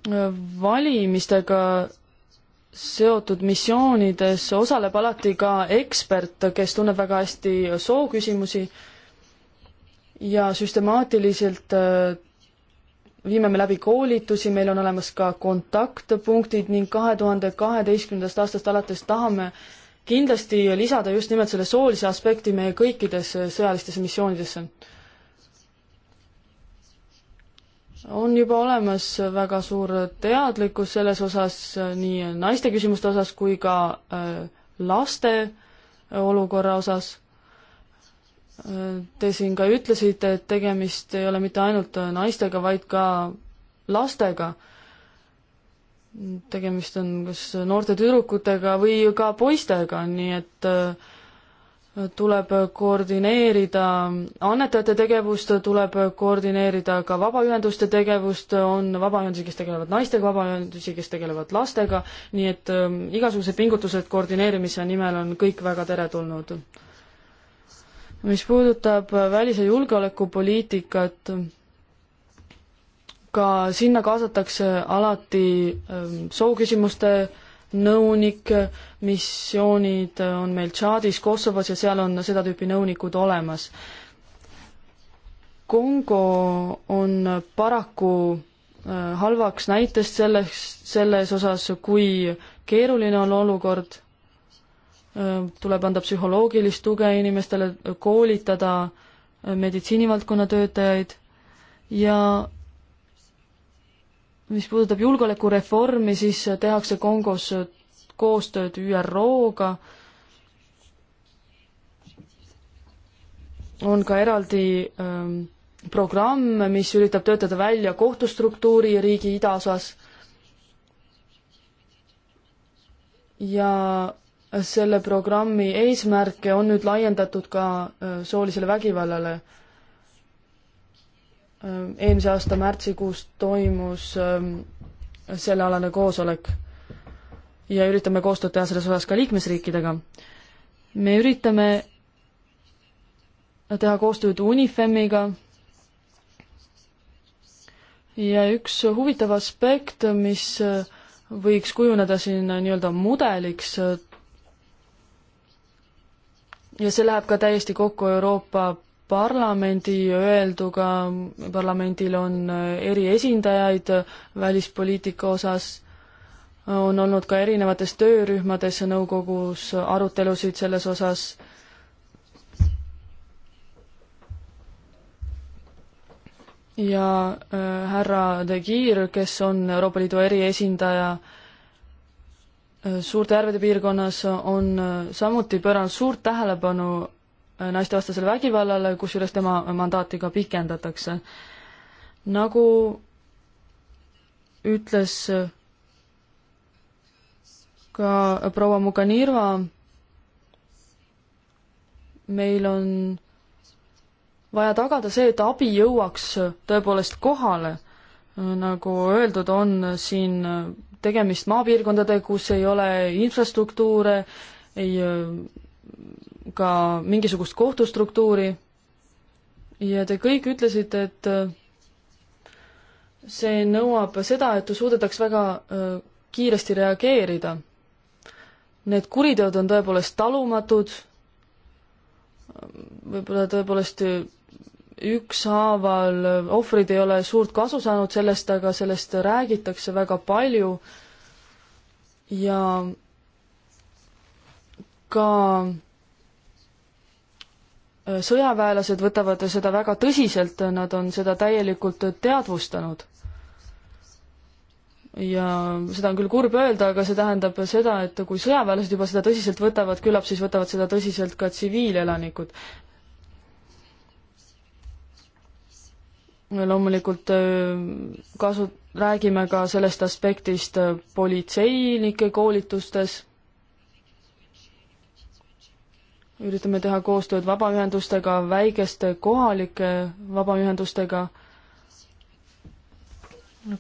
äh, valimistega seotud missioonides osaleb alati ka ekspert, kes tunneb väga hästi sooküsimusi ja süstemaatiliselt äh, viime me läbi koolitusi, meil on olemas ka kontaktpunktid ning kahe tuhande kaheteistkümnendast aastast alates tahame kindlasti lisada just nimelt selle soolise aspekti meie kõikides äh, sõjalistes missioonidesse. on juba olemas väga suur teadlikkus selles osas, äh, nii naiste küsimuste osas kui ka äh, laste olukorra osas Te siin ka ütlesite, et tegemist ei ole mitte ainult naistega, vaid ka lastega tegemist on kas noorte tüdrukutega või ka poistega, nii et äh, tuleb koordineerida annetajate tegevust, tuleb koordineerida ka vabaühenduste tegevust, on vabaühendusi, kes tegelevad naistega, vabaühendusi, kes tegelevad lastega, nii et ähm, igasugused pingutused koordineerimise nimel on kõik väga teretulnud. mis puudutab välis- ja julgeolekupoliitikat, ka sinna kaasatakse alati ähm, sooküsimuste nõunik, missioonid on meil Tšaadis, Kosovos ja seal on seda tüüpi nõunikud olemas. Kongo on paraku äh, halvaks näitest selles, selles osas, kui keeruline on olukord, äh, tuleb anda psühholoogilist tuge inimestele, koolitada äh, meditsiinivaldkonna töötajaid ja mis puudutab julgeolekureformi, siis tehakse Kongos koostööd ÜRO-ga, on ka eraldi ähm, programm, mis üritab töötada välja kohtustruktuuri riigi idaosas ja selle programmi eesmärke on nüüd laiendatud ka äh, soolisele vägivallale Äh, eelmise aasta märtsikuus toimus ähm, sellealane koosolek ja üritame koostööd teha selles osas ka liikmesriikidega. me üritame teha koostööd UNIFEM-iga ja üks huvitav aspekt, mis äh, võiks kujuneda siin äh, nii-öelda mudeliks, ja see läheb ka täiesti kokku Euroopa parlamendi öelduga, parlamendil on eriesindajaid välispoliitika osas, on olnud ka erinevates töörühmades nõukogus arutelusid selles osas. ja äh, härra De Geer, kes on Euroopa Liidu eriesindaja äh, suurte järvede piirkonnas, on äh, samuti pööranud suurt tähelepanu naistevastasele vägivallale, kusjuures tema mandaati ka pikendatakse. nagu ütles ka proua Muganirva, meil on vaja tagada see, et abi jõuaks tõepoolest kohale. nagu öeldud, on siin tegemist maapiirkondade, kus ei ole infrastruktuure, ei ka mingisugust kohtustruktuuri ja te kõik ütlesite, et äh, see nõuab seda, et suudetaks väga äh, kiiresti reageerida. Need kuriteod on tõepoolest talumatud, võib-olla tõepoolest ükshaaval ohvrid ei ole suurt kasu saanud sellest, aga sellest räägitakse väga palju ja ka Äh, sõjaväelased võtavad seda väga tõsiselt, nad on seda täielikult teadvustanud. ja seda on küll kurb öelda, aga see tähendab seda, et kui sõjaväelased juba seda tõsiselt võtavad, küllap siis võtavad seda tõsiselt ka tsiviilelanikud. loomulikult äh, kasu, räägime ka sellest aspektist äh, politseinike koolitustes üritame teha koostööd vabaühendustega, väikeste kohalike vabaühendustega.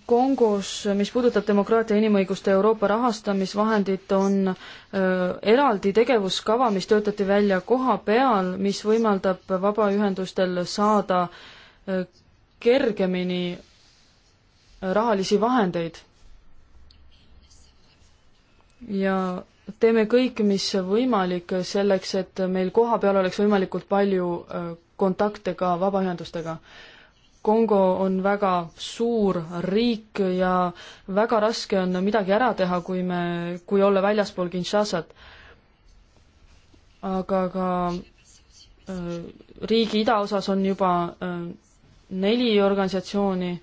Kongos, mis puudutab demokraatia ja inimõiguste Euroopa rahastamisvahendit, on öö, eraldi tegevuskava, mis töötati välja koha peal, mis võimaldab vabaühendustel saada öö, kergemini rahalisi vahendeid. ja teeme kõik, mis võimalik selleks, et meil kohapeal oleks võimalikult palju äh, kontakte ka vabaühendustega. Kongo on väga suur riik ja väga raske on midagi ära teha, kui me, kui olla väljaspool Kinshasat. aga ka äh, riigi idaosas on juba äh, neli organisatsiooni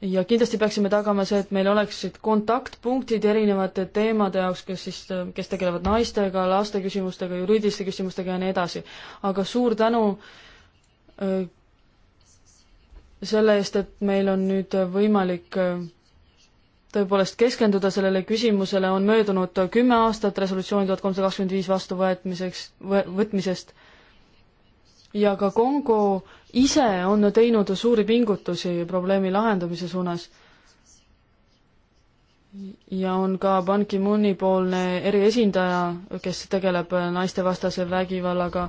ja kindlasti peaksime tagama see, et meil oleksid kontaktpunktid erinevate teemade jaoks, kes siis, kes tegelevad naistega, laste küsimustega, juriidiliste küsimustega ja nii edasi. aga suur tänu äh, selle eest, et meil on nüüd võimalik äh, tõepoolest keskenduda sellele küsimusele, on möödunud kümme aastat resolutsiooni tuhat kolmsada kakskümmend viis vastuvõetmiseks, võtmisest ja ka Kongo äh, ise on teinud suuri pingutusi probleemi lahendamise suunas. ja on ka Ban Ki-mooni poolne eriesindaja, kes tegeleb naistevastase vägivallaga.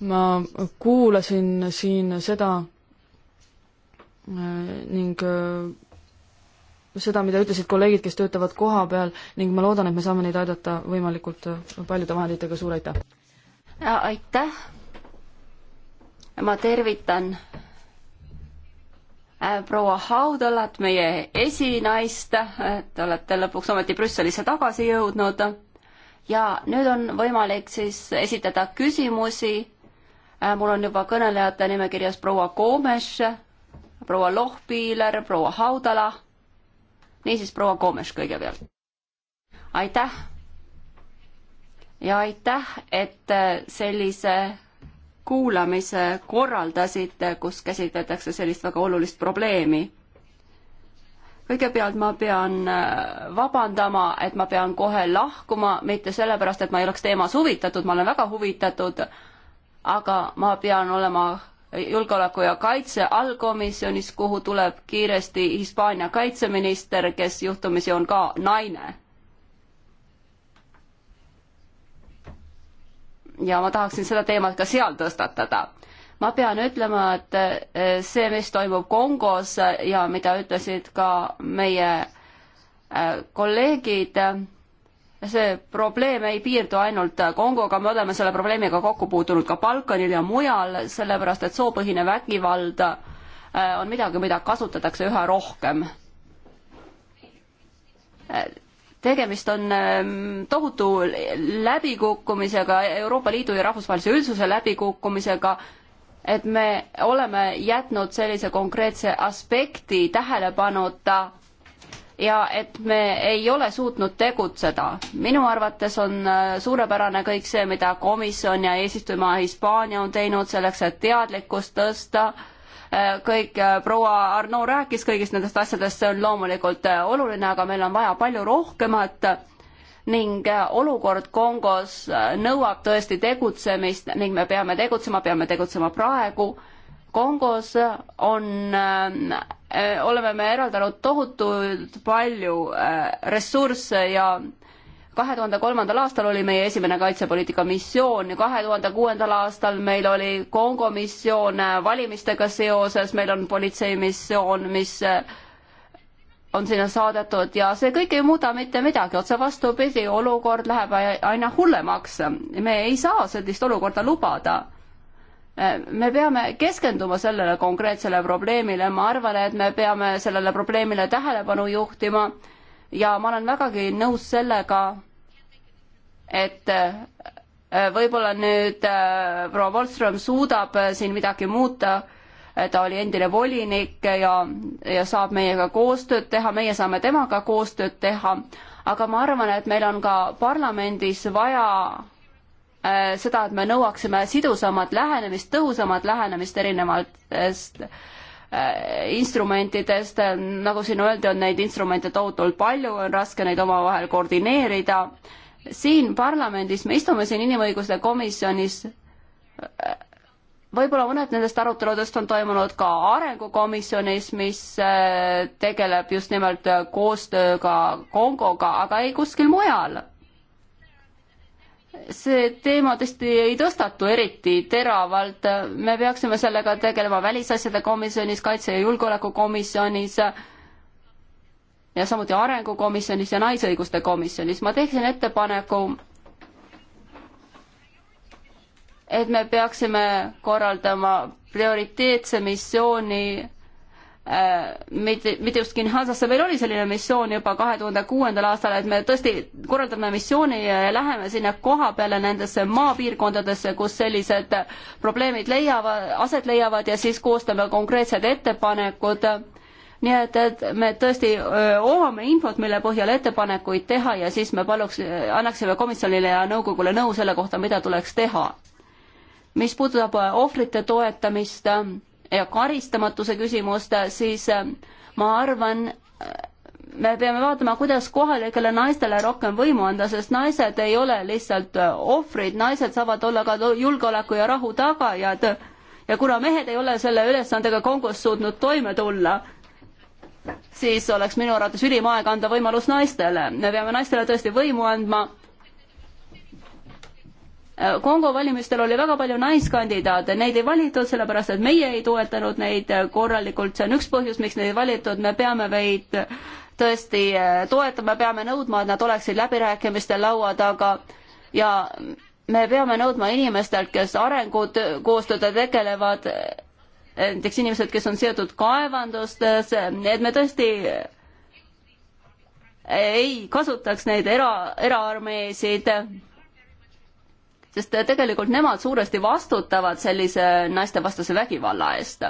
ma kuulasin siin seda äh, ning äh, seda, mida ütlesid kolleegid, kes töötavad koha peal ning ma loodan, et me saame neid aidata võimalikult äh, paljude vahenditega, suur aitäh! aitäh! ma tervitan äh, proua Haudalat, meie esinaist, te olete lõpuks ometi Brüsselisse tagasi jõudnud ja nüüd on võimalik siis esitada küsimusi. Äh, mul on juba kõnelejate nimekirjas proua Koomes, proua Lohpiiler, proua Haudala. niisiis, proua Koomes kõigepealt. aitäh ja aitäh, et äh, sellise kuulamise korraldasite, kus käsitletakse sellist väga olulist probleemi. kõigepealt ma pean äh, vabandama, et ma pean kohe lahkuma, mitte sellepärast, et ma ei oleks teemas huvitatud, ma olen väga huvitatud, aga ma pean olema julgeoleku ja kaitse allkomisjonis, kuhu tuleb kiiresti Hispaania kaitseminister, kes juhtumisi on ka naine ja ma tahaksin seda teemat ka seal tõstatada. ma pean ütlema, et eh, see, mis toimub Kongos ja mida ütlesid ka meie eh, kolleegid, see probleem ei piirdu ainult Kongoga, me oleme selle probleemiga kokku puutunud ka Balkanil ja mujal, sellepärast et soopõhine vägivald eh, on midagi, mida kasutatakse üha rohkem tegemist on ähm, tohutu läbikukkumisega, Euroopa Liidu ja rahvusvahelise üldsuse läbikukkumisega, et me oleme jätnud sellise konkreetse aspekti tähelepanuta ja et me ei ole suutnud tegutseda. minu arvates on äh, suurepärane kõik see, mida komisjon ja eesistuja Hispaania on teinud selleks, et teadlikkust tõsta äh, kõik äh, proua Arno rääkis kõigist nendest asjadest, see on loomulikult äh, oluline, aga meil on vaja palju rohkemat ning äh, olukord Kongos nõuab tõesti tegutsemist ning me peame tegutsema, peame tegutsema praegu. Kongos on, oleme me eraldanud tohutult palju ressursse ja kahe tuhande kolmandal aastal oli meie esimene kaitsepoliitika missioon ja kahe tuhande kuuendal aastal meil oli Kongo missioon äh, valimistega seoses, meil on politseimissioon, mis äh, on sinna saadetud ja see kõik ei muuda mitte midagi, otse vastupidi, olukord läheb aina hullemaks. me ei saa sellist olukorda lubada äh, me peame keskenduma sellele konkreetsele probleemile, ma arvan, et me peame sellele probleemile tähelepanu juhtima ja ma olen vägagi nõus sellega, et äh, võib-olla nüüd äh, proua Wallström suudab äh, siin midagi muuta, ta oli endine volinik ja, ja saab meiega koostööd teha, meie saame temaga koostööd teha, aga ma arvan, et meil on ka parlamendis vaja seda, et me nõuaksime sidusamat lähenemist, tõhusamat lähenemist erinevatest instrumentidest, nagu siin öeldi, on neid instrumente tohutult palju, on raske neid omavahel koordineerida siin parlamendis, me istume siin inimõiguste komisjonis, võib-olla mõned nendest aruteludest on toimunud ka arengukomisjonis, mis äh, tegeleb just nimelt äh, koostööga Kongoga, aga ei kuskil mujal. see teema tõesti ei tõstatu eriti teravalt, me peaksime sellega tegelema välisasjade komisjonis, kaitse- ja julgeolekukomisjonis ja samuti Arengukomisjonis ja Naisõiguste Komisjonis. ma teeksin ettepaneku, et me peaksime korraldama prioriteetse missiooni äh, mitte, mitte just Kinshasa'sse, meil oli selline missioon juba kahe tuhande kuuendal aastal, et me tõesti korraldame missiooni ja läheme sinna koha peale nendesse maapiirkondadesse, kus sellised probleemid leiavad, aset leiavad ja siis koostame konkreetsed ettepanekud äh, nii et, et me tõesti omame infot, mille põhjal ettepanekuid teha ja siis me paluks, annaksime komisjonile ja nõukogule nõu selle kohta, mida tuleks teha. mis puudutab ohvrite toetamist ja karistamatuse küsimust, siis ma arvan, me peame vaatama, kuidas kohalikele naistele rohkem võimu anda, sest naised ei ole lihtsalt ohvrid, naised saavad olla ka julgeoleku ja rahu tagajad ja kuna mehed ei ole selle ülesandega Kongos suutnud toime tulla, siis oleks minu arvates ülim aeg anda võimalus naistele. me peame naistele tõesti võimu andma. Kongo valimistel oli väga palju naiskandidaate, neid ei valitud, sellepärast et meie ei toetanud neid korralikult, see on üks põhjus, miks neid ei valitud, me peame veid tõesti eh, toetama, peame nõudma, et nad oleksid läbirääkimistel laua taga ja me peame nõudma inimestelt, kes arengukoostööda tegelevad, näiteks inimesed, kes on seotud kaevandustes, et me tõesti ei kasutaks neid era, eraarmeesid, sest tegelikult nemad suuresti vastutavad sellise naistevastase vägivalla eest.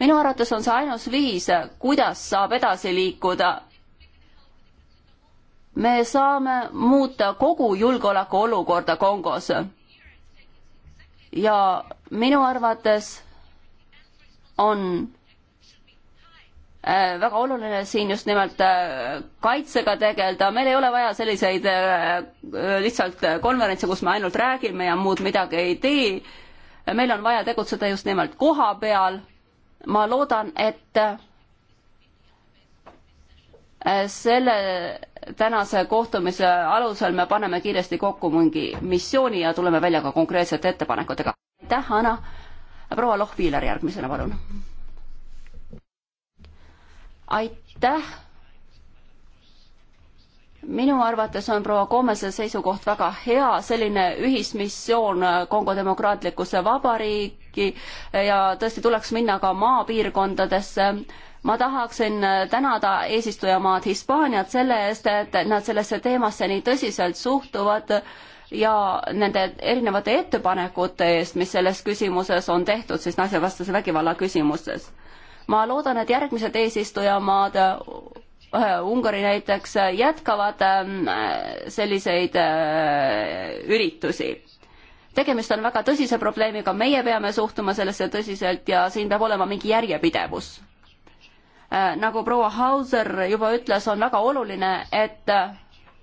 minu arvates on see ainus viis, kuidas saab edasi liikuda me saame muuta kogu julgeolekuolukorda Kongos. ja minu arvates on äh, väga oluline siin just nimelt äh, kaitsega tegeleda, meil ei ole vaja selliseid äh, lihtsalt konverentse, kus me ainult räägime ja muud midagi ei tee. meil on vaja tegutseda just nimelt koha peal. ma loodan, et selle tänase kohtumise alusel me paneme kiiresti kokku mingi missiooni ja tuleme välja ka konkreetsete ettepanekutega. aitäh, Anna proua Lohviiler järgmisena, palun. aitäh. minu arvates on proua Koomese seisukoht väga hea, selline ühismissioon Kongo Demokraatlikusse Vabariiki ja tõesti tuleks minna ka maapiirkondadesse ma tahaksin tänada eesistujamaad Hispaaniat selle eest, et nad sellesse teemasse nii tõsiselt suhtuvad ja nende erinevate ettepanekute eest, mis selles küsimuses on tehtud, siis naisevastase vägivalla küsimuses. ma loodan, et järgmised eesistujamaad äh, Ungari näiteks jätkavad äh, selliseid äh, üritusi. tegemist on väga tõsise probleemiga, meie peame suhtuma sellesse tõsiselt ja siin peab olema mingi järjepidevus. nagu proua Hauser juba ütles, on väga oluline, et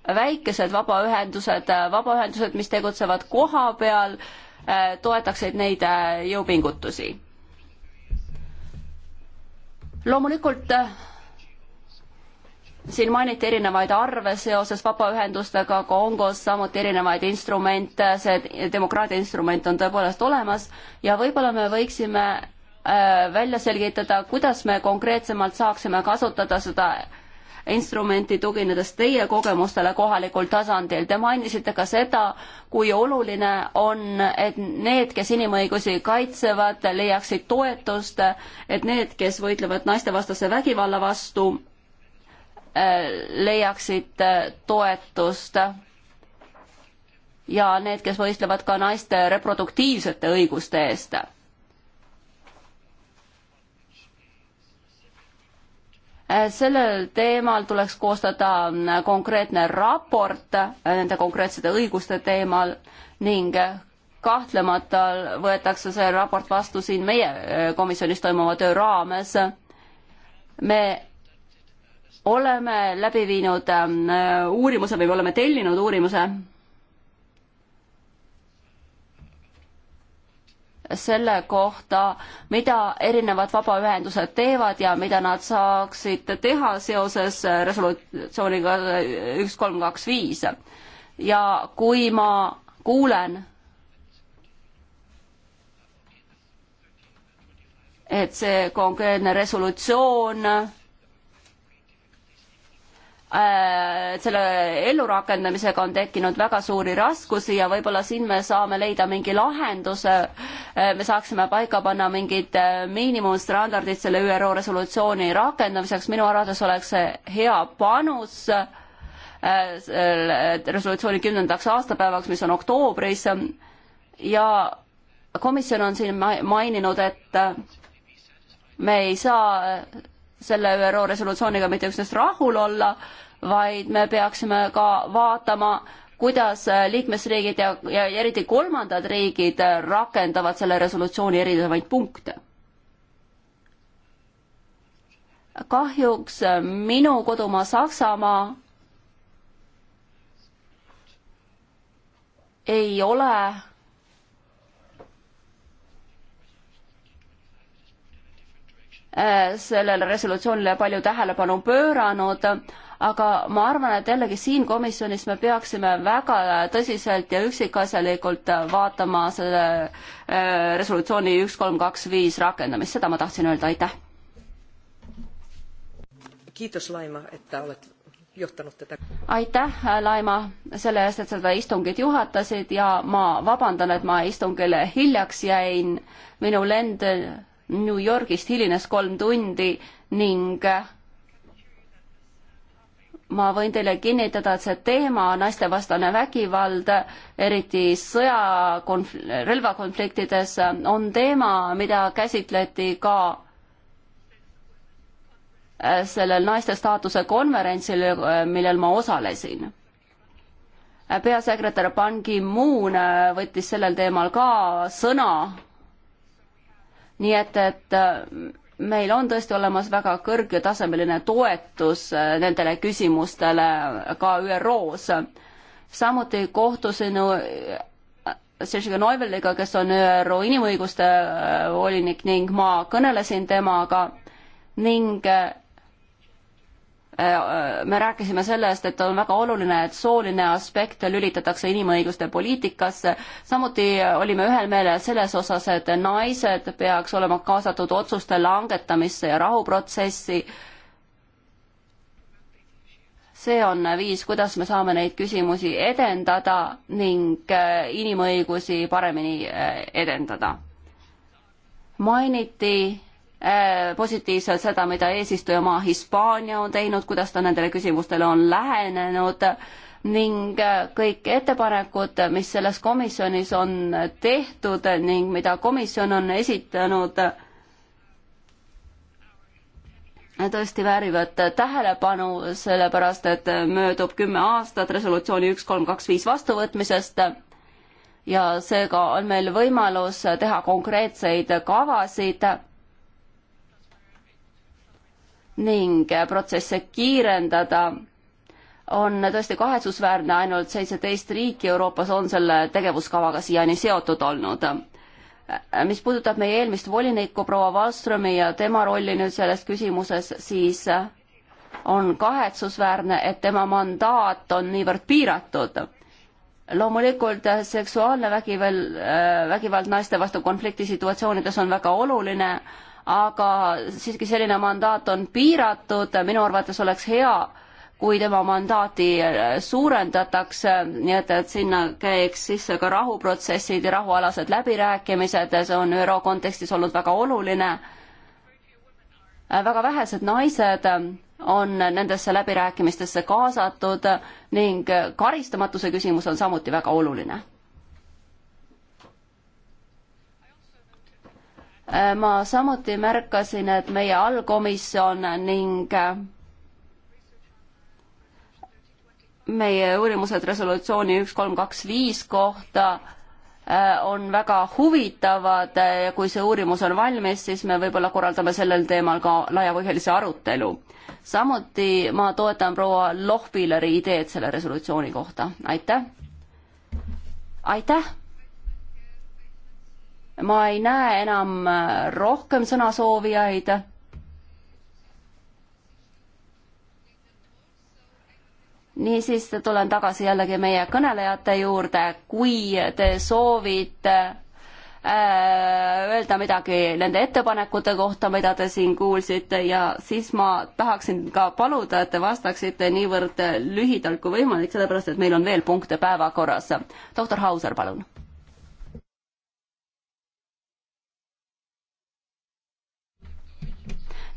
väikesed vabaühendused, vabaühendused, mis tegutsevad koha peal, äh, toetaksid neid äh, jõupingutusi. loomulikult äh, siin mainiti erinevaid arve seoses vabaühendustega Kongos, samuti erinevaid instrumente, see demokraatia instrument on tõepoolest olemas ja võib-olla me võiksime välja selgitada, kuidas me konkreetsemalt saaksime kasutada seda instrumenti, tuginedes teie kogemustele kohalikul tasandil. Te mainisite ka seda, kui oluline on, et need, kes inimõigusi kaitsevad, leiaksid toetust, et need, kes võitlevad naistevastase vägivalla vastu, leiaksid toetust ja need, kes võistlevad ka naiste reproduktiivsete õiguste eest Äh, sellel teemal tuleks koostada äh, konkreetne raport äh, nende konkreetsete õiguste teemal ning kahtlemata võetakse see raport vastu siin meie komisjonis toimuva töö raames. me oleme läbi viinud ähm, uurimuse või me oleme tellinud uurimuse selle kohta, mida erinevad vabaühendused teevad ja mida nad saaksid teha seoses resolutsiooniga üks, kolm, kaks, viis. ja kui ma kuulen, et see konkreetne resolutsioon Äh, selle ellurakendamisega on tekkinud väga suuri raskusi ja võib-olla siin me saame leida mingi lahenduse, äh, me saaksime paika panna mingid äh, miinimumstandardid selle ÜRO resolutsiooni rakendamiseks, minu arvates oleks see hea panus resolutsiooni kümnendaks aastapäevaks, mis on oktoobris ja komisjon on siin maininud, et me ei saa selle ÜRO resolutsiooniga mitte üksnes rahul olla, vaid me peaksime ka vaatama, kuidas liikmesriigid ja, ja eriti kolmandad riigid rakendavad selle resolutsiooni erinevaid punkte. kahjuks minu kodumaa Saksamaa ei ole Äh, sellele resolutsioonile palju tähelepanu pööranud, aga ma arvan, et jällegi siin komisjonis me peaksime väga tõsiselt ja üksikasjalikult vaatama selle äh, resolutsiooni üks, kolm, kaks, viis rakendamist, seda ma tahtsin öelda, aitäh. aitäh, Laima, selle eest, et seda istungit juhatasid ja ma vabandan, et ma istungile hiljaks jäin, minu lend New Yorgist hilines kolm tundi ning ma võin teile kinnitada, et see teema, naistevastane vägivald, eriti sõja, relvakonfliktides, on teema, mida käsitleti ka äh, sellel naiste staatuse konverentsil, äh, millel ma osalesin. peasekretär Ban Ki-moon äh, võttis sellel teemal ka sõna nii et, et äh, meil on tõesti olemas väga kõrgetasemeline toetus äh, nendele küsimustele ka ÜRO-s. samuti kohtusin äh, Sergei Neuveliga, kes on ÜRO inimõiguste volinik ning ma kõnelesin temaga ning Äh, äh, me rääkisime sellest, et on väga oluline, et sooline aspekt lülitatakse inimõiguste poliitikasse. samuti olime ühel meelel selles osas, et naised peaks olema kaasatud otsuste langetamisse ja rahuprotsessi. see on viis, kuidas me saame neid küsimusi edendada ning äh, inimõigusi paremini edendada. mainiti Äh, positiivselt seda, mida eesistujamaa Hispaania on teinud, kuidas ta nendele küsimustele on lähenenud ning äh, kõik ettepanekud, mis selles komisjonis on tehtud ning mida komisjon on esitanud, äh, tõesti väärivad tähelepanu, sellepärast et möödub kümme aastat resolutsiooni üks, kolm, kaks, viis vastuvõtmisest ja seega on meil võimalus teha konkreetseid kavasid ning protsesse kiirendada, on tõesti kahetsusväärne, ainult seitseteist riiki Euroopas on selle tegevuskavaga siiani seotud olnud. mis puudutab meie eelmist volinikku proua Wallströmi ja tema rolli nüüd selles küsimuses, siis on kahetsusväärne, et tema mandaat on niivõrd piiratud loomulikult seksuaalne vägivald, äh, vägivald naiste vastu konfliktisituatsioonides on väga oluline, aga siiski selline mandaat on piiratud, minu arvates oleks hea, kui tema mandaati äh, suurendatakse, nii et, et sinna käiks sisse ka rahuprotsessid ja rahualased läbirääkimised, see on ÜRO kontekstis olnud väga oluline. Äh, väga vähesed naised äh, on nendesse läbirääkimistesse kaasatud ning karistamatuse küsimus on samuti väga oluline ma samuti märkasin, et meie allkomisjon ning äh, meie uurimused resolutsiooni üks kolm kaks viis kohta äh, on väga huvitavad ja kui see uurimus on valmis, siis me võib-olla korraldame sellel teemal ka laiapõhjalise arutelu. samuti ma toetan proua Lohbilleri ideed selle resolutsiooni kohta, aitäh! aitäh! ma ei näe enam äh, rohkem sõnasoovijaid. niisiis tulen tagasi jällegi meie kõnelejate juurde, kui te soovite äh, öelda midagi nende ettepanekute kohta, mida te siin kuulsite ja siis ma tahaksin ka paluda, et te vastaksite niivõrd lühidalt kui võimalik, sellepärast et meil on veel punkte päevakorras. doktor Hauser, palun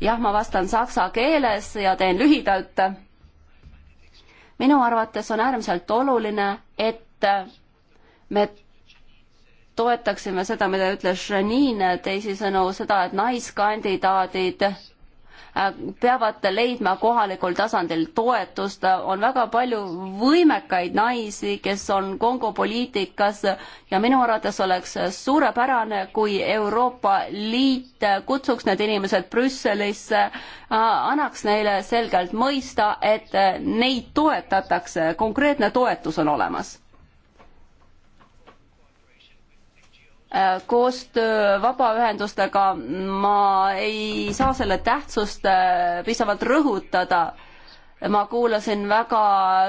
jah, ma vastan saksa keeles ja teen lühidalt. minu arvates on äärmiselt oluline, et me toetaksime seda, mida ütles Janine, teisisõnu seda, et naiskandidaadid nice peavad leidma kohalikul tasandil toetust, on väga palju võimekaid naisi, kes on Kongo poliitikas ja minu arvates oleks suurepärane, kui Euroopa Liit kutsuks need inimesed Brüsselisse, annaks neile selgelt mõista, et neid toetatakse, konkreetne toetus on olemas Äh, koostöö vabaühendustega, ma ei saa selle tähtsust äh, piisavalt rõhutada. ma kuulasin väga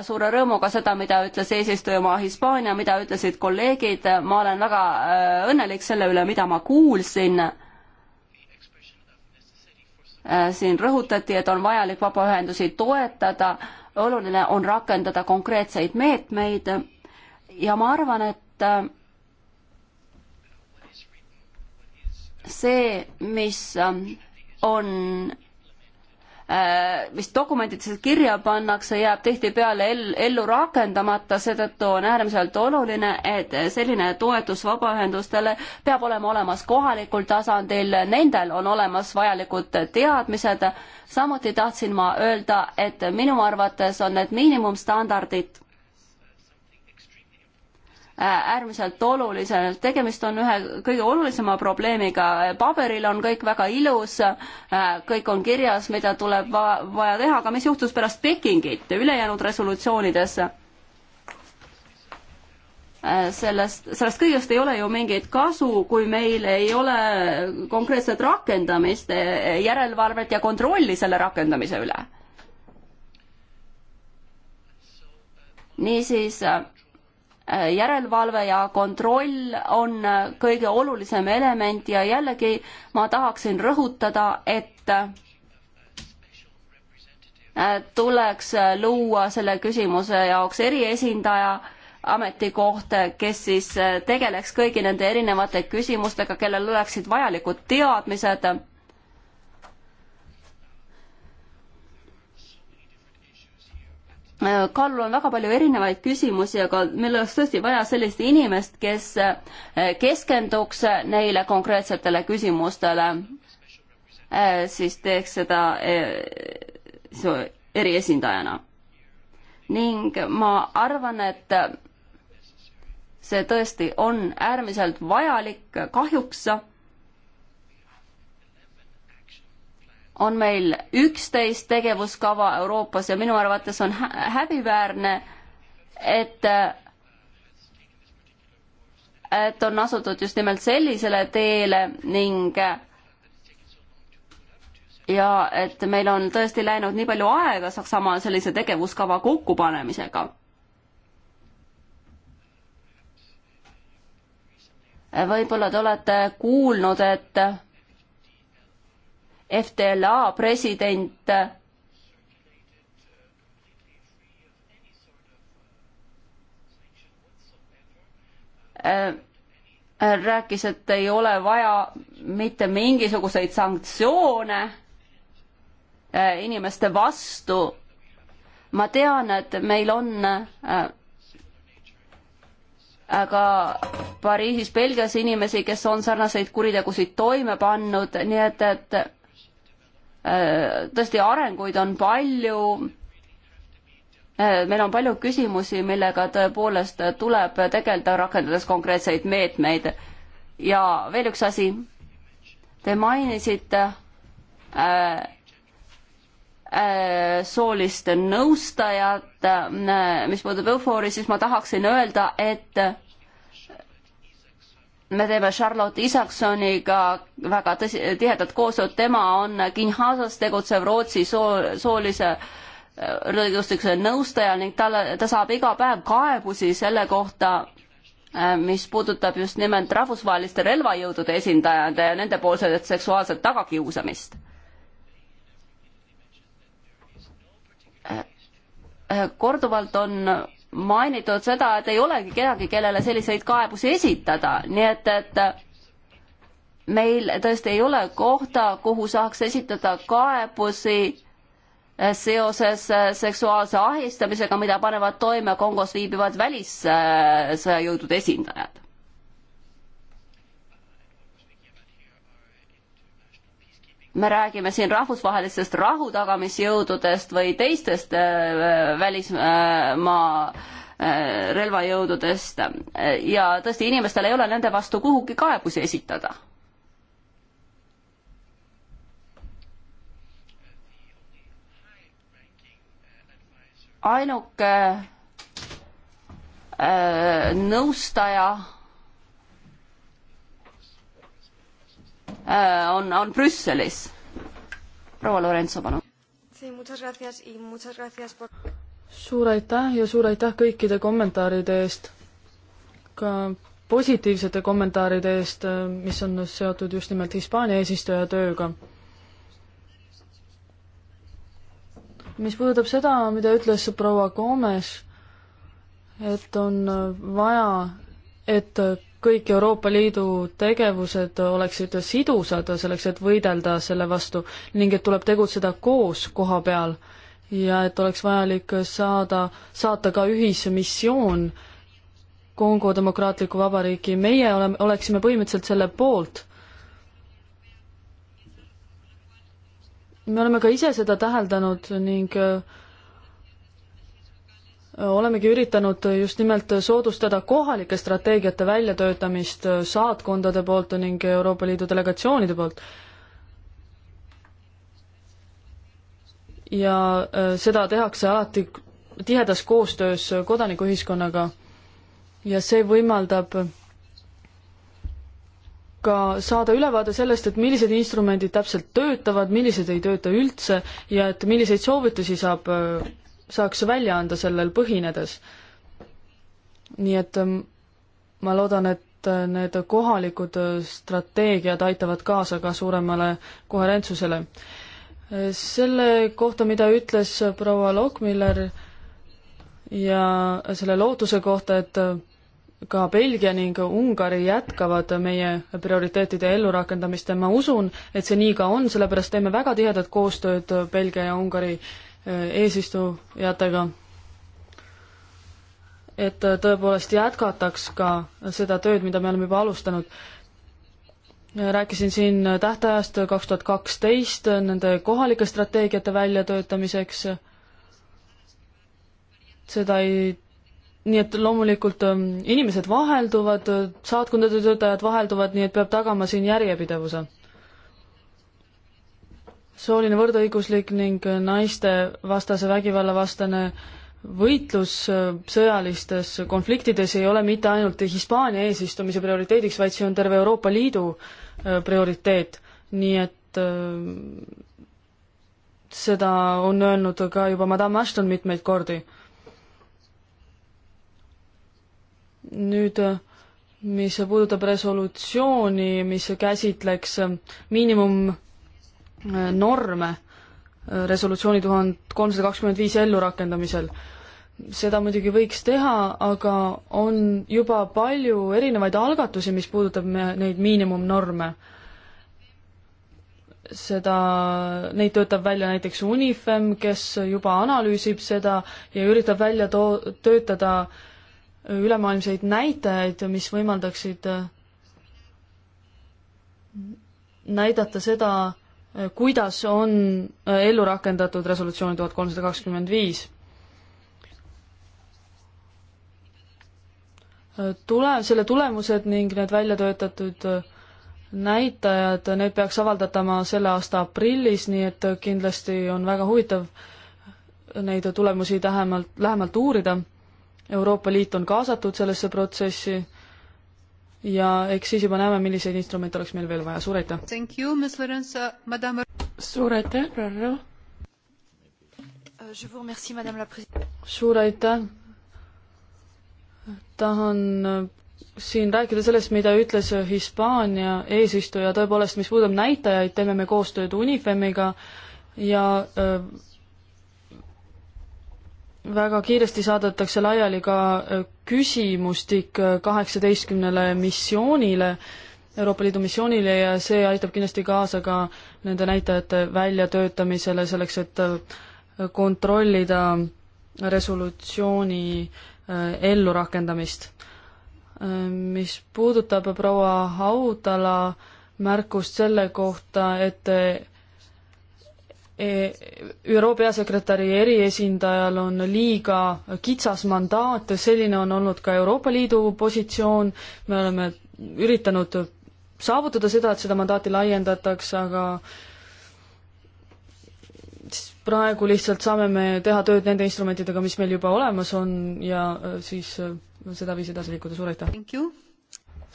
suure rõõmuga seda, mida ütles eesistuja oma Hispaania, mida ütlesid kolleegid, ma olen väga äh, õnnelik selle üle, mida ma kuulsin. siin rõhutati, et on vajalik vabaühendusi toetada, oluline on rakendada konkreetseid meetmeid ja ma arvan, et see, mis ähm, on äh, mis dokumentidesse kirja pannakse, jääb tihtipeale ell, ellu rakendamata, seetõttu on äärmiselt oluline, et selline toetus vabaühendustele peab olema olemas kohalikul tasandil, nendel on olemas vajalikud teadmised. samuti tahtsin ma öelda, et minu arvates on need miinimumstandardid Äh, äärmiselt olulisel. tegemist on ühe kõige olulisema probleemiga. paberil on kõik väga ilus, äh, kõik on kirjas, mida tuleb va vaja teha, aga mis juhtus pärast Pekingit ülejäänud resolutsioonides? Äh, sellest, sellest kõigest ei ole ju mingit kasu, kui meil ei ole konkreetset rakendamist, e, järelevalvet ja kontrolli selle rakendamise üle. niisiis Äh, järelevalve ja kontroll on äh, kõige olulisem element ja jällegi ma tahaksin rõhutada, et äh, tuleks luua selle küsimuse jaoks eriesindaja ametikoht, kes siis tegeleks kõigi nende erinevate küsimustega, kellel oleksid vajalikud teadmised Äh, kaalul on väga palju erinevaid küsimusi, aga meil oleks tõesti vaja sellist inimest, kes äh, keskenduks neile konkreetsetele küsimustele, äh, siis teeks seda eriesindajana. ning ma arvan, et see tõesti on äärmiselt vajalik, kahjuks on meil üksteist tegevuskava Euroopas ja minu arvates on häbiväärne, et et on asutud just nimelt sellisele teele ning ja et meil on tõesti läinud nii palju aega Saksamaal sellise tegevuskava kokkupanemisega. võib-olla te olete kuulnud, et FDLA president äh, rääkis, et ei ole vaja mitte mingisuguseid sanktsioone äh, inimeste vastu. ma tean, et meil on äh, aga Pariisis, Belgias inimesi, kes on sarnaseid kuritegusid toime pannud, nii et, et Äh, tõesti, arenguid on palju. Äh, meil on palju küsimusi, millega tõepoolest tuleb tegeleda, rakendades konkreetseid meetmeid. ja veel üks asi. Te mainisite äh, äh soolist nõustajat, mis puudutab eufoori, siis ma tahaksin öelda, et me teeme Charlotte Isaksoniga väga tõsi, tihedat koostööd, tema on Kinshasas tegutsev Rootsi soo, soolise äh, õigustikuse nõustaja ning talle, ta saab iga päev kaebusi selle kohta, äh, mis puudutab just nimelt rahvusvaheliste relvajõudude esindajate ja nendepoolset seksuaalset tagakiusamist. Äh, korduvalt on mainitud seda, et ei olegi kedagi, kellele selliseid kaebusi esitada, nii et, et meil tõesti ei ole kohta, kuhu saaks esitada kaebusi seoses seksuaalse ahistamisega, mida panevad toime Kongos viibivad välissõjajõudude esindajad me räägime siin rahvusvahelistest rahutagamisjõududest või teistest äh, välismaa äh, äh, relvajõududest ja tõesti, inimestel ei ole nende vastu kuhugi kaebusi esitada. ainuke nõustaja Äh, on, on Brüsselis. proua Lorenzo, palun. suur aitäh ja suur aitäh kõikide kommentaaride eest, ka positiivsete kommentaaride eest, äh, mis on seotud just nimelt Hispaania eesistuja tööga. mis puudutab seda, mida ütles proua Gomes, et on vaja, et kõik Euroopa Liidu tegevused oleksid sidusad selleks, et võidelda selle vastu ning et tuleb tegutseda koos koha peal ja et oleks vajalik saada, saata ka ühismissioon Kongo Demokraatlikku Vabariiki, meie oleme, oleksime põhimõtteliselt selle poolt. me oleme ka ise seda täheldanud ning äh, olemegi üritanud just nimelt soodustada kohalike strateegiate väljatöötamist saatkondade poolt ning Euroopa Liidu delegatsioonide poolt. ja äh, seda tehakse alati tihedas koostöös kodanikuühiskonnaga ja see võimaldab ka saada ülevaade sellest, et millised instrumendid täpselt töötavad, millised ei tööta üldse ja et milliseid soovitusi saab äh, saaks välja anda sellel põhinedes. nii et ähm, ma loodan, et äh, need kohalikud äh, strateegiad aitavad kaasa ka suuremale koherentsusele. Äh, selle kohta, mida ütles proua Lokmiller ja selle lootuse kohta, et ka Belgia ning Ungari jätkavad meie prioriteetide ellurakendamist ja ma usun, et see nii ka on, sellepärast teeme väga tihedat koostööd Belgia ja Ungari äh, eesistujatega, et tõepoolest jätkataks ka seda tööd, mida me oleme juba alustanud. rääkisin siin tähtajast kaks tuhat kaksteist nende kohalike strateegiate väljatöötamiseks. seda ei, nii et loomulikult ähm, inimesed vahelduvad, saatkondade töötajad vahelduvad, nii et peab tagama siin järjepidevuse sooline võrdõiguslik ning naistevastase vägivalla vastane võitlus äh, sõjalistes konfliktides ei ole mitte ainult Hispaania eesistumise prioriteediks, vaid see on terve Euroopa Liidu äh, prioriteet. nii et äh, seda on öelnud ka juba madame Ashton mitmeid kordi. nüüd, äh, mis puudutab resolutsiooni, mis käsitleks miinimum norme resolutsiooni tuhat kolmsada kakskümmend viis ellurakendamisel. seda muidugi võiks teha, aga on juba palju erinevaid algatusi, mis puudutab me, neid miinimumnorme. seda, neid töötab välja näiteks Unifem, kes juba analüüsib seda ja üritab välja too-, töötada ülemaailmseid näitajaid, mis võimaldaksid näidata seda, Äh, kuidas on äh, ellu rakendatud resolutsiooni tuhat kolmsada kakskümmend viis. Äh, tule, selle tulemused ning need välja töötatud näitajad, need peaks avaldatama selle aasta aprillis, nii et kindlasti on väga huvitav neid tulemusi tähemalt, lähemalt uurida. Euroopa Liit on kaasatud sellesse protsessi ja eks siis juba näeme, milliseid instrumente oleks meil veel vaja, suur aitäh! suur aitäh, proua suur aitäh! tahan äh, siin rääkida sellest, mida ütles äh, Hispaania eesistuja, tõepoolest, mis puudutab näitajaid, teeme me koostööd UNIFEM-iga ja öö, äh, väga kiiresti saadetakse laiali ka äh, küsimustik äh, kaheksateistkümnele missioonile, Euroopa Liidu missioonile ja see aitab kindlasti kaasa ka nende näitajate väljatöötamisele selleks, et äh, kontrollida resolutsiooni ellurakendamist. mis puudutab proua Haudala märkust selle kohta, et E, ÜRO peasekretäri eriesindajal on liiga kitsas mandaat, selline on olnud ka Euroopa Liidu positsioon, me oleme üritanud saavutada seda, et seda mandaati laiendatakse, aga praegu lihtsalt saame me teha tööd nende instrumentidega, mis meil juba olemas on ja e, siis e, sedaviisi edasi liikuda, suur aitäh!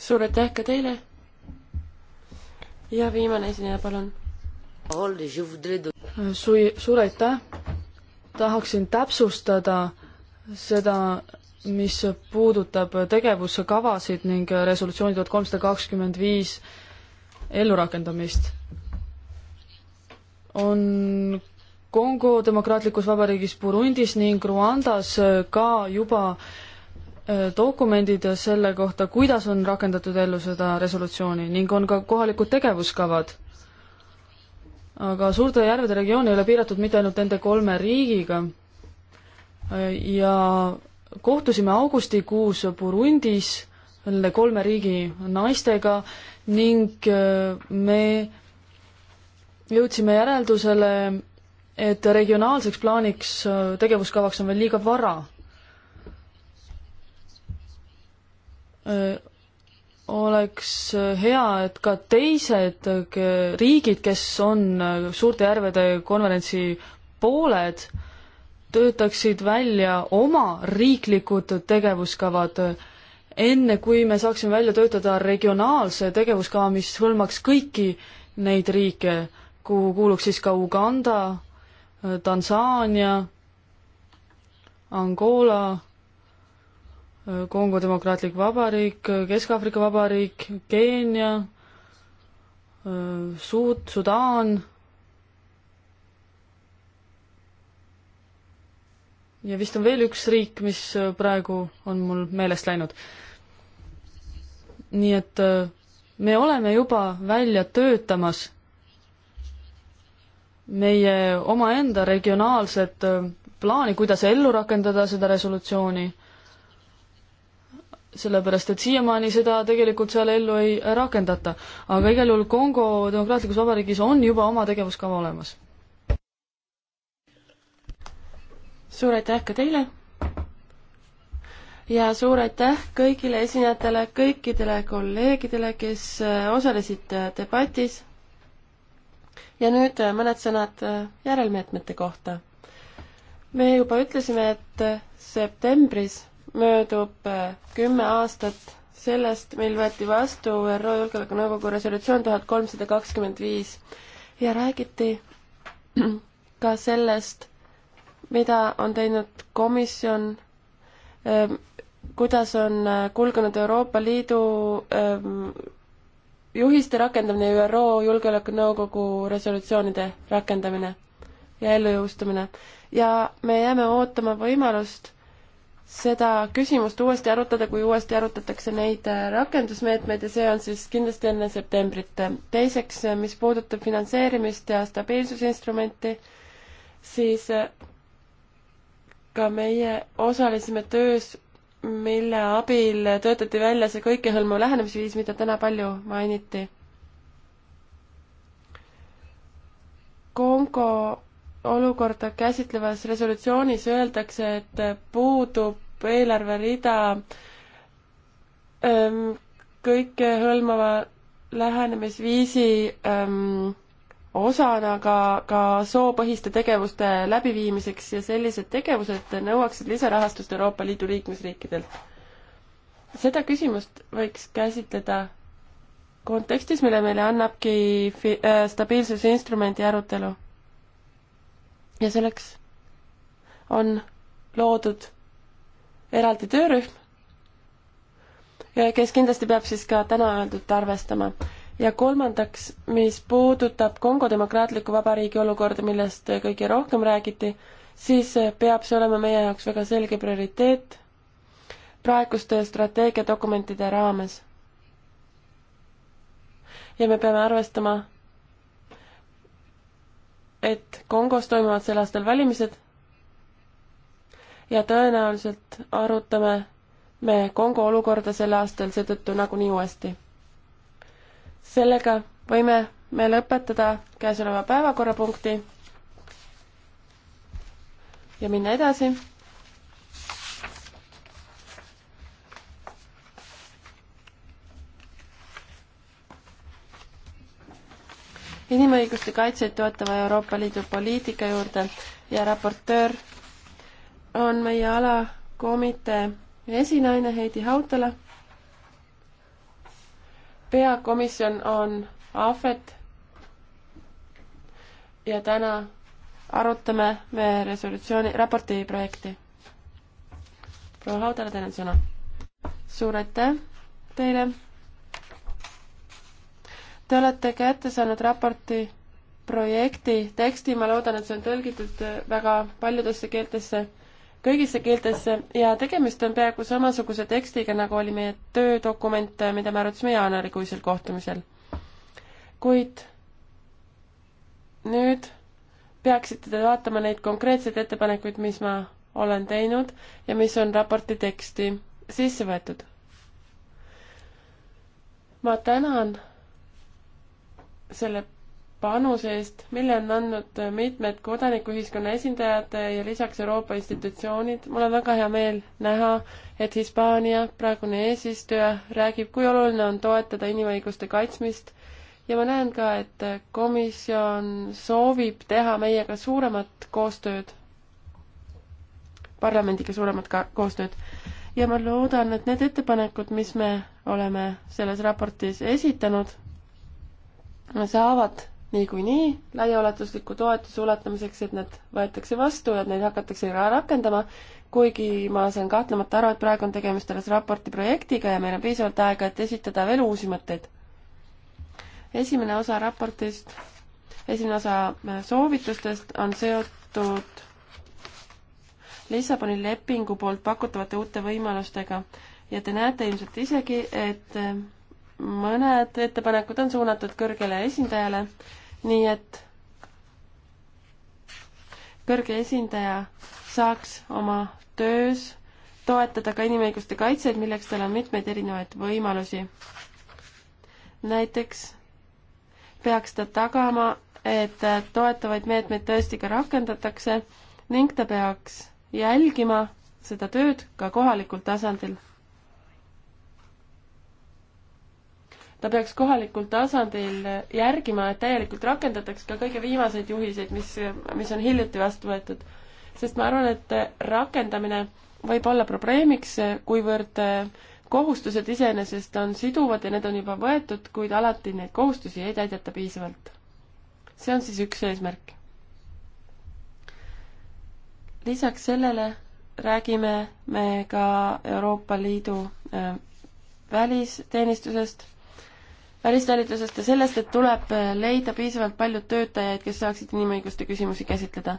suur aitäh ka teile! ja viimane esineja, palun! Sui-, suur aitäh! tahaksin täpsustada seda, mis puudutab tegevuskavasid ning resolutsiooni tuhat kolmsada kakskümmend viis ellurakendamist. on Kongo Demokraatlikus Vabariigis, Burundis ning Rwandas ka juba äh, dokumendid selle kohta, kuidas on rakendatud ellu seda resolutsiooni ning on ka kohalikud tegevuskavad aga suurte järvede regioon ei ole piiratud mitte ainult nende kolme riigiga ja kohtusime augustikuus Burundis nende kolme riigi naistega ning äh, me jõudsime järeldusele, et regionaalseks plaaniks, äh, tegevuskavaks on veel liiga vara äh, oleks hea, et ka teised riigid, kes on Suurte järvede konverentsi pooled, töötaksid välja oma riiklikud tegevuskavad, enne kui me saaksime välja töötada regionaalse tegevuskava, mis hõlmaks kõiki neid riike, kuhu kuuluks siis ka Uganda, Tansaania, Angola Kongo Demokraatlik Vabariik, Kesk-Aafrika Vabariik, Keenia, Suud-, Sudaan ja vist on veel üks riik, mis praegu on mul meelest läinud. nii et äh, me oleme juba välja töötamas meie omaenda regionaalset äh, plaani, kuidas ellu rakendada seda resolutsiooni sellepärast, et siiamaani seda tegelikult seal ellu ei rakendata. aga igal juhul Kongo Demokraatlikus Vabariigis on juba oma tegevuskava olemas. suur aitäh ka teile! ja suur aitäh kõigile esinejatele, kõikidele kolleegidele, kes äh, osalesid äh, debatis. ja nüüd äh, mõned sõnad järelmeetmete kohta. me juba ütlesime, et septembris möödub äh, kümme aastat sellest, mil võeti vastu ÜRO Julgeolekunõukogu resolutsioon tuhat kolmsada kakskümmend viis ja räägiti ka sellest, mida on teinud komisjon, ähm, kuidas on äh, kulgenud Euroopa Liidu ähm, juhiste rakendamine, ÜRO Julgeolekunõukogu resolutsioonide rakendamine ja ellujõustumine. ja me jääme ootama võimalust seda küsimust uuesti arutada, kui uuesti arutatakse neid äh, rakendusmeetmeid ja see on siis kindlasti enne septembrit. teiseks, äh, mis puudutab finantseerimist ja stabiilsusinstrumenti, siis äh, ka meie osalesime töös, mille abil töötati välja see kõikehõlmav lähenemisviis, mida täna palju mainiti. Kongo olukorda käsitlevas resolutsioonis öeldakse, et puudub eelarverida ähm, kõikehõlmava lähenemisviisi öö, ähm, osana ka, ka soopõhiste tegevuste läbiviimiseks ja sellised tegevused nõuaksid lisarahastust Euroopa Liidu liikmesriikidelt. seda küsimust võiks käsitleda kontekstis, mille meile annabki äh, stabiilsusinstrumendi arutelu ja selleks on loodud eraldi töörühm, kes kindlasti peab siis ka täna öeldut arvestama. ja kolmandaks, mis puudutab Kongo Demokraatliku Vabariigi olukorda, millest kõige rohkem räägiti, siis peab see olema meie jaoks väga selge prioriteet praeguste strateegiadokumentide raames. ja me peame arvestama et Kongos toimuvad sel aastal valimised ja tõenäoliselt arutame me Kongo olukorda sel aastal seetõttu nagunii uuesti. sellega võime me lõpetada käesoleva päevakorrapunkti ja minna edasi inimõiguste kaitset toetava Euroopa Liidu poliitika juurde ja raportöör on meie alakomitee esinaine Heidi Hautala. peakomisjon on Ahvet. ja täna arutame me resolutsiooni, raporti projekti. proua Haudala, teil on sõna. suur aitäh teile Te olete kätte saanud raporti projekti teksti, ma loodan, et see on tõlgitud väga paljudesse keeltesse, kõigisse keeltesse ja tegemist on peaaegu samasuguse tekstiga, nagu oli meie töödokument, mida me arutasime jaanuarikuisel kohtumisel. kuid nüüd peaksite te vaatama neid konkreetseid ettepanekuid, mis ma olen teinud ja mis on raporti teksti sisse võetud. ma tänan selle panuse eest, mille on andnud mitmed kodanikuühiskonna esindajad ja lisaks Euroopa institutsioonid. mul on väga hea meel näha, et Hispaania praegune eesistuja räägib, kui oluline on toetada inimõiguste kaitsmist ja ma näen ka, et komisjon soovib teha meiega suuremat koostööd, parlamendiga suuremat ka koostööd. ja ma loodan, et need ettepanekud, mis me oleme selles raportis esitanud, saavad niikuinii laiaulatusliku toetuse ulatamiseks, et nad võetakse vastu ja et neid hakatakse ka rakendama, kuigi ma saan kahtlemata aru, et praegu on tegemist alles raporti projektiga ja meil on piisavalt aega, et esitada veel uusi mõtteid. esimene osa raportist, esimene osa äh, soovitustest on seotud Lissaboni lepingu poolt pakutavate uute võimalustega ja te näete ilmselt isegi, et äh, mõned ettepanekud on suunatud kõrgele esindajale, nii et kõrge esindaja saaks oma töös toetada ka inimõiguste kaitset, milleks tal on mitmeid erinevaid võimalusi. näiteks peaks ta tagama, et toetavaid meetmeid tõesti ka rakendatakse ning ta peaks jälgima seda tööd ka kohalikul tasandil ta peaks kohalikul tasandil järgima, et täielikult rakendataks ka kõige viimaseid juhiseid, mis, mis on hiljuti vastu võetud. sest ma arvan, et rakendamine võib olla probleemiks, kuivõrd kohustused iseenesest on siduvad ja need on juba võetud, kuid alati neid kohustusi ei täideta piisavalt. see on siis üks eesmärk. lisaks sellele räägime me ka Euroopa Liidu äh, välisteenistusest välistalitusest ja sellest, et tuleb äh, leida piisavalt palju töötajaid, kes saaksid inimõiguste küsimusi käsitleda.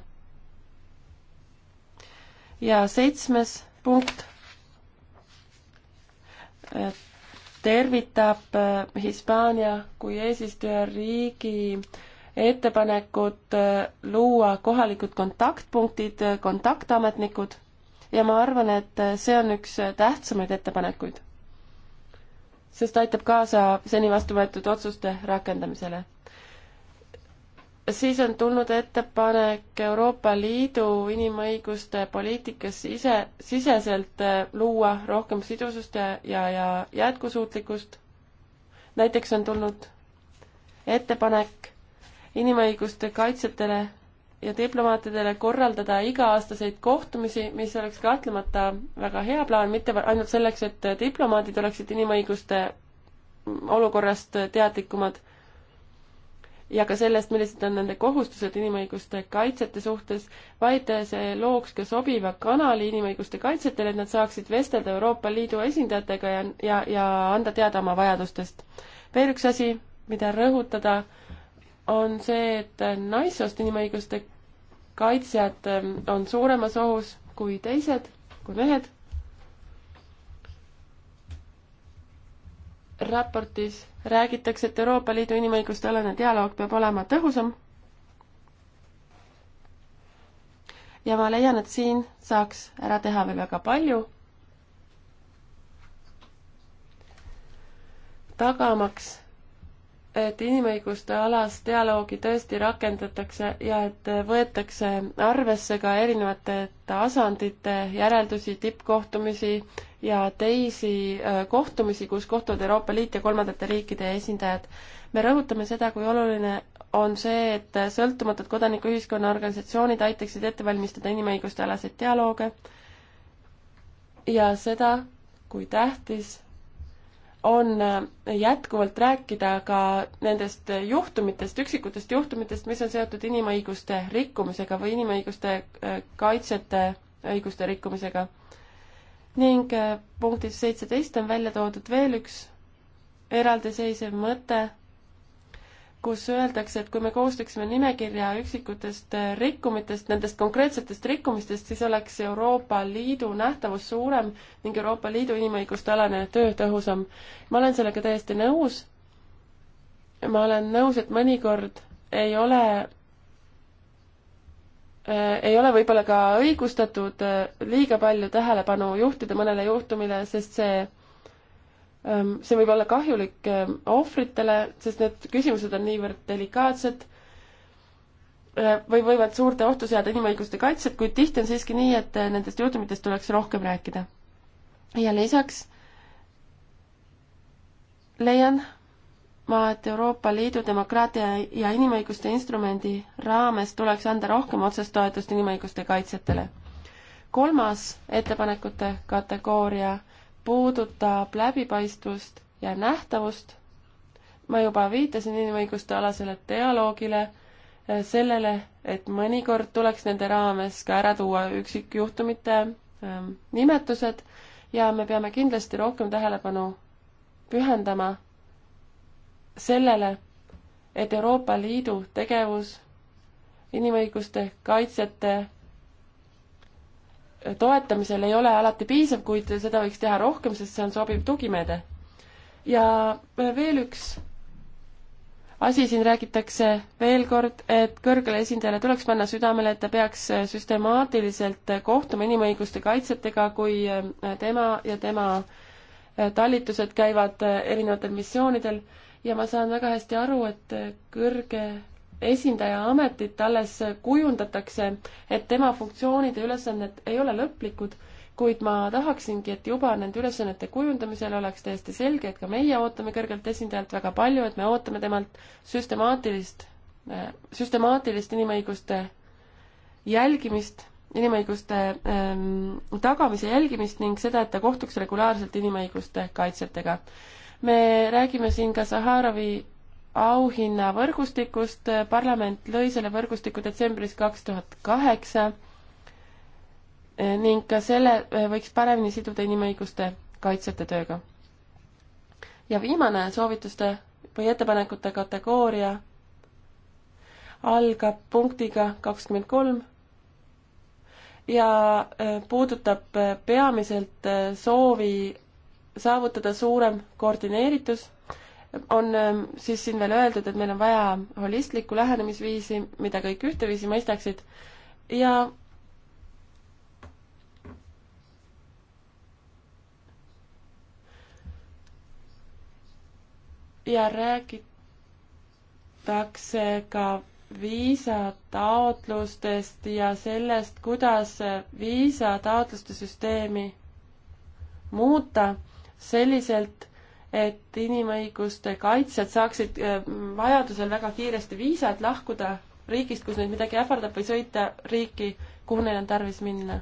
ja seitsmes punkt äh, tervitab äh, Hispaania kui eesistujariigi ettepanekut luua kohalikud kontaktpunktid, kontaktametnikud ja ma arvan, et see on üks tähtsamaid ettepanekuid sest aitab kaasa seni vastu võetud otsuste rakendamisele. siis on tulnud ettepanek Euroopa Liidu inimõiguste poliitikas ise, siseselt äh, luua rohkem sidusust ja, ja, ja jätkusuutlikkust. näiteks on tulnud ettepanek inimõiguste kaitsjatele ja diplomaatidele korraldada iga-aastaseid kohtumisi, mis oleks kahtlemata väga hea plaan, mitte ainult selleks, et diplomaadid oleksid inimõiguste olukorrast teadlikumad ja ka sellest, millised on nende kohustused inimõiguste kaitsjate suhtes, vaid see looks ka sobiva kanali inimõiguste kaitsjatele, et nad saaksid vestelda Euroopa Liidu esindajatega ja, ja, ja anda teada oma vajadustest. veel üks asi, mida rõhutada, on see, et naissoost inimõiguste kaitsjad ähm, on suuremas ohus kui teised, kui mehed. raportis räägitakse, et Euroopa Liidu inimõiguste alane dialoog peab olema tõhusam. ja ma leian, et siin saaks ära teha veel väga palju. tagamaks et inimõiguste alas dialoogi tõesti rakendatakse ja et võetakse arvesse ka erinevate tasandite järeldusi, tippkohtumisi ja teisi äh, kohtumisi, kus kohtuvad Euroopa Liit ja kolmandate riikide esindajad. me rõhutame seda, kui oluline on see, et sõltumatud kodanikuühiskonna organisatsioonid aitaksid ette valmistada inimõiguste alaseid dialoog ja seda, kui tähtis on äh, jätkuvalt rääkida ka nendest juhtumitest, üksikutest juhtumitest, mis on seotud inimõiguste rikkumisega või inimõiguste äh, kaitsjate õiguste rikkumisega. ning äh, punktis seitseteist on välja toodud veel üks eraldiseisev mõte kus öeldakse, et kui me koostaksime nimekirja üksikutest äh, rikkumitest, nendest konkreetsetest rikkumistest, siis oleks Euroopa Liidu nähtavus suurem ning Euroopa Liidu inimõiguste alane töö tõhusam. ma olen sellega täiesti nõus. ma olen nõus, et mõnikord ei ole äh, ei ole võib-olla ka õigustatud äh, liiga palju tähelepanu juhtida mõnele juhtumile, sest see Ehm, see võib olla kahjulik ehm, ohvritele, sest need küsimused on niivõrd delikaatsed eh, või võivad suurte ohtu seada inimõiguste kaitsjad, kuid tihti on siiski nii, et eh, nendest juhtumitest tuleks rohkem rääkida. ja lisaks leian ma, et Euroopa Liidu demokraatia ja inimõiguste instrumendi raames tuleks anda rohkem otsest toetust inimõiguste kaitsjatele. kolmas ettepanekute kategooria puudutab läbipaistvust ja nähtavust, ma juba viitasin inimõiguste alasele dialoogile, eh, sellele, et mõnikord tuleks nende raames ka ära tuua üksikjuhtumite ehm, nimetused ja me peame kindlasti rohkem tähelepanu pühendama sellele, et Euroopa Liidu tegevus inimõiguste kaitsjate toetamisel ei ole alati piisav, kuid seda võiks teha rohkem, sest see on sobiv tugimeede. ja veel üks asi, siin räägitakse veel kord, et kõrgele esindajale tuleks panna südamele, et ta peaks süstemaatiliselt kohtuma inimõiguste kaitsjatega, kui tema ja tema talitused käivad erinevatel missioonidel ja ma saan väga hästi aru, et kõrge esindaja ametit alles kujundatakse, et tema funktsioonid ja ülesanded ei ole lõplikud, kuid ma tahaksingi, et juba nende ülesannete kujundamisel oleks täiesti selge, et ka meie ootame kõrgelt esindajalt väga palju, et me ootame temalt süstemaatilist, äh, süstemaatilist inimõiguste jälgimist, inimõiguste ähm, tagamise jälgimist ning seda, et ta kohtuks regulaarselt inimõiguste kaitsjatega. me räägime siin ka Saharovi auhinnavõrgustikust, parlament lõi selle võrgustiku detsembris kaks tuhat kaheksa ning ka selle võiks paremini siduda inimõiguste kaitsjate tööga. ja viimane soovituste või ettepanekute kategooria algab punktiga kakskümmend kolm ja e, puudutab e, peamiselt e, soovi saavutada suurem koordineeritus on ähm, siis siin veel öeldud, et meil on vaja holistlikku lähenemisviisi, mida kõik ühteviisi mõistaksid ja ja räägitakse ka viisataotlustest ja sellest, kuidas viisataotluste süsteemi muuta selliselt, et inimõiguste kaitsjad saaksid äh, vajadusel väga kiiresti viisa, et lahkuda riigist, kus neid midagi ähvardab, või sõita riiki, kuhu neil on tarvis minna.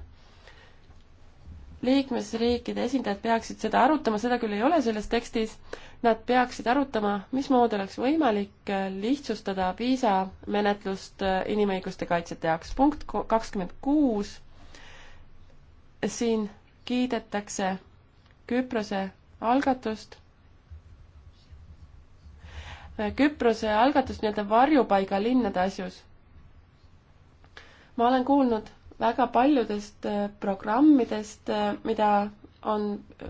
liikmesriikide esindajad peaksid seda arutama, seda küll ei ole selles tekstis, nad peaksid arutama, mismoodi oleks võimalik äh, lihtsustada viisamenetlust äh, inimõiguste kaitsjate jaoks. punkt kakskümmend kuus, siin kiidetakse Küprose algatust Küprose algatust nii-öelda varjupaigalinnade asjus. ma olen kuulnud väga paljudest äh, programmidest, äh, mida on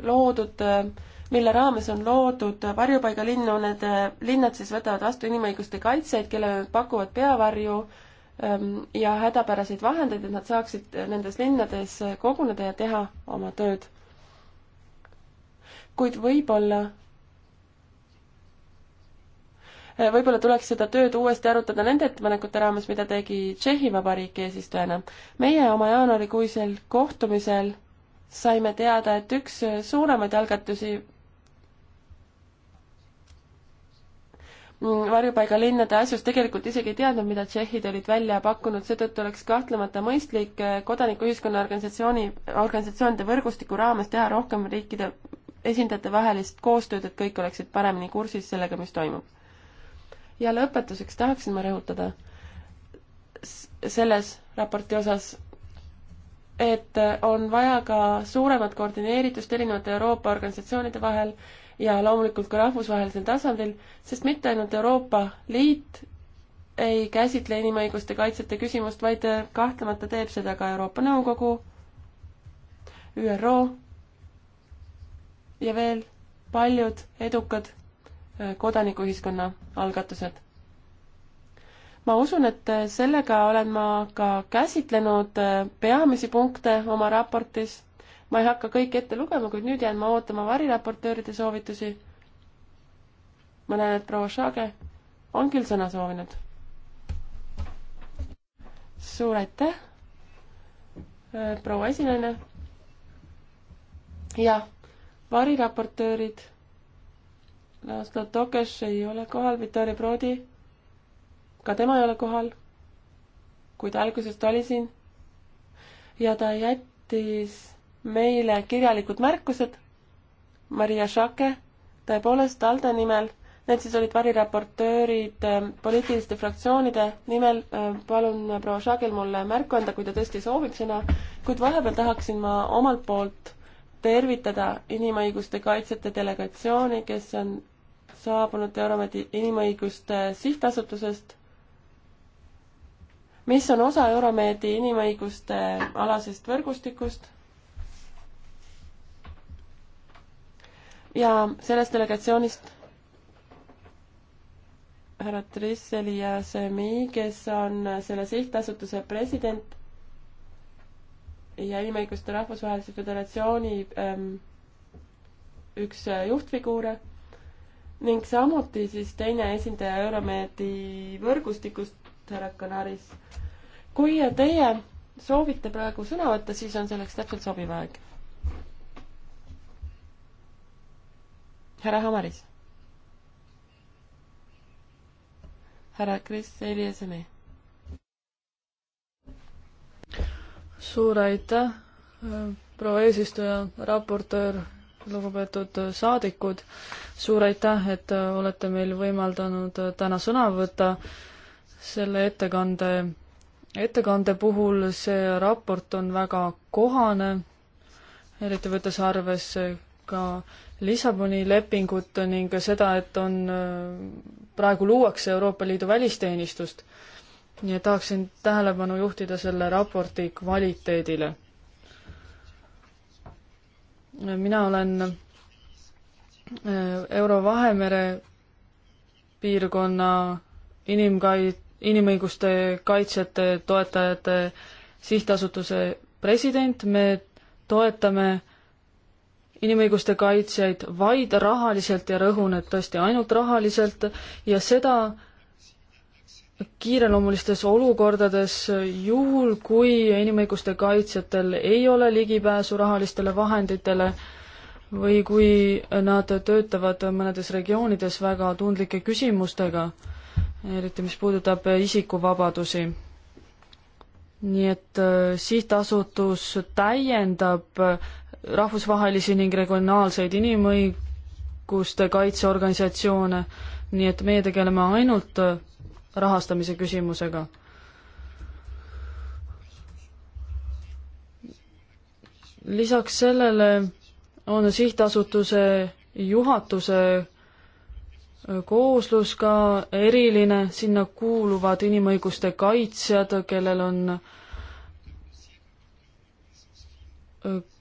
loodud, äh, mille raames on loodud varjupaigalinnu, need linnad siis võtavad vastu inimõiguste kaitsjaid, kellele nad pakuvad peavarju ähm, ja hädapäraseid vahendeid, et nad saaksid nendes linnades koguneda ja teha oma tööd. kuid võib-olla Eh, võib-olla tuleks seda tööd uuesti arutada nende ettepanekute raames, mida tegi Tšehhi Vabariik eesistujana. meie oma jaanuarikuisel kohtumisel saime teada, et üks eh, suuremaid algatusi mm, varjupaigalinnade asjus tegelikult isegi ei teadnud, mida tšehhid olid välja pakkunud, seetõttu oleks kahtlemata mõistlik eh, kodanikuühiskonna organisatsiooni, organisatsioonide võrgustiku raames teha rohkem riikide esindajate vahelist koostööd, et kõik oleksid paremini kursis sellega, mis toimub ja lõpetuseks tahaksin ma rõhutada selles raporti osas, et on vaja ka suuremat koordineeritust erinevate Euroopa organisatsioonide vahel ja loomulikult ka rahvusvahelisel tasandil, sest mitte ainult Euroopa Liit ei käsitle inimõiguste kaitsjate küsimust, vaid kahtlemata teeb seda ka Euroopa Nõukogu, ÜRO ja veel paljud edukad kodanikuühiskonna algatused. ma usun, et sellega olen ma ka käsitlenud peamisi punkte oma raportis. ma ei hakka kõike ette lugema, kuid nüüd jään ma ootama variraportööride soovitusi. ma näen, et proua Šage on küll sõna soovinud. suur aitäh, proua esinaine. jah, variraportöörid Laslo Tokes ei ole kohal, Vittori Prodi, ka tema ei ole kohal, kuid alguses ta oli siin. ja ta jättis meile kirjalikud märkused. Maria Šake, tõepoolest Alde nimel, need siis olid variraportöörid ähm, poliitiliste fraktsioonide nimel. Ähm, palun äh, proua Šakel mulle märku anda, kui ta tõesti soovib sõna, kuid vahepeal tahaksin ma omalt poolt tervitada inimõiguste kaitsjate delegatsiooni, kes on saabunud Euroameti inimõiguste sihtasutusest, mis on osa Euromeedi inimõiguste alasest võrgustikust. ja sellest delegatsioonist härra Trisseli ja Semi, kes on selle sihtasutuse president ja Inimõiguste Rahvusvahelise Föderatsiooni ähm, üks juhtfiguure ning samuti siis teine esindaja Euromeedi võrgustikust, härra Kanaris. kui teie soovite praegu sõna võtta, siis on selleks täpselt sobiv aeg. härra Hamaris. härra Kris Eliasemi. suur aitäh, proua eesistuja, raportöör lugupeetud saadikud, suur aitäh, et äh, olete meil võimaldanud äh, täna sõna võtta selle ettekande, ettekande puhul see raport on väga kohane, eriti võttes arvesse ka Lissaboni lepingut ning seda, et on, äh, praegu luuakse Euroopa Liidu välisteenistust. nii et tahaksin tähelepanu juhtida selle raporti kvaliteedile mina olen äh, Euro-Vahemere piirkonna inimkai-, inimõiguste kaitsjate, toetajate sihtasutuse president, me toetame inimõiguste kaitsjaid vaid rahaliselt ja rõhun, et tõesti ainult rahaliselt ja seda kiireloomulistes olukordades, juhul kui inimõiguste kaitsjatel ei ole ligipääsu rahalistele vahenditele või kui nad töötavad mõnedes regioonides väga tundlike küsimustega, eriti mis puudutab isikuvabadusi. nii et äh, sihtasutus täiendab äh, rahvusvahelisi ning regionaalseid inimõiguste kaitseorganisatsioone, nii et meie tegeleme ainult äh, rahastamise küsimusega. lisaks sellele on sihtasutuse juhatuse kooslus ka eriline, sinna kuuluvad inimõiguste kaitsjad, kellel on,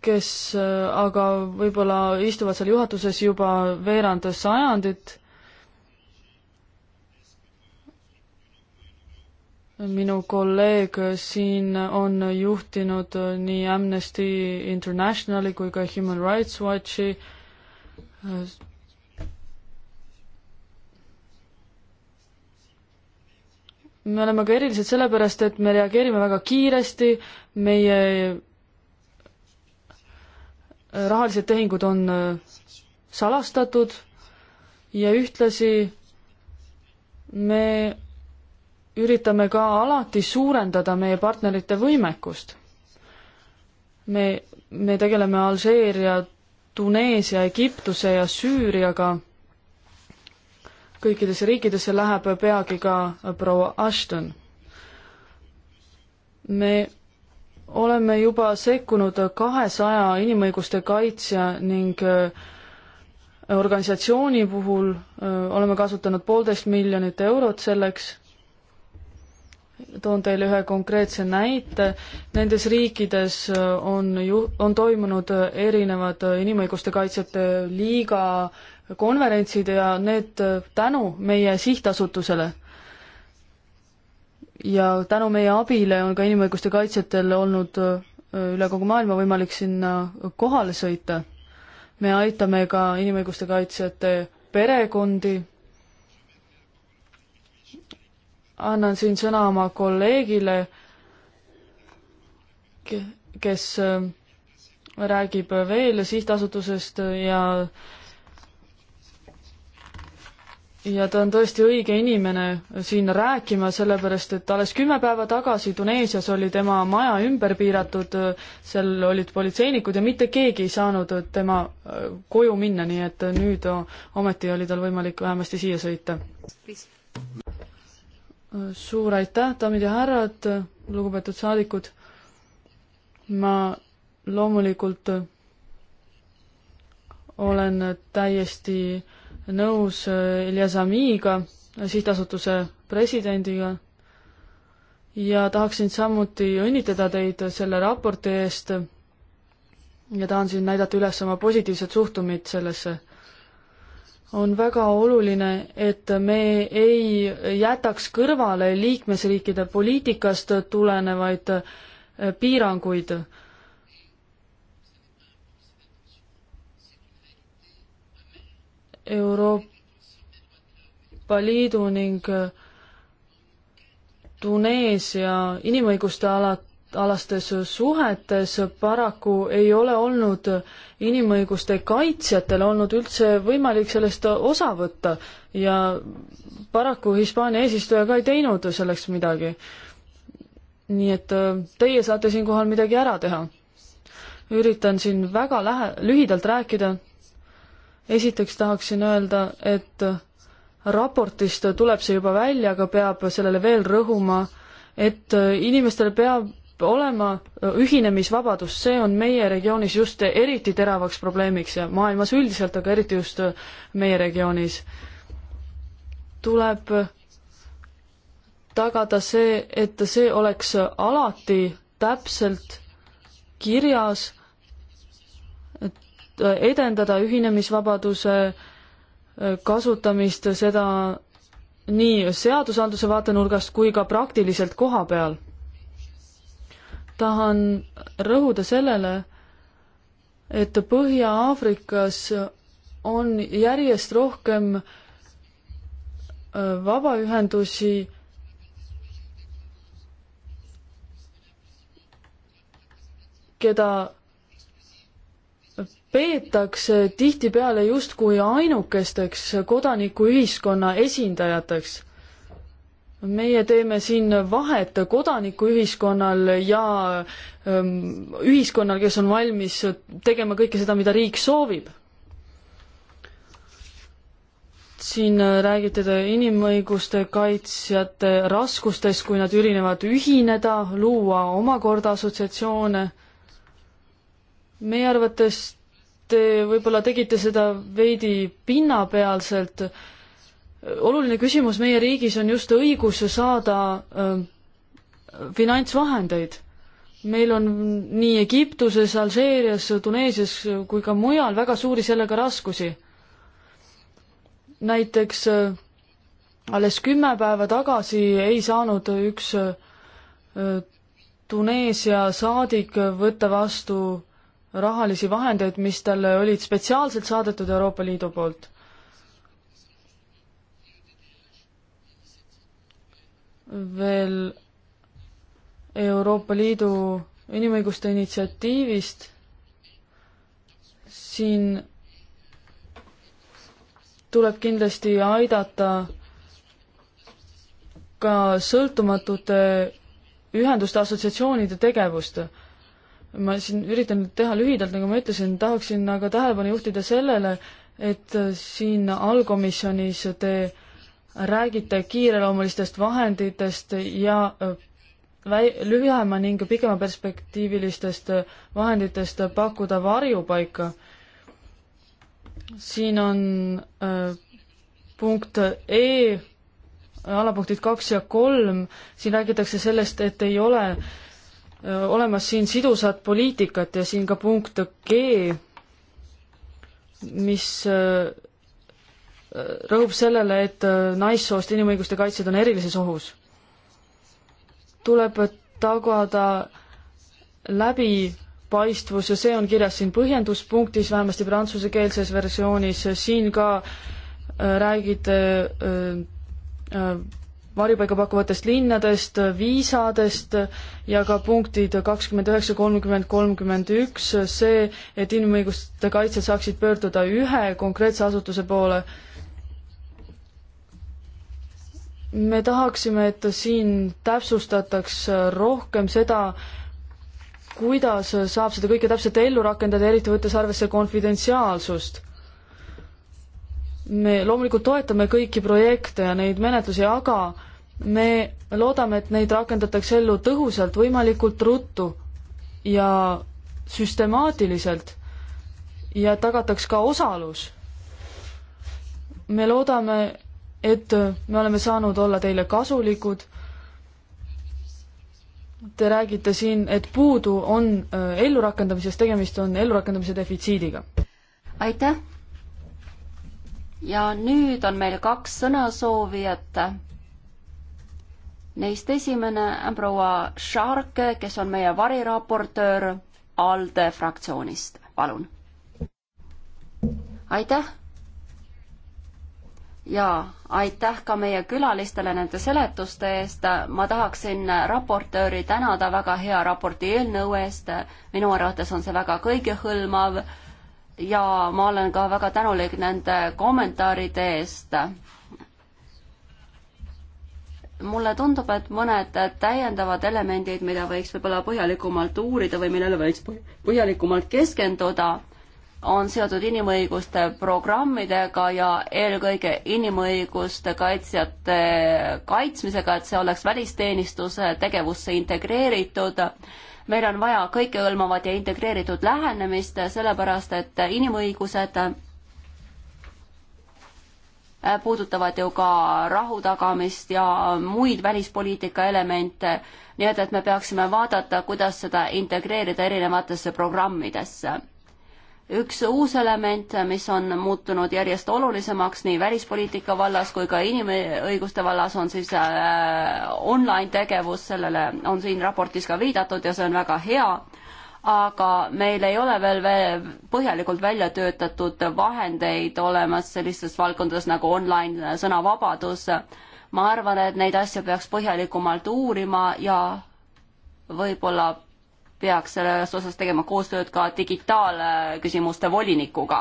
kes aga võib-olla istuvad seal juhatuses juba veerand sajandit minu kolleeg siin on juhtinud nii Amnesty Internationali kui ka Human Rights Watchi me oleme ka erilised sellepärast, et me reageerime väga kiiresti, meie rahalised tehingud on salastatud ja ühtlasi me üritame ka alati suurendada meie partnerite võimekust. me, me tegeleme Alžeeria, Tuneesia, Egiptuse ja Süüriaga. kõikidesse riikidesse läheb peagi ka proua Ashton. me oleme juba sekkunud kahesaja inimõiguste kaitsja ning eh, organisatsiooni puhul öö, eh, oleme kasutanud poolteist miljonit eurot selleks toon teile ühe konkreetse näite, nendes riikides äh, on ju, on toimunud äh, erinevad äh, inimõiguste kaitsjate liiga konverentsid ja need tänu meie sihtasutusele ja tänu meie abile on ka inimõiguste kaitsjatel olnud üle kogu maailma võimalik sinna kohale sõita. me aitame ka inimõiguste kaitsjate perekondi annan siin sõna oma kolleegile, kes äh, räägib veel sihtasutusest ja ja ta on tõesti õige inimene siin rääkima, sellepärast et alles kümme päeva tagasi Tuneesias oli tema maja ümber piiratud, seal olid politseinikud ja mitte keegi ei saanud tema äh, koju minna, nii et nüüd ometi oli tal võimalik vähemasti siia sõita suur aitäh, daamid ja härrad, lugupeetud saadikud. ma loomulikult olen täiesti nõus Ilyas Amiga, sihtasutuse presidendiga ja tahaksin samuti õnnitleda teid selle raporti eest ja tahan siin näidata üles oma positiivset suhtumit sellesse on väga oluline, et me ei jätaks kõrvale liikmesriikide poliitikast tulenevaid äh, piiranguid. Euroopa Liidu ning äh, Tuneesia inimõiguste alad alastes suhetes paraku ei ole olnud inimõiguste kaitsjatel olnud üldse võimalik sellest osa võtta ja paraku Hispaania eesistuja ka ei teinud selleks midagi. nii et äh, teie saate siinkohal midagi ära teha. üritan siin väga lähe-, lühidalt rääkida. esiteks tahaksin öelda, et raportist tuleb see juba välja, aga peab sellele veel rõhuma, et inimestel peab peab olema ühinemisvabadus, see on meie regioonis just eriti teravaks probleemiks ja maailmas üldiselt, aga eriti just meie regioonis. tuleb tagada see, et see oleks alati täpselt kirjas, et edendada ühinemisvabaduse kasutamist, seda nii seadusandluse vaatenurgast kui ka praktiliselt koha peal tahan rõhuda sellele, et Põhja-Aafrikas on järjest rohkem äh, vabaühendusi, keda peetakse tihtipeale justkui ainukesteks kodanikuühiskonna esindajateks meie teeme siin vahet kodanikuühiskonnal ja ähm, ühiskonnal, kes on valmis tegema kõike seda, mida riik soovib. siin räägite te inimõiguste kaitsjate raskustest, kui nad ürinevad ühineda, luua omakorda assotsiatsioone. meie arvates te võib-olla tegite seda veidi pinnapealselt oluline küsimus meie riigis on just õigus saada finantsvahendeid. meil on nii Egiptuses, Alžeerias, Tuneesias kui ka mujal väga suuri sellega raskusi. näiteks alles kümme päeva tagasi ei saanud üks Tuneesia saadik võtta vastu rahalisi vahendeid, mis talle olid spetsiaalselt saadetud Euroopa Liidu poolt veel Euroopa Liidu inimõiguste initsiatiivist. siin tuleb kindlasti aidata ka sõltumatute ühenduste assotsiatsioonide tegevust. ma siin üritan teha lühidalt, nagu ma ütlesin, tahaksin aga tähelepanu juhtida sellele, et siin allkomisjonis te äh, räägite kiireloomulistest vahenditest ja äh, väi-, lühema ning pikema perspektiivilistest äh, vahenditest pakkuda varjupaika. siin on äh, punkt E, alapunktid kaks ja kolm, siin räägitakse sellest, et ei ole äh, olemas siin sidusat poliitikat ja siin ka punkt G, mis äh, rõhub sellele, et äh, naissoost inimõiguste kaitsjad on erilises ohus. tuleb tagada läbipaistvus ja see on kirjas siin põhjenduspunktis, vähemasti prantsusekeelses versioonis, siin ka äh, räägite äh, varjupaiga pakkuvatest linnadest, viisadest ja ka punktid kakskümmend üheksa, kolmkümmend, kolmkümmend üks, see, et inimõiguste kaitsjad saaksid pöörduda ühe konkreetse asutuse poole, me tahaksime, et siin täpsustataks rohkem seda, kuidas saab seda kõike täpselt ellu rakendada, eriti võttes arvesse konfidentsiaalsust. me loomulikult toetame kõiki projekte ja neid menetlusi, aga me loodame, et neid rakendatakse ellu tõhusalt, võimalikult ruttu ja süstemaatiliselt ja tagataks ka osalus. me loodame, et me oleme saanud olla teile kasulikud. Te räägite siin, et puudu on äh, ellurakendamisest, tegemist on ellurakendamise defitsiidiga. aitäh! ja nüüd on meil kaks sõnasoovijat. Neist esimene on proua Sharke, kes on meie variraportöör ALDE fraktsioonist, palun. aitäh! ja aitäh ka meie külalistele nende seletuste eest. ma tahaksin raportööri tänada väga hea raporti eelnõu eest. minu arvates on see väga kõigehõlmav ja ma olen ka väga tänulik nende kommentaaride eest. mulle tundub, et mõned täiendavad elemendid, mida võiks võib-olla põhjalikumalt uurida või millele võiks põhjalikumalt keskenduda on seotud inimõiguste programmidega ja eelkõige inimõiguste kaitsjate kaitsmisega, et see oleks välisteenistuse tegevusse integreeritud. meil on vaja kõikehõlmavat ja integreeritud lähenemist, sellepärast et inimõigused puudutavad ju ka rahu tagamist ja muid välispoliitika elemente, nii et, et me peaksime vaadata, kuidas seda integreerida erinevatesse programmidesse üks uus element, mis on muutunud järjest olulisemaks nii välispoliitika vallas kui ka inimõiguste vallas, on siis äh, online tegevus, sellele on siin raportis ka viidatud ja see on väga hea, aga meil ei ole veel, veel põhjalikult välja töötatud vahendeid olemas sellistes valdkondades nagu online sõnavabadus. ma arvan, et neid asju peaks põhjalikumalt uurima ja võib-olla peaks selles osas tegema koostööd ka digitaalküsimuste volinikuga.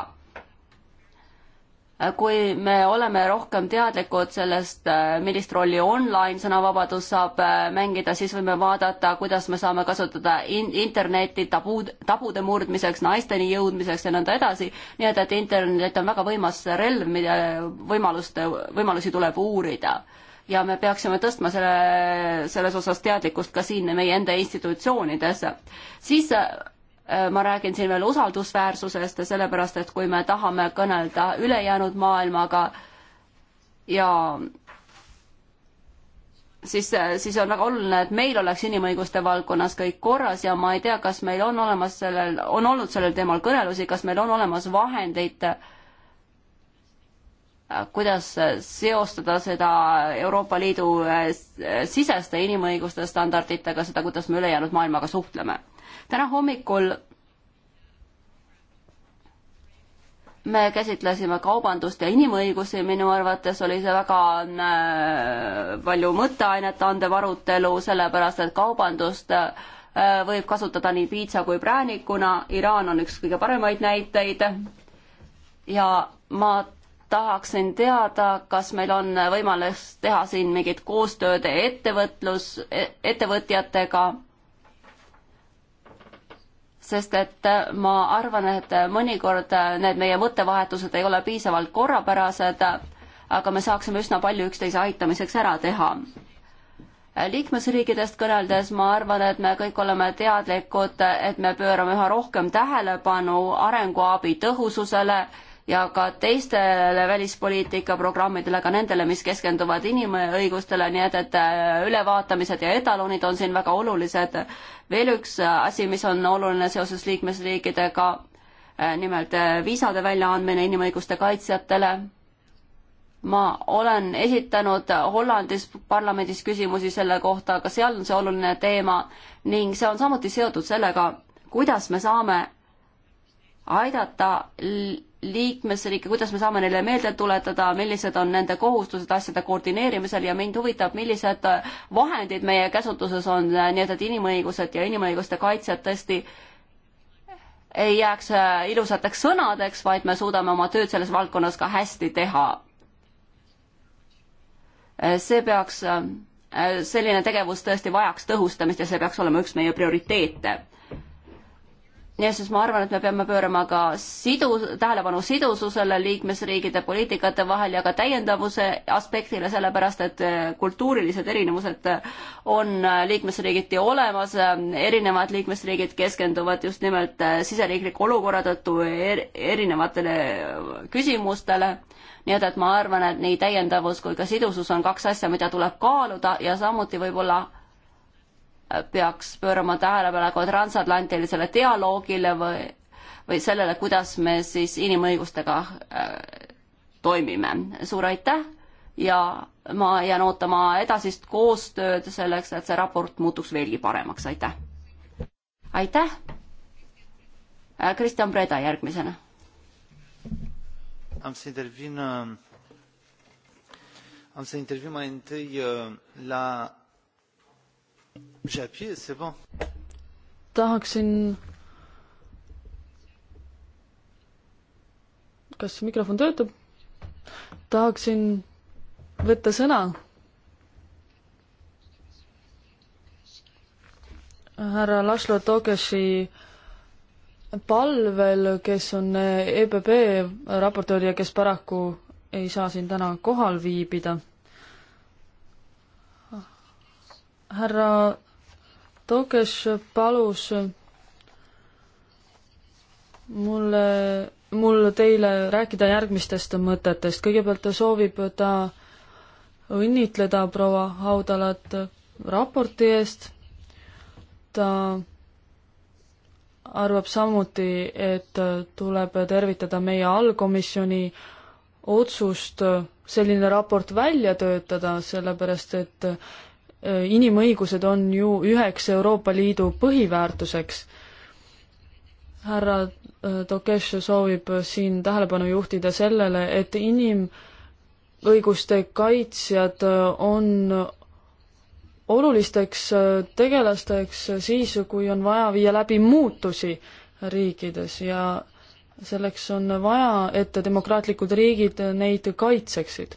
kui me oleme rohkem teadlikud sellest, millist rolli online sõnavabadus saab mängida, siis võime vaadata, kuidas me saame kasutada in-, internetti tabuud, tabude murdmiseks, naisteni jõudmiseks ja nõnda edasi, nii et, et internet on väga võimas relv, mida võimaluste, võimalusi tuleb uurida ja me peaksime tõstma selle, selles osas teadlikkust ka siin meie enda institutsioonides. siis äh, ma räägin siin veel usaldusväärsusest, sellepärast et kui me tahame kõnelda ülejäänud maailmaga ja siis, siis on väga oluline, et meil oleks inimõiguste valdkonnas kõik korras ja ma ei tea, kas meil on olemas sellel, on olnud sellel teemal kõnelusi, kas meil on olemas vahendeid äh, kuidas seostada seda Euroopa Liidu eh, siseste inimõiguste standarditega, seda, kuidas me ülejäänud maailmaga suhtleme. täna hommikul me käsitlesime kaubandust ja inimõigusi, minu arvates oli see väga eh, palju mõtteainet andev arutelu, sellepärast et kaubandust eh, võib kasutada nii piitsa kui präänikuna, Iraan on üks kõige paremaid näiteid ja ma tahaksin teada, kas meil on võimalus teha siin mingit koostööd ettevõtlus, ettevõtjatega, sest et ma arvan, et mõnikord need meie mõttevahetused ei ole piisavalt korrapärased, aga me saaksime üsna palju üksteise aitamiseks ära teha. liikmesriikidest kõneldes ma arvan, et me kõik oleme teadlikud, et me pöörame üha rohkem tähelepanu arenguabi tõhususele ja ka teistele välispoliitika programmidele, ka nendele, mis keskenduvad inimõigustele, nii et, et äh, ülevaatamised ja etalonid on siin väga olulised. veel üks äh, asi, mis on oluline seoses liikmesriikidega, äh, nimelt viisade väljaandmine inimõiguste kaitsjatele. ma olen esitanud Hollandis parlamendis küsimusi selle kohta, aga seal on see oluline teema ning see on samuti seotud sellega, kuidas me saame aidata liikmesriike, kuidas me saame neile meelde tuletada, millised on nende kohustused asjade koordineerimisel ja mind huvitab, millised vahendid meie käsutuses on, nii et, et inimõigused ja inimõiguste kaitsjad tõesti ei jääks äh, ilusateks sõnadeks, vaid me suudame oma tööd selles valdkonnas ka hästi teha. Äh, see peaks, äh, selline tegevus tõesti vajaks tõhustamist ja see peaks olema üks meie prioriteete niisiis ma arvan, et me peame pöörama ka sidu, tähelepanu sidususele liikmesriigide poliitikate vahel ja ka täiendavuse aspektile, sellepärast et eh, kultuurilised erinevused eh, on eh, liikmesriigiti olemas, erinevad liikmesriigid keskenduvad just nimelt siseriikliku olukorra tõttu er, erinevatele küsimustele, nii et, et ma arvan, et nii täiendavus kui ka sidusus on kaks asja, mida tuleb kaaluda ja samuti võib-olla peaks pöörama tähelepanu ka transatlantilisele dialoogile või, või sellele, kuidas me siis inimõigustega äh, toimime. suur aitäh ja ma jään ootama edasist koostööd selleks, et see raport muutuks veelgi paremaks, aitäh! aitäh! Äh, Kristjan Preda järgmisena. am să intervin, am să intervin mai întâi äh, la tahaksin. kas mikrofon töötab? tahaksin võtta sõna. härra Laslo Togeši palvel, kes on EBB raportöör ja kes paraku ei saa siin täna kohal viibida. härra Tokes palus mulle, mul teile rääkida järgmistest mõtetest. kõigepealt ta soovib ta õnnitleda proua Haudalat raporti eest. ta arvab samuti, et tuleb tervitada meie allkomisjoni otsust selline raport välja töötada, sellepärast et inimõigused on ju üheks Euroopa Liidu põhiväärtuseks. härra Tokes soovib siin tähelepanu juhtida sellele, et inimõiguste kaitsjad on olulisteks tegelasteks siis, kui on vaja viia läbi muutusi riikides ja selleks on vaja, et demokraatlikud riigid neid kaitseksid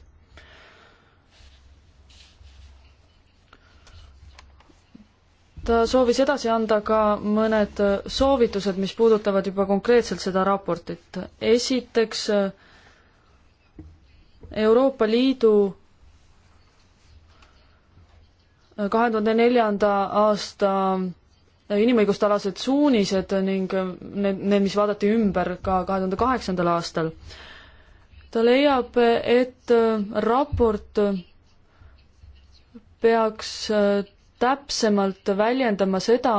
ta äh, soovis edasi anda ka mõned äh, soovitused, mis puudutavad juba konkreetselt seda raportit. esiteks äh, Euroopa Liidu kahe tuhande neljanda aasta inimõiguste alased suunised ning need, need, mis vaadati ümber ka kahe tuhande kaheksandal aastal. ta leiab, et raport peaks täpsemalt väljendama seda,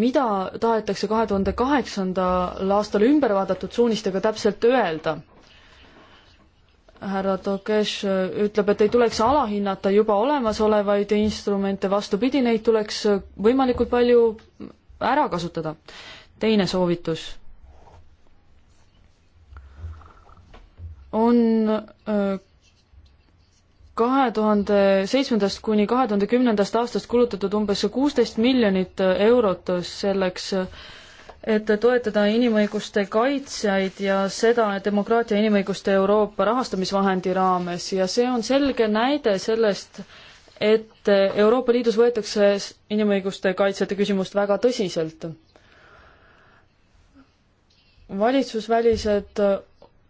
mida tahetakse kahe tuhande kaheksandal aastal ümber vaadatud suunistega täpselt öelda? härra Tokes ütleb, et ei tuleks alahinnata juba olemasolevaid instrumente, vastupidi, neid tuleks võimalikult palju ära kasutada. teine soovitus on kahe tuhande seitsmendast kuni kahe tuhande kümnendast aastast kulutatud umbes kuusteist miljonit äh, eurot selleks, äh, et toetada inimõiguste kaitsjaid ja seda demokraatia ja inimõiguste Euroopa rahastamisvahendi raames ja see on selge näide sellest, et äh, Euroopa Liidus võetakse inimõiguste kaitsjate küsimust väga tõsiselt. valitsusvälised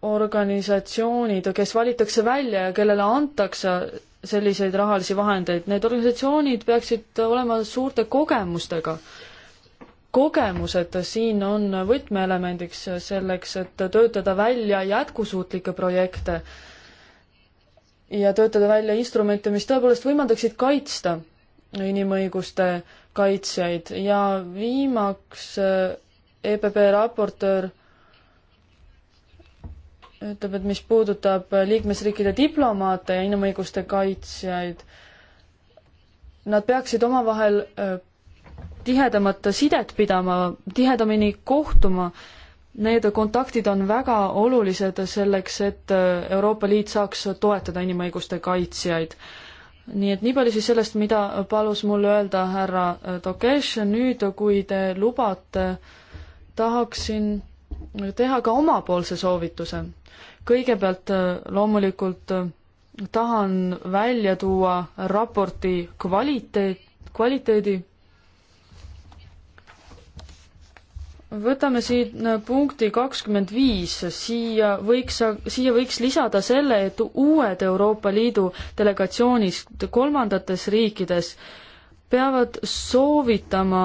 organisatsioonid, kes valitakse välja ja kellele antakse selliseid rahalisi vahendeid, need organisatsioonid peaksid olema suurte kogemustega. kogemused siin on võtmeelemendiks selleks, et töötada välja jätkusuutlikke projekte ja töötada välja instrumente, mis tõepoolest võimaldaksid kaitsta inimõiguste kaitsjaid ja viimaks EPP raportöör ütleb, et mis puudutab liikmesriikide diplomaate ja inimõiguste kaitsjaid, nad peaksid omavahel äh, tihedamat sidet pidama, tihedamini kohtuma. Need kontaktid on väga olulised selleks, et äh, Euroopa Liit saaks toetada inimõiguste kaitsjaid. nii et nii palju siis sellest, mida palus mul öelda härra äh, Tokes, nüüd kui te lubate, tahaksin teha ka omapoolse soovituse kõigepealt äh, loomulikult äh, tahan välja tuua raporti kvaliteet, kvaliteedi. võtame siin äh, punkti kakskümmend viis, siia võiks, siia võiks lisada selle, et uued Euroopa Liidu delegatsioonist kolmandates riikides peavad soovitama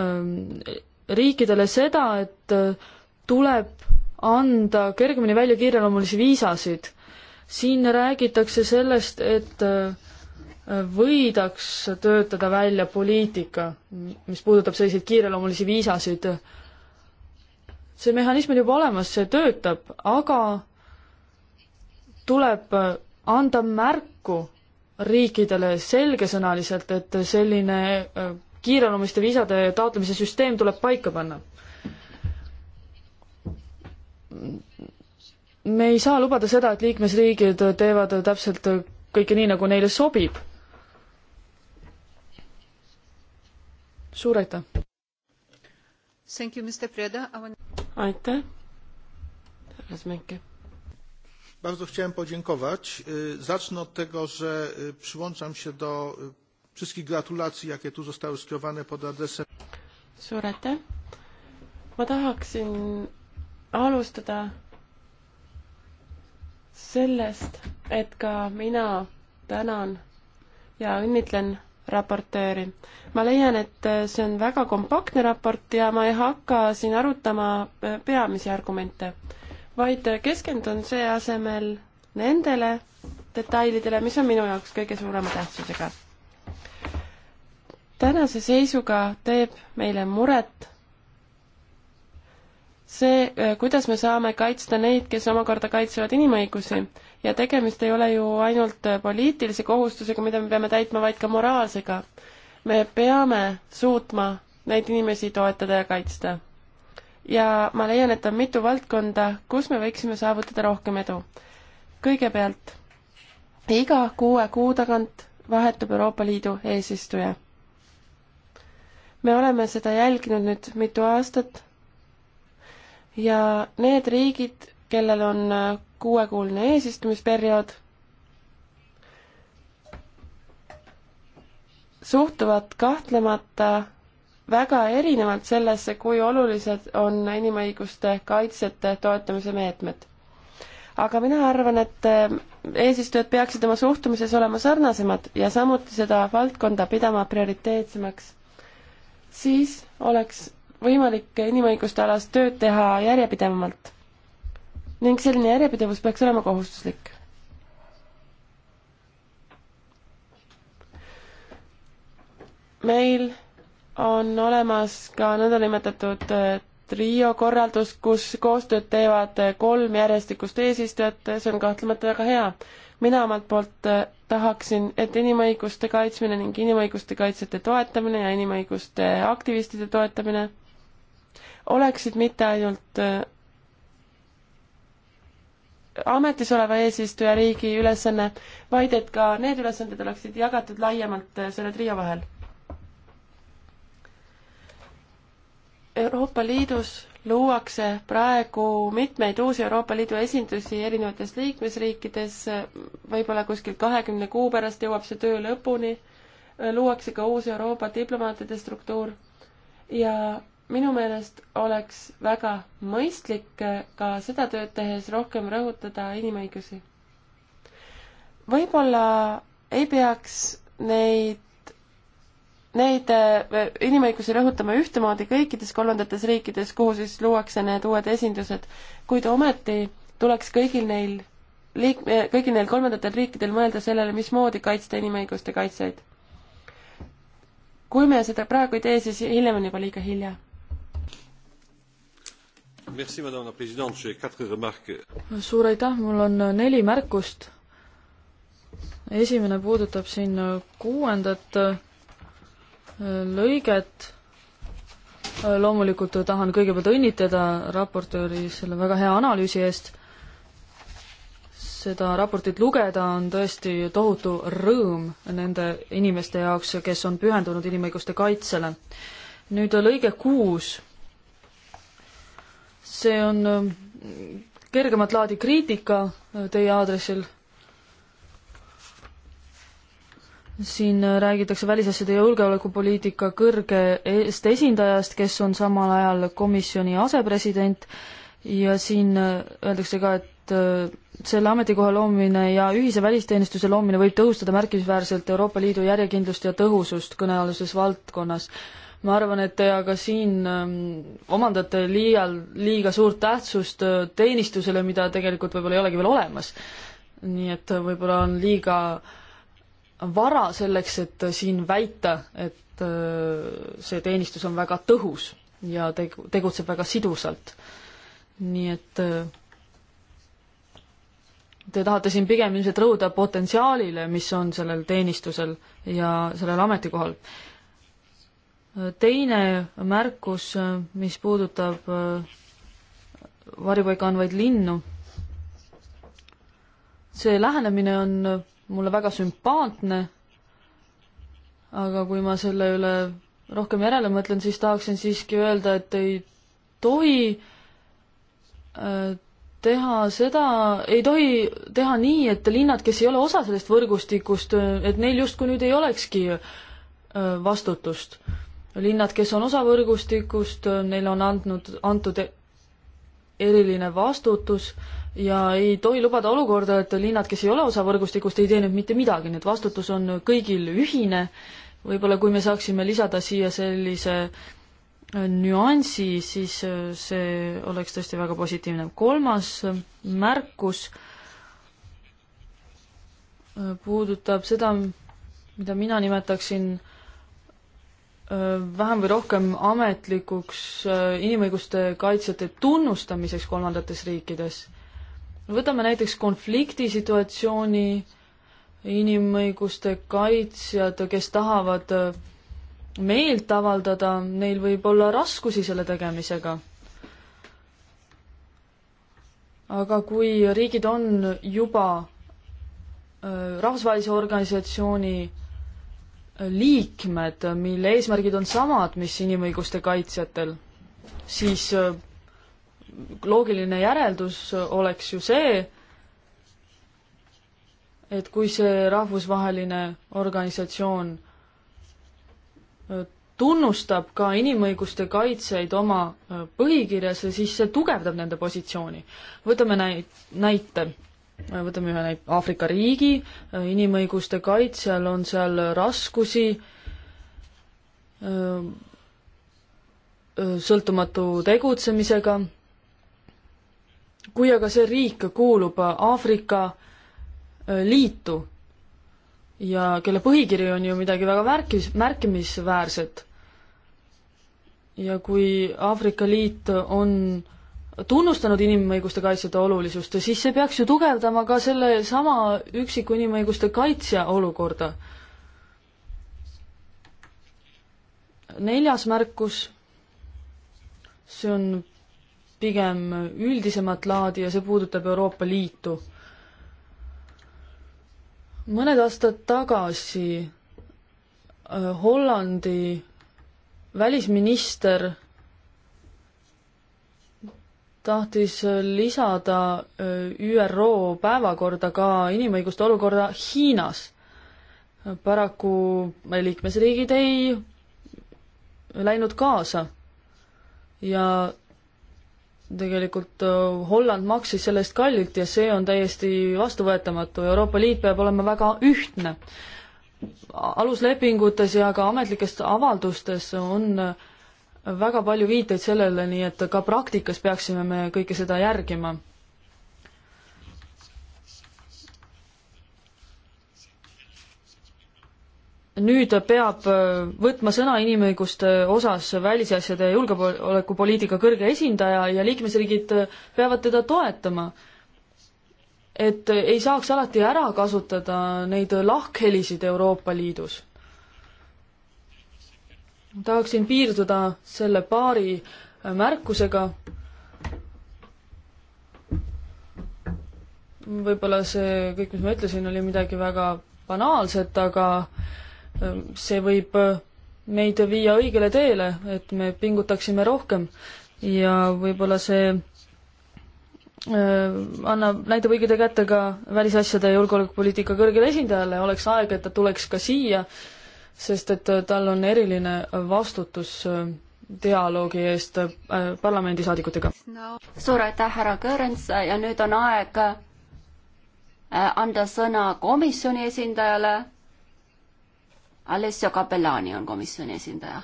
ähm, riikidele seda, et tuleb anda kergemini välja kiireloomulisi viisasid. siin räägitakse sellest, et äh, võidaks töötada välja poliitika, mis puudutab selliseid kiireloomulisi viisasid. see mehhanism on juba olemas, see töötab, aga tuleb äh, anda märku riikidele selgesõnaliselt, et selline äh, kiireloomuliste viisade taotlemise süsteem tuleb paika panna me ei saa lubada seda, et liikmesriigid teevad täpselt kõike nii, nagu neile sobib. suur aitäh! aitäh! härra Smenke. Bardzo chciałem podziękować. Zacznę od tego, że przyłączam się do wszystkich gratulacji, jakie tu zostały skierowane pod adresem. Suur aitäh! ma tahaksin alustada sellest, et ka mina tänan ja õnnitlen raportööri. ma leian, et see on väga kompaktne raport ja ma ei hakka siin arutama peamisi argumente, vaid keskendun see asemel nendele detailidele, mis on minu jaoks kõige suurema tähtsusega. tänase seisuga teeb meile muret see, äh, kuidas me saame kaitsta neid, kes omakorda kaitsevad inimõigusi ja tegemist ei ole ju ainult äh, poliitilise kohustusega, mida me peame täitma, vaid ka moraalsega. me peame suutma neid inimesi toetada ja kaitsta. ja ma leian, et on mitu valdkonda, kus me võiksime saavutada rohkem edu. kõigepealt, iga kuue kuu tagant vahetub Euroopa Liidu eesistuja. me oleme seda jälginud nüüd mitu aastat ja need riigid, kellel on äh, kuuekuuline eesistumisperiood, suhtuvad kahtlemata väga erinevalt sellesse, kui olulised on inimõiguste kaitsjate toetamise meetmed. aga mina arvan, et äh, eesistujad peaksid oma suhtumises olema sarnasemad ja samuti seda valdkonda pidama prioriteetsemaks. siis oleks võimalik inimõiguste alas tööd teha järjepidevamalt. ning selline järjepidevus peaks olema kohustuslik. meil on olemas ka nõndanimetatud äh, trio korraldus, kus koostööd teevad äh, kolm järjestikust eesistujat, see on kahtlemata väga hea. mina omalt poolt äh, tahaksin, et inimõiguste kaitsmine ning inimõiguste kaitsjate toetamine ja inimõiguste aktivistide toetamine oleksid mitte ainult äh, ametis oleva eesistujariigi ülesanne, vaid et ka need ülesanded oleksid jagatud laiemalt äh, selle trio vahel. Euroopa Liidus luuakse praegu mitmeid uusi Euroopa Liidu esindusi erinevates liikmesriikides, äh, võib-olla kuskil kahekümne kuu pärast jõuab see töö lõpuni, luuakse ka uus Euroopa diplomaatide struktuur ja minu meelest oleks väga mõistlik ka seda tööd tehes rohkem rõhutada inimõigusi. võib-olla ei peaks neid, neid äh, inimõigusi rõhutama ühtemoodi kõikides kolmandates riikides, kuhu siis luuakse need uued esindused, kuid ometi tuleks kõigil neil liik-, äh, kõigil neil kolmandatel riikidel mõelda sellele, mismoodi kaitsta inimõiguste kaitsjaid. kui me seda praegu ei tee, siis hiljem on juba liiga hilja suur aitäh, mul on äh, neli märkust. esimene puudutab siin äh, kuuendat äh, lõiget. loomulikult tahan kõigepealt õnnitleda raportööri selle väga hea analüüsi eest. seda raportit lugeda on tõesti tohutu rõõm nende inimeste jaoks, kes on pühendunud inimõiguste kaitsele. nüüd lõige kuus see on ähm, kergemat laadi kriitika äh, teie aadressil. siin äh, räägitakse välisasjade ja julgeolekupoliitika kõrgest esindajast, kes on samal ajal komisjoni asepresident ja siin äh, öeldakse ka, et selle ametikoha loomine ja ühise välisteenistuse loomine võib tõhustada märkimisväärselt Euroopa Liidu järjekindlust ja tõhusust kõnealuses valdkonnas ma arvan, et te aga siin ähm, omandate liial, liiga suurt tähtsust äh, teenistusele, mida tegelikult võib-olla ei olegi veel olemas. nii et äh, võib-olla on liiga vara selleks, et äh, siin väita, et see teenistus on väga tõhus ja tegu-, tegutseb väga sidusalt. nii et te tahate siin pigem ilmselt rõhuda potentsiaalile, mis on sellel teenistusel ja sellel ametikohal teine märkus, mis puudutab äh, varjupaika andvaid linnu. see lähenemine on mulle väga sümpaatne, aga kui ma selle üle rohkem järele mõtlen, siis tahaksin siiski öelda, et ei tohi äh, teha seda, ei tohi teha nii, et linnad, kes ei ole osa sellest võrgustikust, äh, et neil justkui nüüd ei olekski vastutust linnad, kes on osa võrgustikust, neile on andnud, antud eriline vastutus ja ei tohi lubada olukorda, et linnad, kes ei ole osa võrgustikust, ei teeninud mitte midagi, nii et vastutus on kõigil ühine. võib-olla kui me saaksime lisada siia sellise äh, nüansi, siis äh, see oleks tõesti väga positiivne. kolmas äh, märkus puudutab seda, mida mina nimetaksin äh, vähem või rohkem ametlikuks äh, inimõiguste kaitsjate tunnustamiseks kolmandates riikides. võtame näiteks konfliktisituatsiooni inimõiguste kaitsjad, kes tahavad äh, meelt avaldada, neil võib olla raskusi selle tegemisega. aga kui riigid on juba äh, rahvusvahelise organisatsiooni liikmed, mille eesmärgid on samad, mis inimõiguste kaitsjatel, siis äh, loogiline järeldus äh, oleks ju see, et kui see rahvusvaheline organisatsioon äh, tunnustab ka inimõiguste kaitsjaid oma põhikirjas, siis see tugevdab nende positsiooni. võtame näi-, näite võtame ühe näite, Aafrika riigi, äh, inimõiguste kaitsjal on seal raskusi, äh, sõltumatu tegutsemisega, kui aga see riik kuulub Aafrika äh, Liitu ja kelle põhikiri on ju midagi väga märkis, märkimisväärset, ja kui Aafrika Liit on äh, tunnustanud inimõiguste kaitsjate olulisust, siis see peaks ju tugevdama ka sellesama üksiku inimõiguste kaitsja olukorda. neljas märkus, see on pigem üldisemat laadi ja see puudutab Euroopa Liitu. mõned aastad tagasi äh, Hollandi välisminister tahtis lisada äh, ÜRO päevakorda ka inimõiguste olukorda Hiinas. paraku liikmesriigid ei läinud kaasa ja tegelikult äh, Holland maksis selle eest kallilt ja see on täiesti vastuvõetamatu, Euroopa Liit peab olema väga ühtne. aluslepingutes ja ka ametlikes avaldustes on äh, väga palju viiteid sellele, nii et ka praktikas peaksime me kõike seda järgima. nüüd peab äh, võtma sõna inimõiguste osas välisasjade ja julgeolekupoliitika kõrge esindaja ja liikmesriigid äh, peavad teda toetama. et ei saaks alati ära kasutada neid lahkhelisid Euroopa Liidus tahaksin piirduda selle paari äh, märkusega. võib-olla see kõik, mis ma ütlesin, oli midagi väga banaalset, aga ähm, see võib äh, meid viia õigele teele, et me pingutaksime rohkem ja võib-olla see äh, annab, näitab õigete kätte ka välisasjade ja julgeolekupoliitika kõrgele esindajale, oleks aeg, et ta tuleks ka siia sest et äh, tal on eriline äh, vastutus äh, dialoogi eest parlamendisaadikutega. suur aitäh, härra Kõõrents ja nüüd on aeg anda sõna komisjoni esindajale. Alessio Capellani on komisjoni esindaja.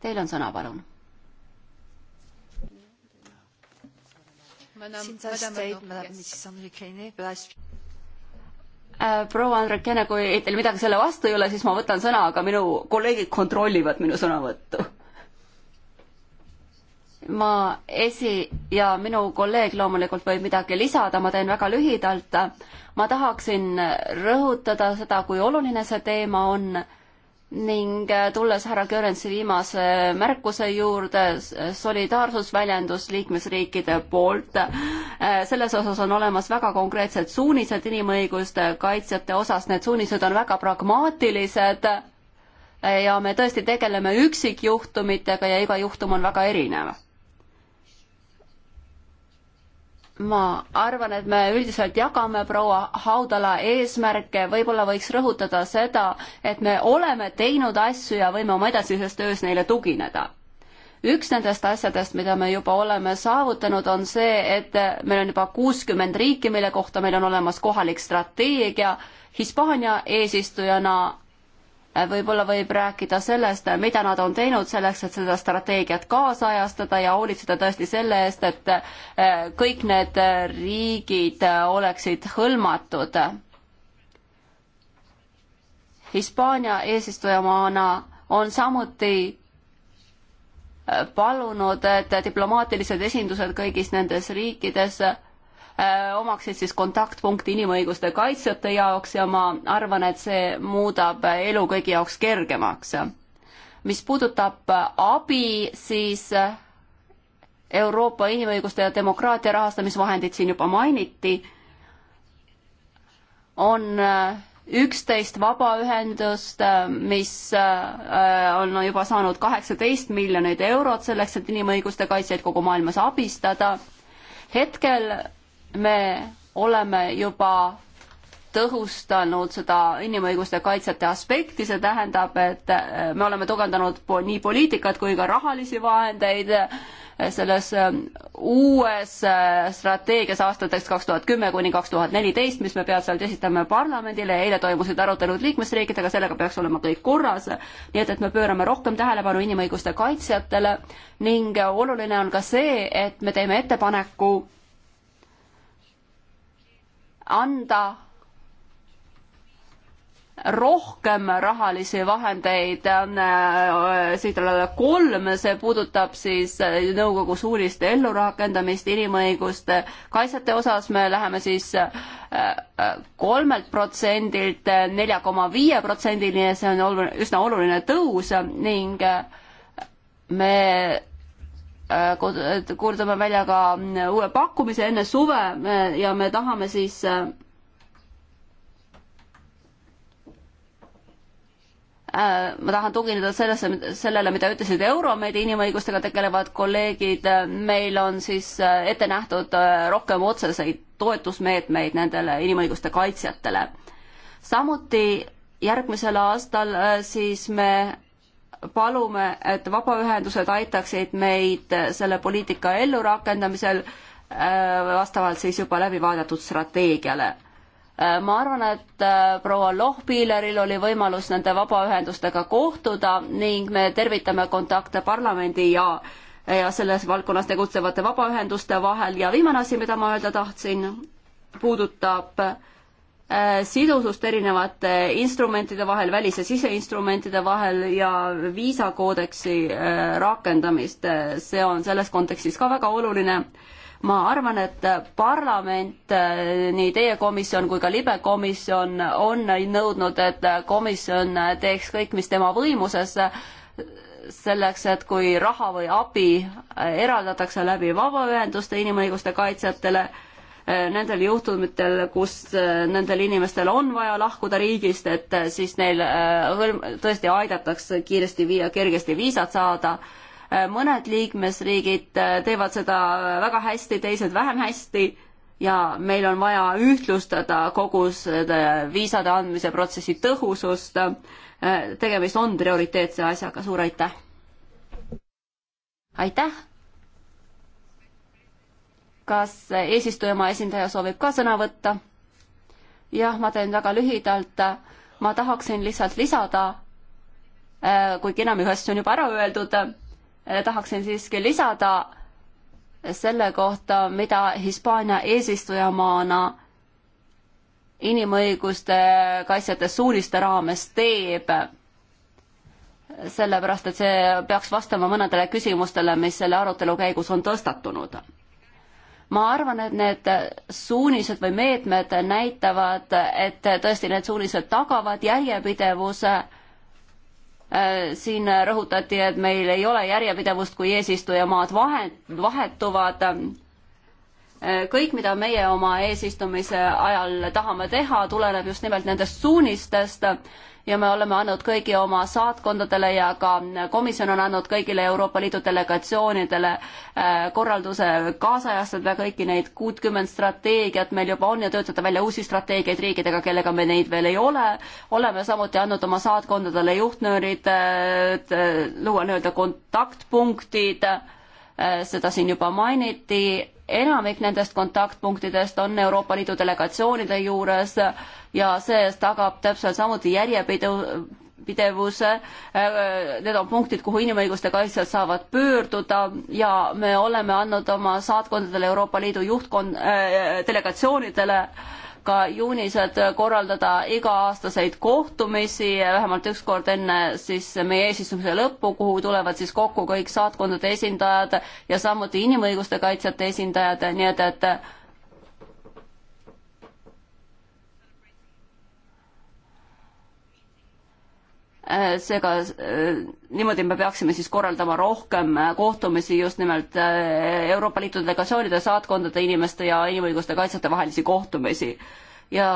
Teil on sõna, palun. Since I stayed, Madame Mrs. Andrikine, but I Äh, proua Andrekene, kui teil midagi selle vastu ei ole, siis ma võtan sõna, aga minu kolleegid kontrollivad minu sõnavõttu. ma esi- ja minu kolleeg loomulikult võib midagi lisada, ma teen väga lühidalt. ma tahaksin rõhutada seda, kui oluline see teema on ning äh, tulles härra Göransi viimase märkuse juurde, solidaarsusväljendus liikmesriikide poolt, äh, selles osas on olemas väga konkreetsed suunised inimõiguste kaitsjate osas, need suunised on väga pragmaatilised äh, ja me tõesti tegeleme üksikjuhtumitega ja iga juhtum on väga erinev ma arvan, et me üldiselt jagame proua Haudala eesmärke, võib-olla võiks rõhutada seda, et me oleme teinud asju ja võime oma edasises töös neile tugineda. üks nendest asjadest, mida me juba oleme saavutanud, on see, et meil on juba kuuskümmend riiki, mille kohta meil on olemas kohalik strateegia. Hispaania eesistujana võib-olla võib rääkida sellest, mida nad on teinud selleks, et seda strateegiat kaasajastada ja hoolitseda tõesti selle eest, et eh, kõik need riigid oleksid hõlmatud. Hispaania eesistujamaana on samuti eh, palunud, et diplomaatilised esindused kõigis nendes riikides Äh, omaksid siis kontaktpunkti inimõiguste kaitsjate jaoks ja ma arvan, et see muudab elu kõigi jaoks kergemaks. mis puudutab abi, siis Euroopa inimõiguste ja demokraatia rahastamisvahendid siin juba mainiti, on üksteist vabaühendust, mis äh, on juba saanud kaheksateist miljonit eurot selleks, et inimõiguste kaitsjaid kogu maailmas abistada. hetkel me oleme juba tõhustanud seda inimõiguste kaitsjate aspekti, see tähendab, et äh, me oleme tugevdanud nii poliitikat kui ka rahalisi vahendeid äh, selles ähm, uues äh, strateegias aastateks kaks tuhat kümme kuni kaks tuhat neliteist, mis me peatselt esitame parlamendile, eile toimusid arutelud liikmesriikidega, sellega peaks olema kõik korras, nii et, et me pöörame rohkem tähelepanu inimõiguste kaitsjatele ning oluline on ka see, et me teeme ettepaneku anda rohkem rahalisi vahendeid on äh, sihtalale kolm, see puudutab siis äh, nõukogu suulist ellurakendamist inimõiguste kaitsjate osas, me läheme siis äh, kolmelt protsendilt nelja koma viie protsendini ja see on oluline, üsna oluline tõus ning me Äh, kuulutame välja ka äh, uue pakkumise enne suve äh, ja me tahame siis ma tahan tugineda sellesse, sellele, mida ütlesid Euromeedia inimõigustega tegelevad kolleegid, meil on siis ette nähtud rohkem otseseid toetusmeetmeid nendele inimõiguste kaitsjatele. samuti järgmisel aastal siis me palume, et vabaühendused aitaksid meid selle poliitika ellurakendamisel äh, vastavalt siis juba läbi vaadatud strateegiale. Äh, ma arvan, et äh, proua Lohpiileril oli võimalus nende vabaühendustega kohtuda ning me tervitame kontakte parlamendi ja ja selles valdkonnas tegutsevate vabaühenduste vahel ja viimane asi, mida ma öelda tahtsin, puudutab äh, Äh, sidusust erinevate instrumentide vahel, välis- ja siseinstrumentide vahel ja viisakoodeksi äh, rakendamist, see on selles kontekstis ka väga oluline. ma arvan, et parlament, äh, nii teie komisjon kui ka libe komisjon on nõudnud, et komisjon teeks kõik, mis tema võimuses, selleks, et kui raha või abi eraldatakse läbi vabaühenduste inimõiguste kaitsjatele, Äh, nendel juhtumitel, kus äh, nendel inimestel on vaja lahkuda riigist, et äh, siis neil tõesti aidatakse kiiresti viia, kergesti viisat saada. mõned liikmesriigid teevad seda väga hästi, teised vähem hästi ja meil on vaja ühtlustada kogu seda viisade andmise protsessi tõhusust. tegemist on prioriteetse asjaga, suur aitäh! aitäh! kas eesistujamaa esindaja soovib ka sõna võtta? jah, ma teen väga lühidalt. ma tahaksin lihtsalt lisada, äh, kuigi enamik asju on juba ära öeldud, äh, tahaksin siiski lisada selle kohta, mida Hispaania eesistujamaana inimõiguste kaitsjate suuniste raames teeb. sellepärast, et see peaks vastama mõnedele küsimustele, mis selle arutelu käigus on tõstatunud ma arvan, et need suunised või meetmed näitavad, et tõesti need suunised tagavad järjepidevuse. Äh, siin rõhutati, et meil ei ole järjepidevust, kui eesistujamaad vahe, vahetuvad. Äh, kõik, mida meie oma eesistumise ajal tahame teha, tuleneb just nimelt nendest suunistest ja me oleme andnud kõigi oma saatkondadele ja ka komisjon on andnud kõigile Euroopa Liidu delegatsioonidele äh, korralduse kaasajastada kõiki neid kuutkümmend strateegiat meil juba on ja töötada välja uusi strateegiaid riikidega, kellega me neid veel ei ole. oleme samuti andnud oma saatkondadele juhtnöörid, luua nii-öelda kontaktpunktid, äh, seda siin juba mainiti enamik nendest kontaktpunktidest on Euroopa Liidu delegatsioonide juures ja see tagab täpselt samuti järjepidevuse. Need on punktid, kuhu inimõiguste kaitsjad saavad pöörduda ja me oleme andnud oma saatkondadele Euroopa Liidu juhtkond äh,, delegatsioonidele äh, ka juunised korraldada iga-aastaseid kohtumisi vähemalt üks kord enne siis meie eesistumise lõppu, kuhu tulevad siis kokku kõik saatkondade esindajad ja samuti inimõiguste kaitsjate esindajad, nii et, et Äh, seega äh, niimoodi me peaksime siis korraldama rohkem äh, kohtumisi just nimelt Euroopa Liidu delegatsioonide, saatkondade inimeste ja inimõiguste kaitsjate vahelisi kohtumisi. ja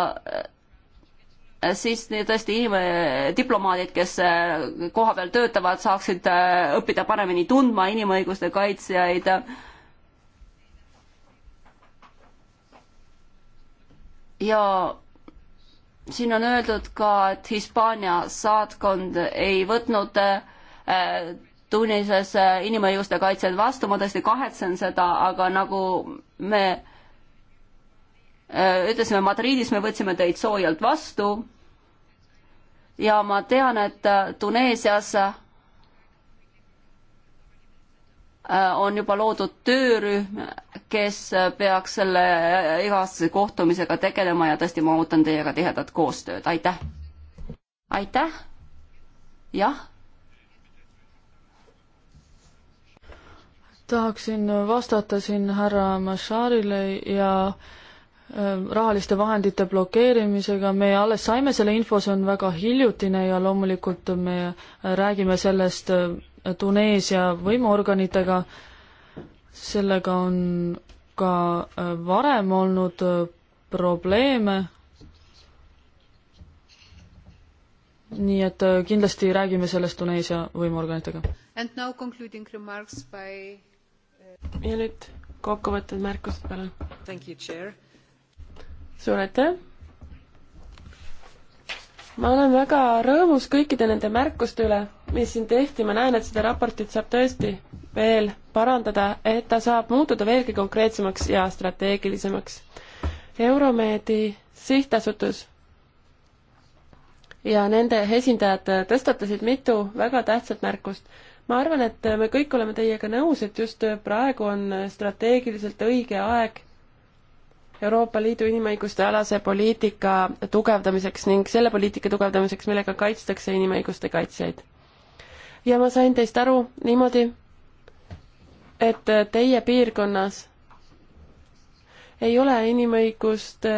siis tõesti inim-, diplomaadid, kes kohapeal töötavad, saaksid õppida paremini tundma inimõiguste kaitsjaid ja siin on öeldud ka, et Hispaania saatkond ei võtnud äh, Tunises äh, inimõiguste kaitset vastu, ma tõesti kahetsen seda, aga nagu me äh, ütlesime Madridis, me võtsime teid soojalt vastu. ja ma tean, et Tuneesias Äh, on juba loodud töörühm, kes peaks selle iga-aastase kohtumisega tegelema ja tõesti, ma ootan teiega tihedat koostööd, aitäh! aitäh! jah? tahaksin vastata siin härra Masharile ja äh, rahaliste vahendite blokeerimisega, me alles saime selle info, see on väga hiljutine ja loomulikult me räägime sellest äh, Tuneesia võimuorganitega. sellega on ka äh, varem olnud äh, probleeme. nii et äh, kindlasti räägime sellest Tuneesia võimuorganitega. By... ja nüüd kokkuvõtted, märkused, palun. suur aitäh ma olen väga rõõmus kõikide nende märkuste üle, mis siin tehti, ma näen, et seda raportit saab tõesti veel parandada, et ta saab muutuda veelgi konkreetsemaks ja strateegilisemaks. Euromeedi sihtasutus ja nende esindajad tõstatasid mitu väga tähtsat märkust. ma arvan, et me kõik oleme teiega nõus, et just praegu on strateegiliselt õige aeg Euroopa Liidu inimõiguste alase poliitika tugevdamiseks ning selle poliitika tugevdamiseks, millega kaitstakse inimõiguste kaitsjaid. ja ma sain teist aru niimoodi, et teie piirkonnas ei ole inimõiguste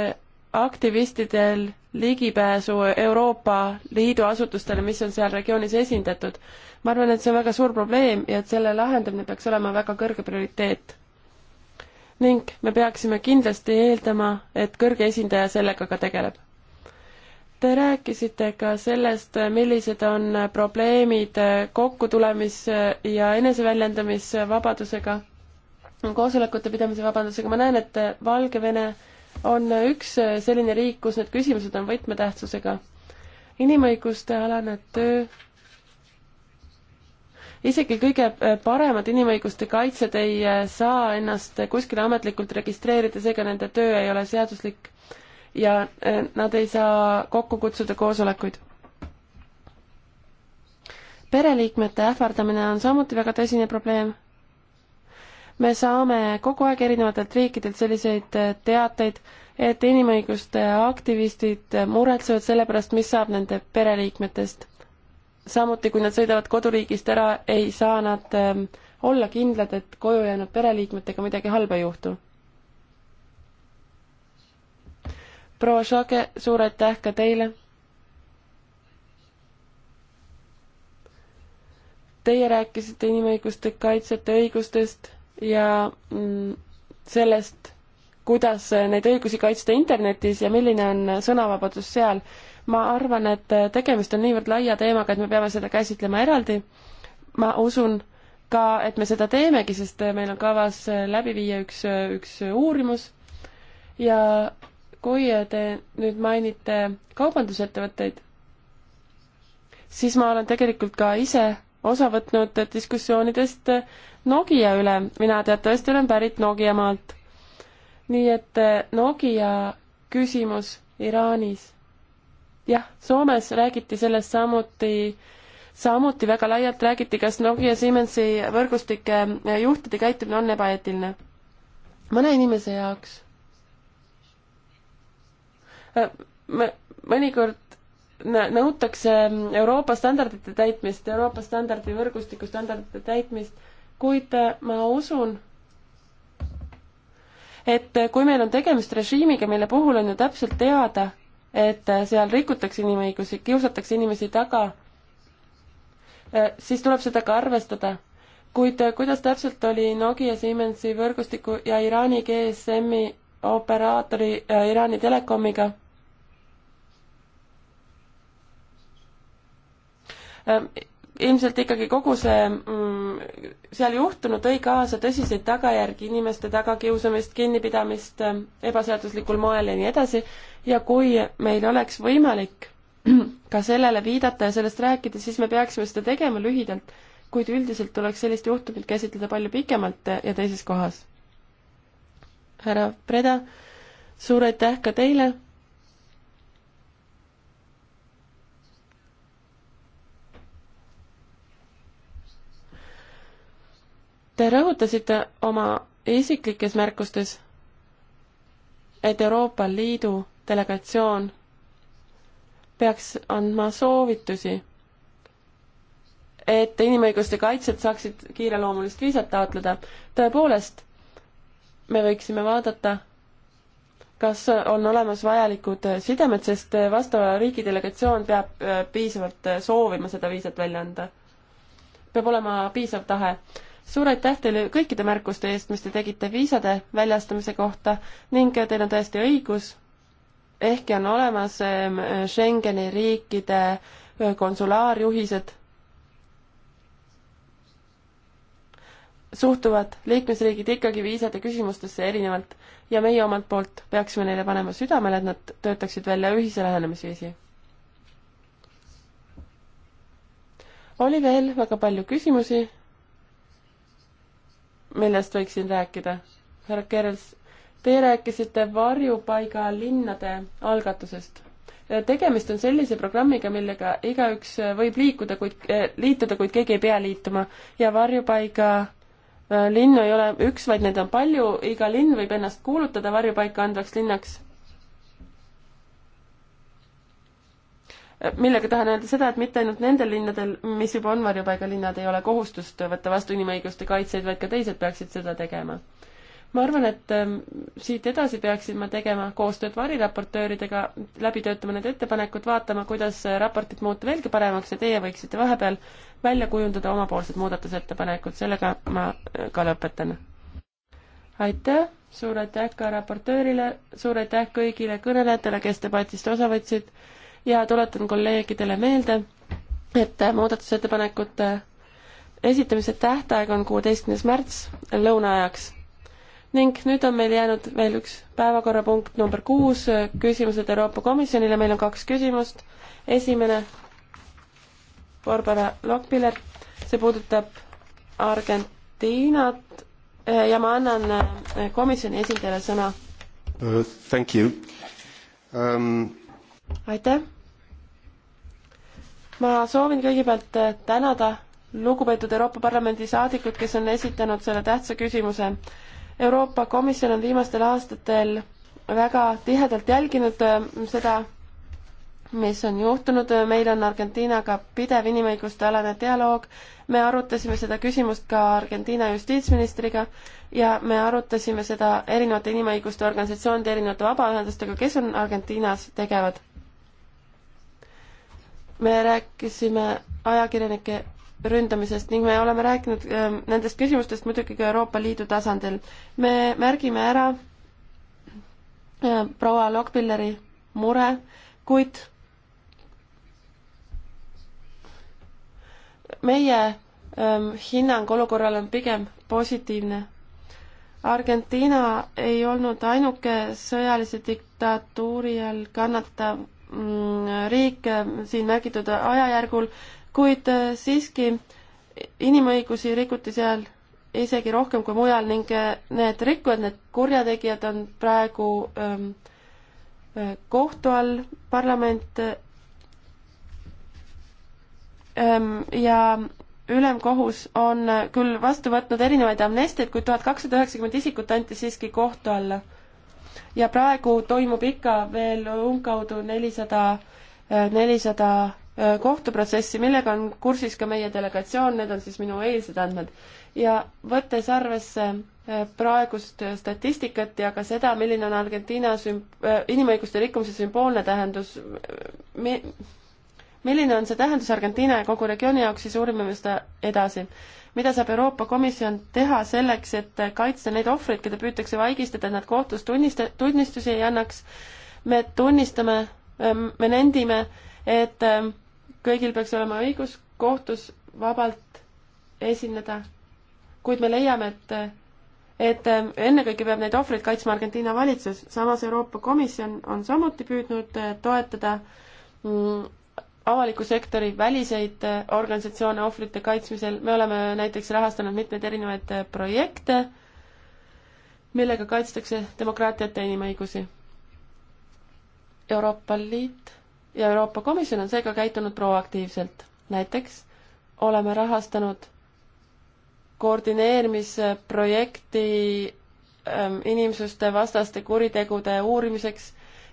aktivistidel ligipääsu Euroopa Liidu asutustele, mis on seal regioonis esindatud. ma arvan, et see on väga suur probleem ja et selle lahendamine peaks olema väga kõrge prioriteet ning me peaksime kindlasti eeldama, et kõrge esindaja sellega ka tegeleb. Te rääkisite ka sellest, millised on probleemid kokkutulemis- ja eneseväljendamisvabadusega, koosolekute pidamise vabadusega, ma näen, et Valgevene on üks selline riik, kus need küsimused on võtmetähtsusega. inimõiguste alane töö isegi kõige eh, paremad inimõiguste kaitsjad ei eh, saa ennast kuskile ametlikult registreerida, seega nende töö ei ole seaduslik ja eh, nad ei saa kokku kutsuda koosolekuid. pereliikmete ähvardamine on samuti väga tõsine probleem. me saame kogu aeg erinevatelt riikidelt selliseid teateid, et inimõiguste aktivistid muretsevad selle pärast, mis saab nende pereliikmetest samuti, kui nad sõidavad koduriigist ära, ei saa nad ähm, olla kindlad, et koju jäänud pereliikmetega midagi halba ei juhtu. proua Šoke, suur aitäh ka teile. Teie rääkisite inimõiguste kaitsjate õigustest ja mm, sellest, kuidas neid õigusi kaitsta internetis ja milline on sõnavabadus seal ma arvan, et tegemist on niivõrd laia teemaga, et me peame seda käsitlema eraldi. ma usun ka, et me seda teemegi, sest meil on kavas läbi viia üks, üks uurimus ja kui te nüüd mainite kaubandusettevõtteid, siis ma olen tegelikult ka ise osa võtnud diskussioonidest Nokia üle, mina teatavasti olen pärit Nokia maalt. nii et Nokia küsimus Iraanis jah, Soomes räägiti sellest samuti, samuti väga laialt räägiti, kas Nokia Siemensi võrgustike juhtide käitumine on ebaeetiline. mõne inimese jaoks. Äh, mõnikord nõutakse Euroopa standardite täitmist, Euroopa standardi võrgustiku standardite täitmist, kuid äh, ma usun, et äh, kui meil on tegemist režiimiga, mille puhul on ju täpselt teada, et äh, seal rikutakse inimõigusi, kiusatakse inimesi taga, äh, siis tuleb seda ka arvestada. kuid äh, kuidas täpselt oli Nokia Siemensi võrgustiku ja Iraani GSM-i operaatori Iraani Telekomiga? ilmselt ikkagi kogu see mm, seal juhtunu tõi kaasa tõsiseid tagajärgi, inimeste tagakiusamist, kinnipidamist ebaseaduslikul moel ja nii edasi. ja kui meil oleks võimalik ka sellele viidata ja sellest rääkida, siis me peaksime seda tegema lühidalt, kuid üldiselt tuleks sellist juhtumit käsitleda palju pikemalt ja teises kohas. härra Preda, suur aitäh ka teile Te rõhutasite oma isiklikes märkustes, et Euroopa Liidu delegatsioon peaks andma soovitusi, et inimõiguste kaitsjad saaksid kiireloomulist viisat taotleda. tõepoolest, me võiksime vaadata, kas on olemas vajalikud sidemed, sest vastava riigi delegatsioon peab äh, piisavalt äh, soovima seda viisat välja anda. peab olema piisav tahe suur aitäh teile kõikide märkuste eest, mis te tegite viisade väljastamise kohta ning teil on täiesti õigus, ehkki on olemas ähm, Schengeni riikide äh, konsulaarjuhised, suhtuvad liikmesriigid ikkagi viisade küsimustesse erinevalt ja meie omalt poolt peaksime neile panema südamele, et nad töötaksid välja ühise lähenemisviisi. oli veel väga palju küsimusi millest võiksin rääkida? härra Kerels, te rääkisite varjupaiga linnade algatusest. tegemist on sellise programmiga, millega igaüks võib liikuda, kuid, eh, liituda, kuid keegi ei pea liituma ja varjupaiga eh, linnu ei ole üks, vaid neid on palju, iga linn võib ennast kuulutada varjupaika andvaks linnaks millega tahan öelda seda, et mitte ainult nendel linnadel, mis juba on varjupaiga linnad, ei ole kohustust võtta vastu inimõiguste kaitsjaid, vaid ka teised peaksid seda tegema. ma arvan, et ähm, siit edasi peaksin ma tegema koostööd variraportööridega, läbi töötama need ettepanekud, vaatama, kuidas raportit muuta veelgi paremaks ja teie võiksite vahepeal välja kujundada omapoolsed muudatusettepanekud, sellega ma äh, ka lõpetan. aitäh, suur aitäh ka raportöörile, suur aitäh kõigile kõnelejatele, kes debatist osa võtsid ja tuletan kolleegidele meelde, et muudatusettepanekute esitamise tähtaeg on kuueteistkümnes märts lõunaajaks ning nüüd on meil jäänud veel üks päevakorrapunkt number kuus, küsimused Euroopa Komisjonile, meil on kaks küsimust. esimene Barbara Lokpiller, see puudutab Argentiinat ja ma annan äh, komisjoni esindajale sõna uh,. Thank you um, aitäh! ma soovin kõigepealt äh, tänada lugupeetud Euroopa Parlamendi saadikud, kes on esitanud selle tähtsa küsimuse. Euroopa Komisjon on viimastel aastatel väga tihedalt jälginud äh, seda, mis on juhtunud, meil on Argentiinaga pidev inimõiguste alane dialoog, me arutasime seda küsimust ka Argentiina justiitsministriga ja me arutasime seda erinevate inimõiguste organisatsioonide, erinevate vabaühendustega, kes on Argentiinas tegevad me rääkisime ajakirjanike ründamisest ning me oleme rääkinud ähm, nendest küsimustest muidugi ka Euroopa Liidu tasandil. me märgime ära äh, proua Lockbilleri mure, kuid meie ähm, hinnang olukorrale on pigem positiivne. Argentiina ei olnud ainuke sõjalise diktatuuri all kannatav Mm, riik äh, siin märgitud ajajärgul, kuid äh, siiski inimõigusi rikuti seal isegi rohkem kui mujal ning äh, need rikkujad, need kurjategijad on praegu ähm, kohtu all, parlament ähm, ja ülemkohus on küll vastu võtnud erinevaid amnestiaid, kuid tuhat kakssada üheksakümmend isikut anti siiski kohtu alla ja praegu toimub ikka veel umbkaudu nelisada, äh, nelisada äh, kohtuprotsessi, millega on kursis ka meie delegatsioon, need on siis minu eilsed andmed. ja võttes arvesse äh, praegust statistikat ja ka seda, milline on Argentiina sümp-, inimõiguste rikkumise sümboolne tähendus, me, milline on see tähendus Argentiina ja kogu regiooni jaoks, siis uurime me seda edasi mida saab Euroopa Komisjon teha selleks, et kaitsta neid ohvreid, keda püütakse vaigistada, et nad kohtus tunnist-, tunnistusi ei annaks. me tunnistame, ähm, me nendime, et ähm, kõigil peaks olema õigus kohtus vabalt esineda, kuid me leiame, et et ähm, ennekõike peab neid ohvreid kaitsma Argentiina valitsus, samas Euroopa Komisjon on samuti püüdnud äh, toetada mm, avaliku sektori väliseid eh, organisatsioone ohvrite kaitsmisel, me oleme näiteks rahastanud mitmeid erinevaid eh, projekte, millega kaitstakse demokraatiat ja inimõigusi. Euroopa Liit ja Euroopa Komisjon on seega käitunud proaktiivselt. näiteks oleme rahastanud koordineerimisprojekti ehm, inimsuste vastaste kuritegude uurimiseks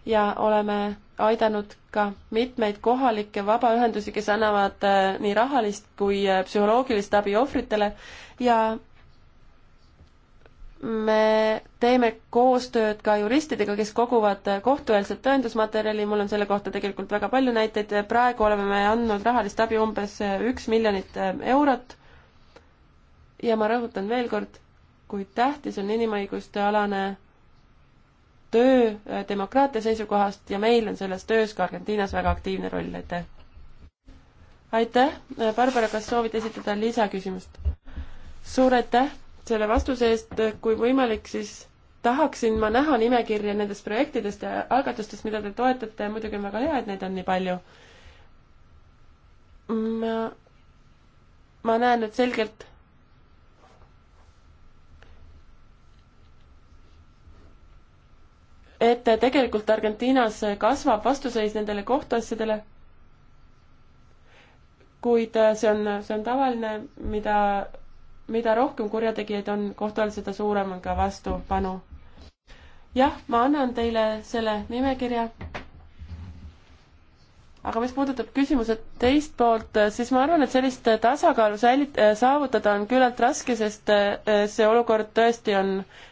ja oleme aidanud ka mitmeid kohalikke vabaühendusi, kes annavad äh, nii rahalist kui äh, psühholoogilist abi ohvritele ja me teeme koostööd ka juristidega, kes koguvad äh, kohtueelset tõendusmaterjali, mul on selle kohta tegelikult väga palju näiteid, praegu oleme me andnud rahalist abi umbes üks miljonit eurot ja ma rõhutan veel kord, kui tähtis on inimõiguste alane töö äh, demokraatia seisukohast ja meil on selles töös ka Argentiinas väga aktiivne roll, aitäh! aitäh, äh, Barbara, kas soovid esitada lisaküsimust? suur aitäh selle vastuse eest, kui võimalik, siis tahaksin ma näha nimekirja nendest projektidest ja algatustest, mida te toetate ja muidugi on väga hea, et neid on nii palju. ma, ma näen nüüd selgelt, et tegelikult Argentiinas kasvab vastuseis nendele kohtuasjadele, kuid see on, see on tavaline, mida, mida rohkem kurjategijaid on kohtu all, seda suurem on ka vastupanu. jah, ma annan teile selle nimekirja aga mis puudutab küsimuse teist poolt, siis ma arvan, et sellist tasakaalu säilit-, saavutada on küllalt raske, sest eh, see olukord tõesti on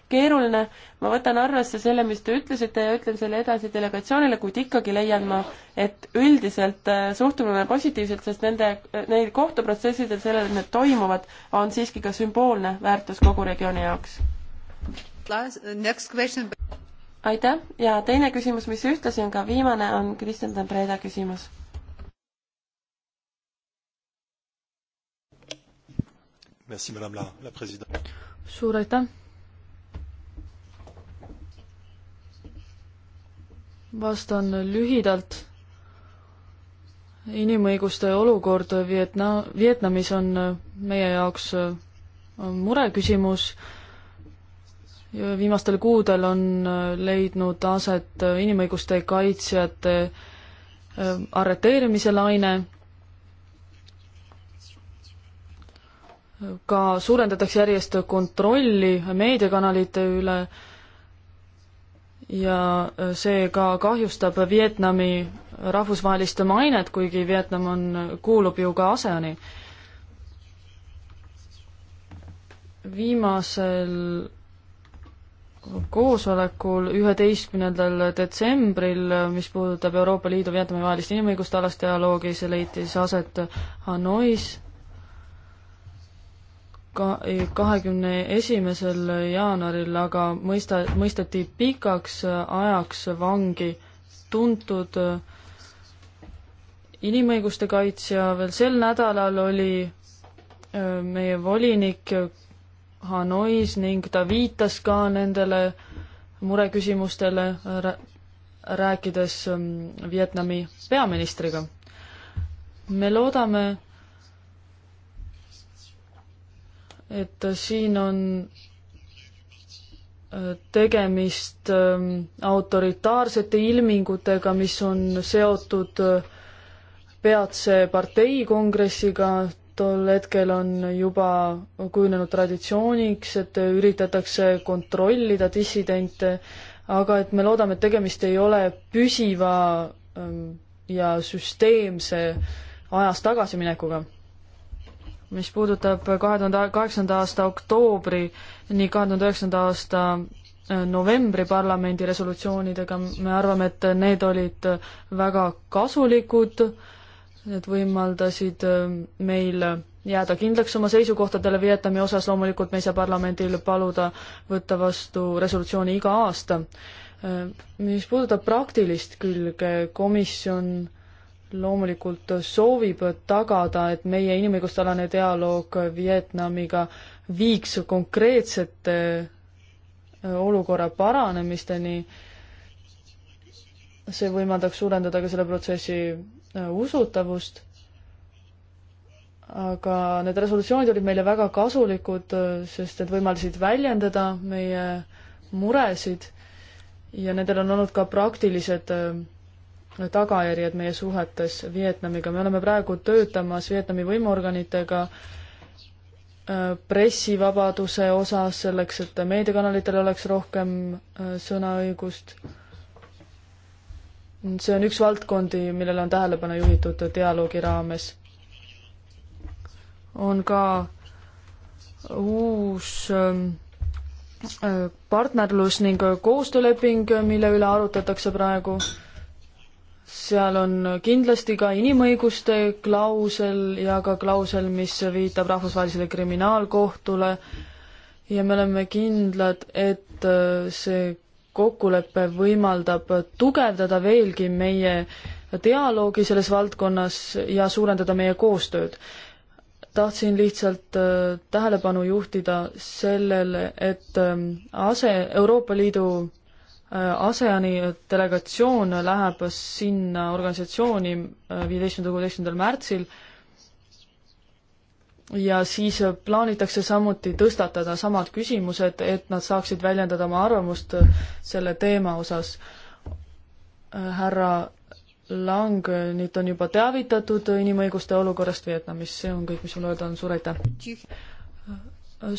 keeruline. ma võtan arvesse selle, mis te ütlesite ja ütlen selle edasi delegatsioonile, kuid ikkagi leian ma, et üldiselt äh, suhtume me positiivselt, sest nende, neil kohtuprotsessidel, sellel, et need toimuvad, on siiski ka sümboolne väärtus kogu regiooni jaoks. aitäh ja teine küsimus, mis ühtlasi on ka viimane, on Kristjan Tambreda küsimus Merci, madame la, la présidente. Suur aitäh, vastan lühidalt. inimõiguste olukord Vietna-, Vietnamis on äh, meie jaoks äh, mureküsimus. viimastel kuudel on äh, leidnud aset inimõiguste kaitsjate arreteerimise laine. ka suurendatakse järjest kontrolli meediakanalite üle ja äh, see ka kahjustab Vietnami rahvusvahelist mainet, kuigi Vietnam on, äh, kuulub ju ka ASEAN-i. viimasel koosolekul üheteistkümnendal detsembril, äh, mis puudutab Euroopa Liidu Vietnami vahelist inimõiguste alast dialoogi, see leidis aset Hanois ka-, kahekümne esimesel jaanuaril aga mõista, mõisteti pikaks ajaks vangi tuntud äh, inimõiguste kaitsja, veel sel nädalal oli äh, meie volinik Hanois ning ta viitas ka nendele mureküsimustele, rääkides mm, Vietnami peaministriga. me loodame et siin on äh, tegemist ähm, autoritaarsete ilmingutega, mis on seotud äh, peatse parteikongressiga, tol hetkel on juba kujunenud traditsiooniks, et üritatakse kontrollida dissidente, aga et me loodame, et tegemist ei ole püsiva ähm, ja süsteemse ajas tagasiminekuga mis puudutab kahe tuhande kaheksanda aasta oktoobri ning kahe tuhande üheksanda aasta äh, novembri parlamendi resolutsioonidega, me arvame, et need olid väga kasulikud, need võimaldasid äh, meil jääda kindlaks oma seisukohtadele Vietnami osas, loomulikult me ei saa parlamendil paluda võtta vastu resolutsiooni iga aasta. Äh, mis puudutab praktilist külge, komisjon loomulikult soovib tagada, et meie inimõigustalane dialoog Vietnamiga viiks konkreetsete äh, olukorra paranemisteni. see võimaldaks suurendada ka selle protsessi äh, usutavust. aga need resolutsioonid olid meile väga kasulikud, äh, sest need võimaldasid väljendada meie muresid ja nendel on olnud ka praktilised äh, tagajärjed meie suhetes Vietnamiga, me oleme praegu töötamas Vietnami võimuorganitega äh, pressivabaduse osas, selleks et meediakanalitel oleks rohkem äh, sõnaõigust. see on üks valdkondi, millele on tähelepanu juhitud dialoogi raames. on ka uus ähm, äh, partnerlus ning koostööleping, mille üle arutatakse praegu seal on kindlasti ka inimõiguste klausel ja ka klausel, mis viitab rahvusvahelisele kriminaalkohtule ja me oleme kindlad, et äh, see kokkulepe võimaldab tugevdada veelgi meie dialoogi selles valdkonnas ja suurendada meie koostööd. tahtsin lihtsalt äh, tähelepanu juhtida sellele, et äh, ase, Euroopa Liidu ASEAN-i delegatsioon läheb sinna organisatsiooni äh, viieteistkümnendal, kuueteistkümnendal märtsil ja siis plaanitakse samuti tõstatada samad küsimused, et nad saaksid väljendada oma arvamust selle teema osas. Äh, härra Lang, nüüd on juba teavitatud inimõiguste olukorrast Vietnamis, see on kõik, mis mul öelda on, suur aitäh!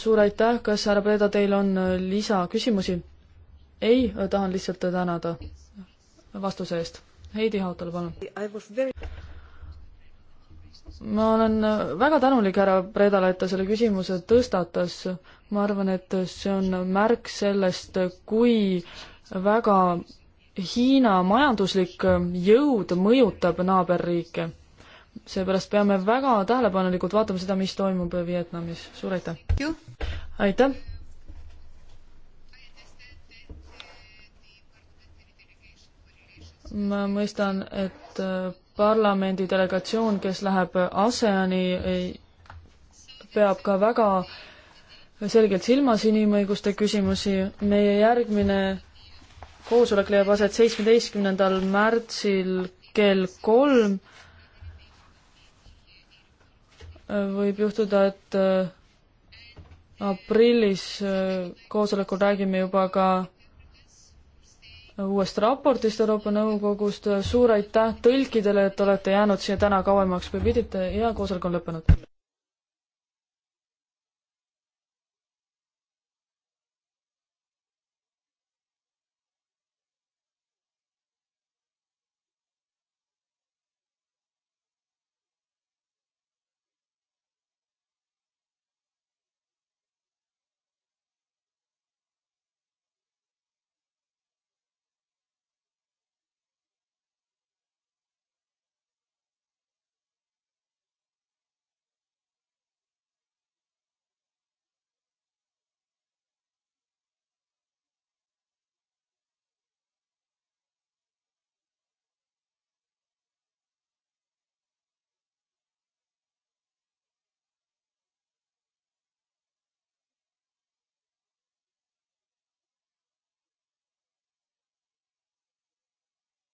suur aitäh, kas härra Preda, teil on äh, lisaküsimusi? ei, tahan lihtsalt tänada vastuse eest. Heidi Hautala, palun. ma olen väga tänulik härra Predale, et ta selle küsimuse tõstatas. ma arvan, et see on märk sellest, kui väga Hiina majanduslik jõud mõjutab naaberriike. seepärast peame väga tähelepanelikult vaatama seda, mis toimub Vietnamis. suur aitäh! aitäh! ma mõistan, et äh, parlamendi delegatsioon, kes läheb ASEAN-i, peab ka väga selgelt silmas inimõiguste küsimusi. meie järgmine koosolek leiab aset seitsmeteistkümnendal märtsil kell kolm. Äh, võib juhtuda, et äh, aprillis koosolekul räägime juba ka uuest raportist Euroopa Nõukogust, suur aitäh tõlkidele, et olete jäänud siia täna kauemaks, kui pidite ja koosolek on lõppenud.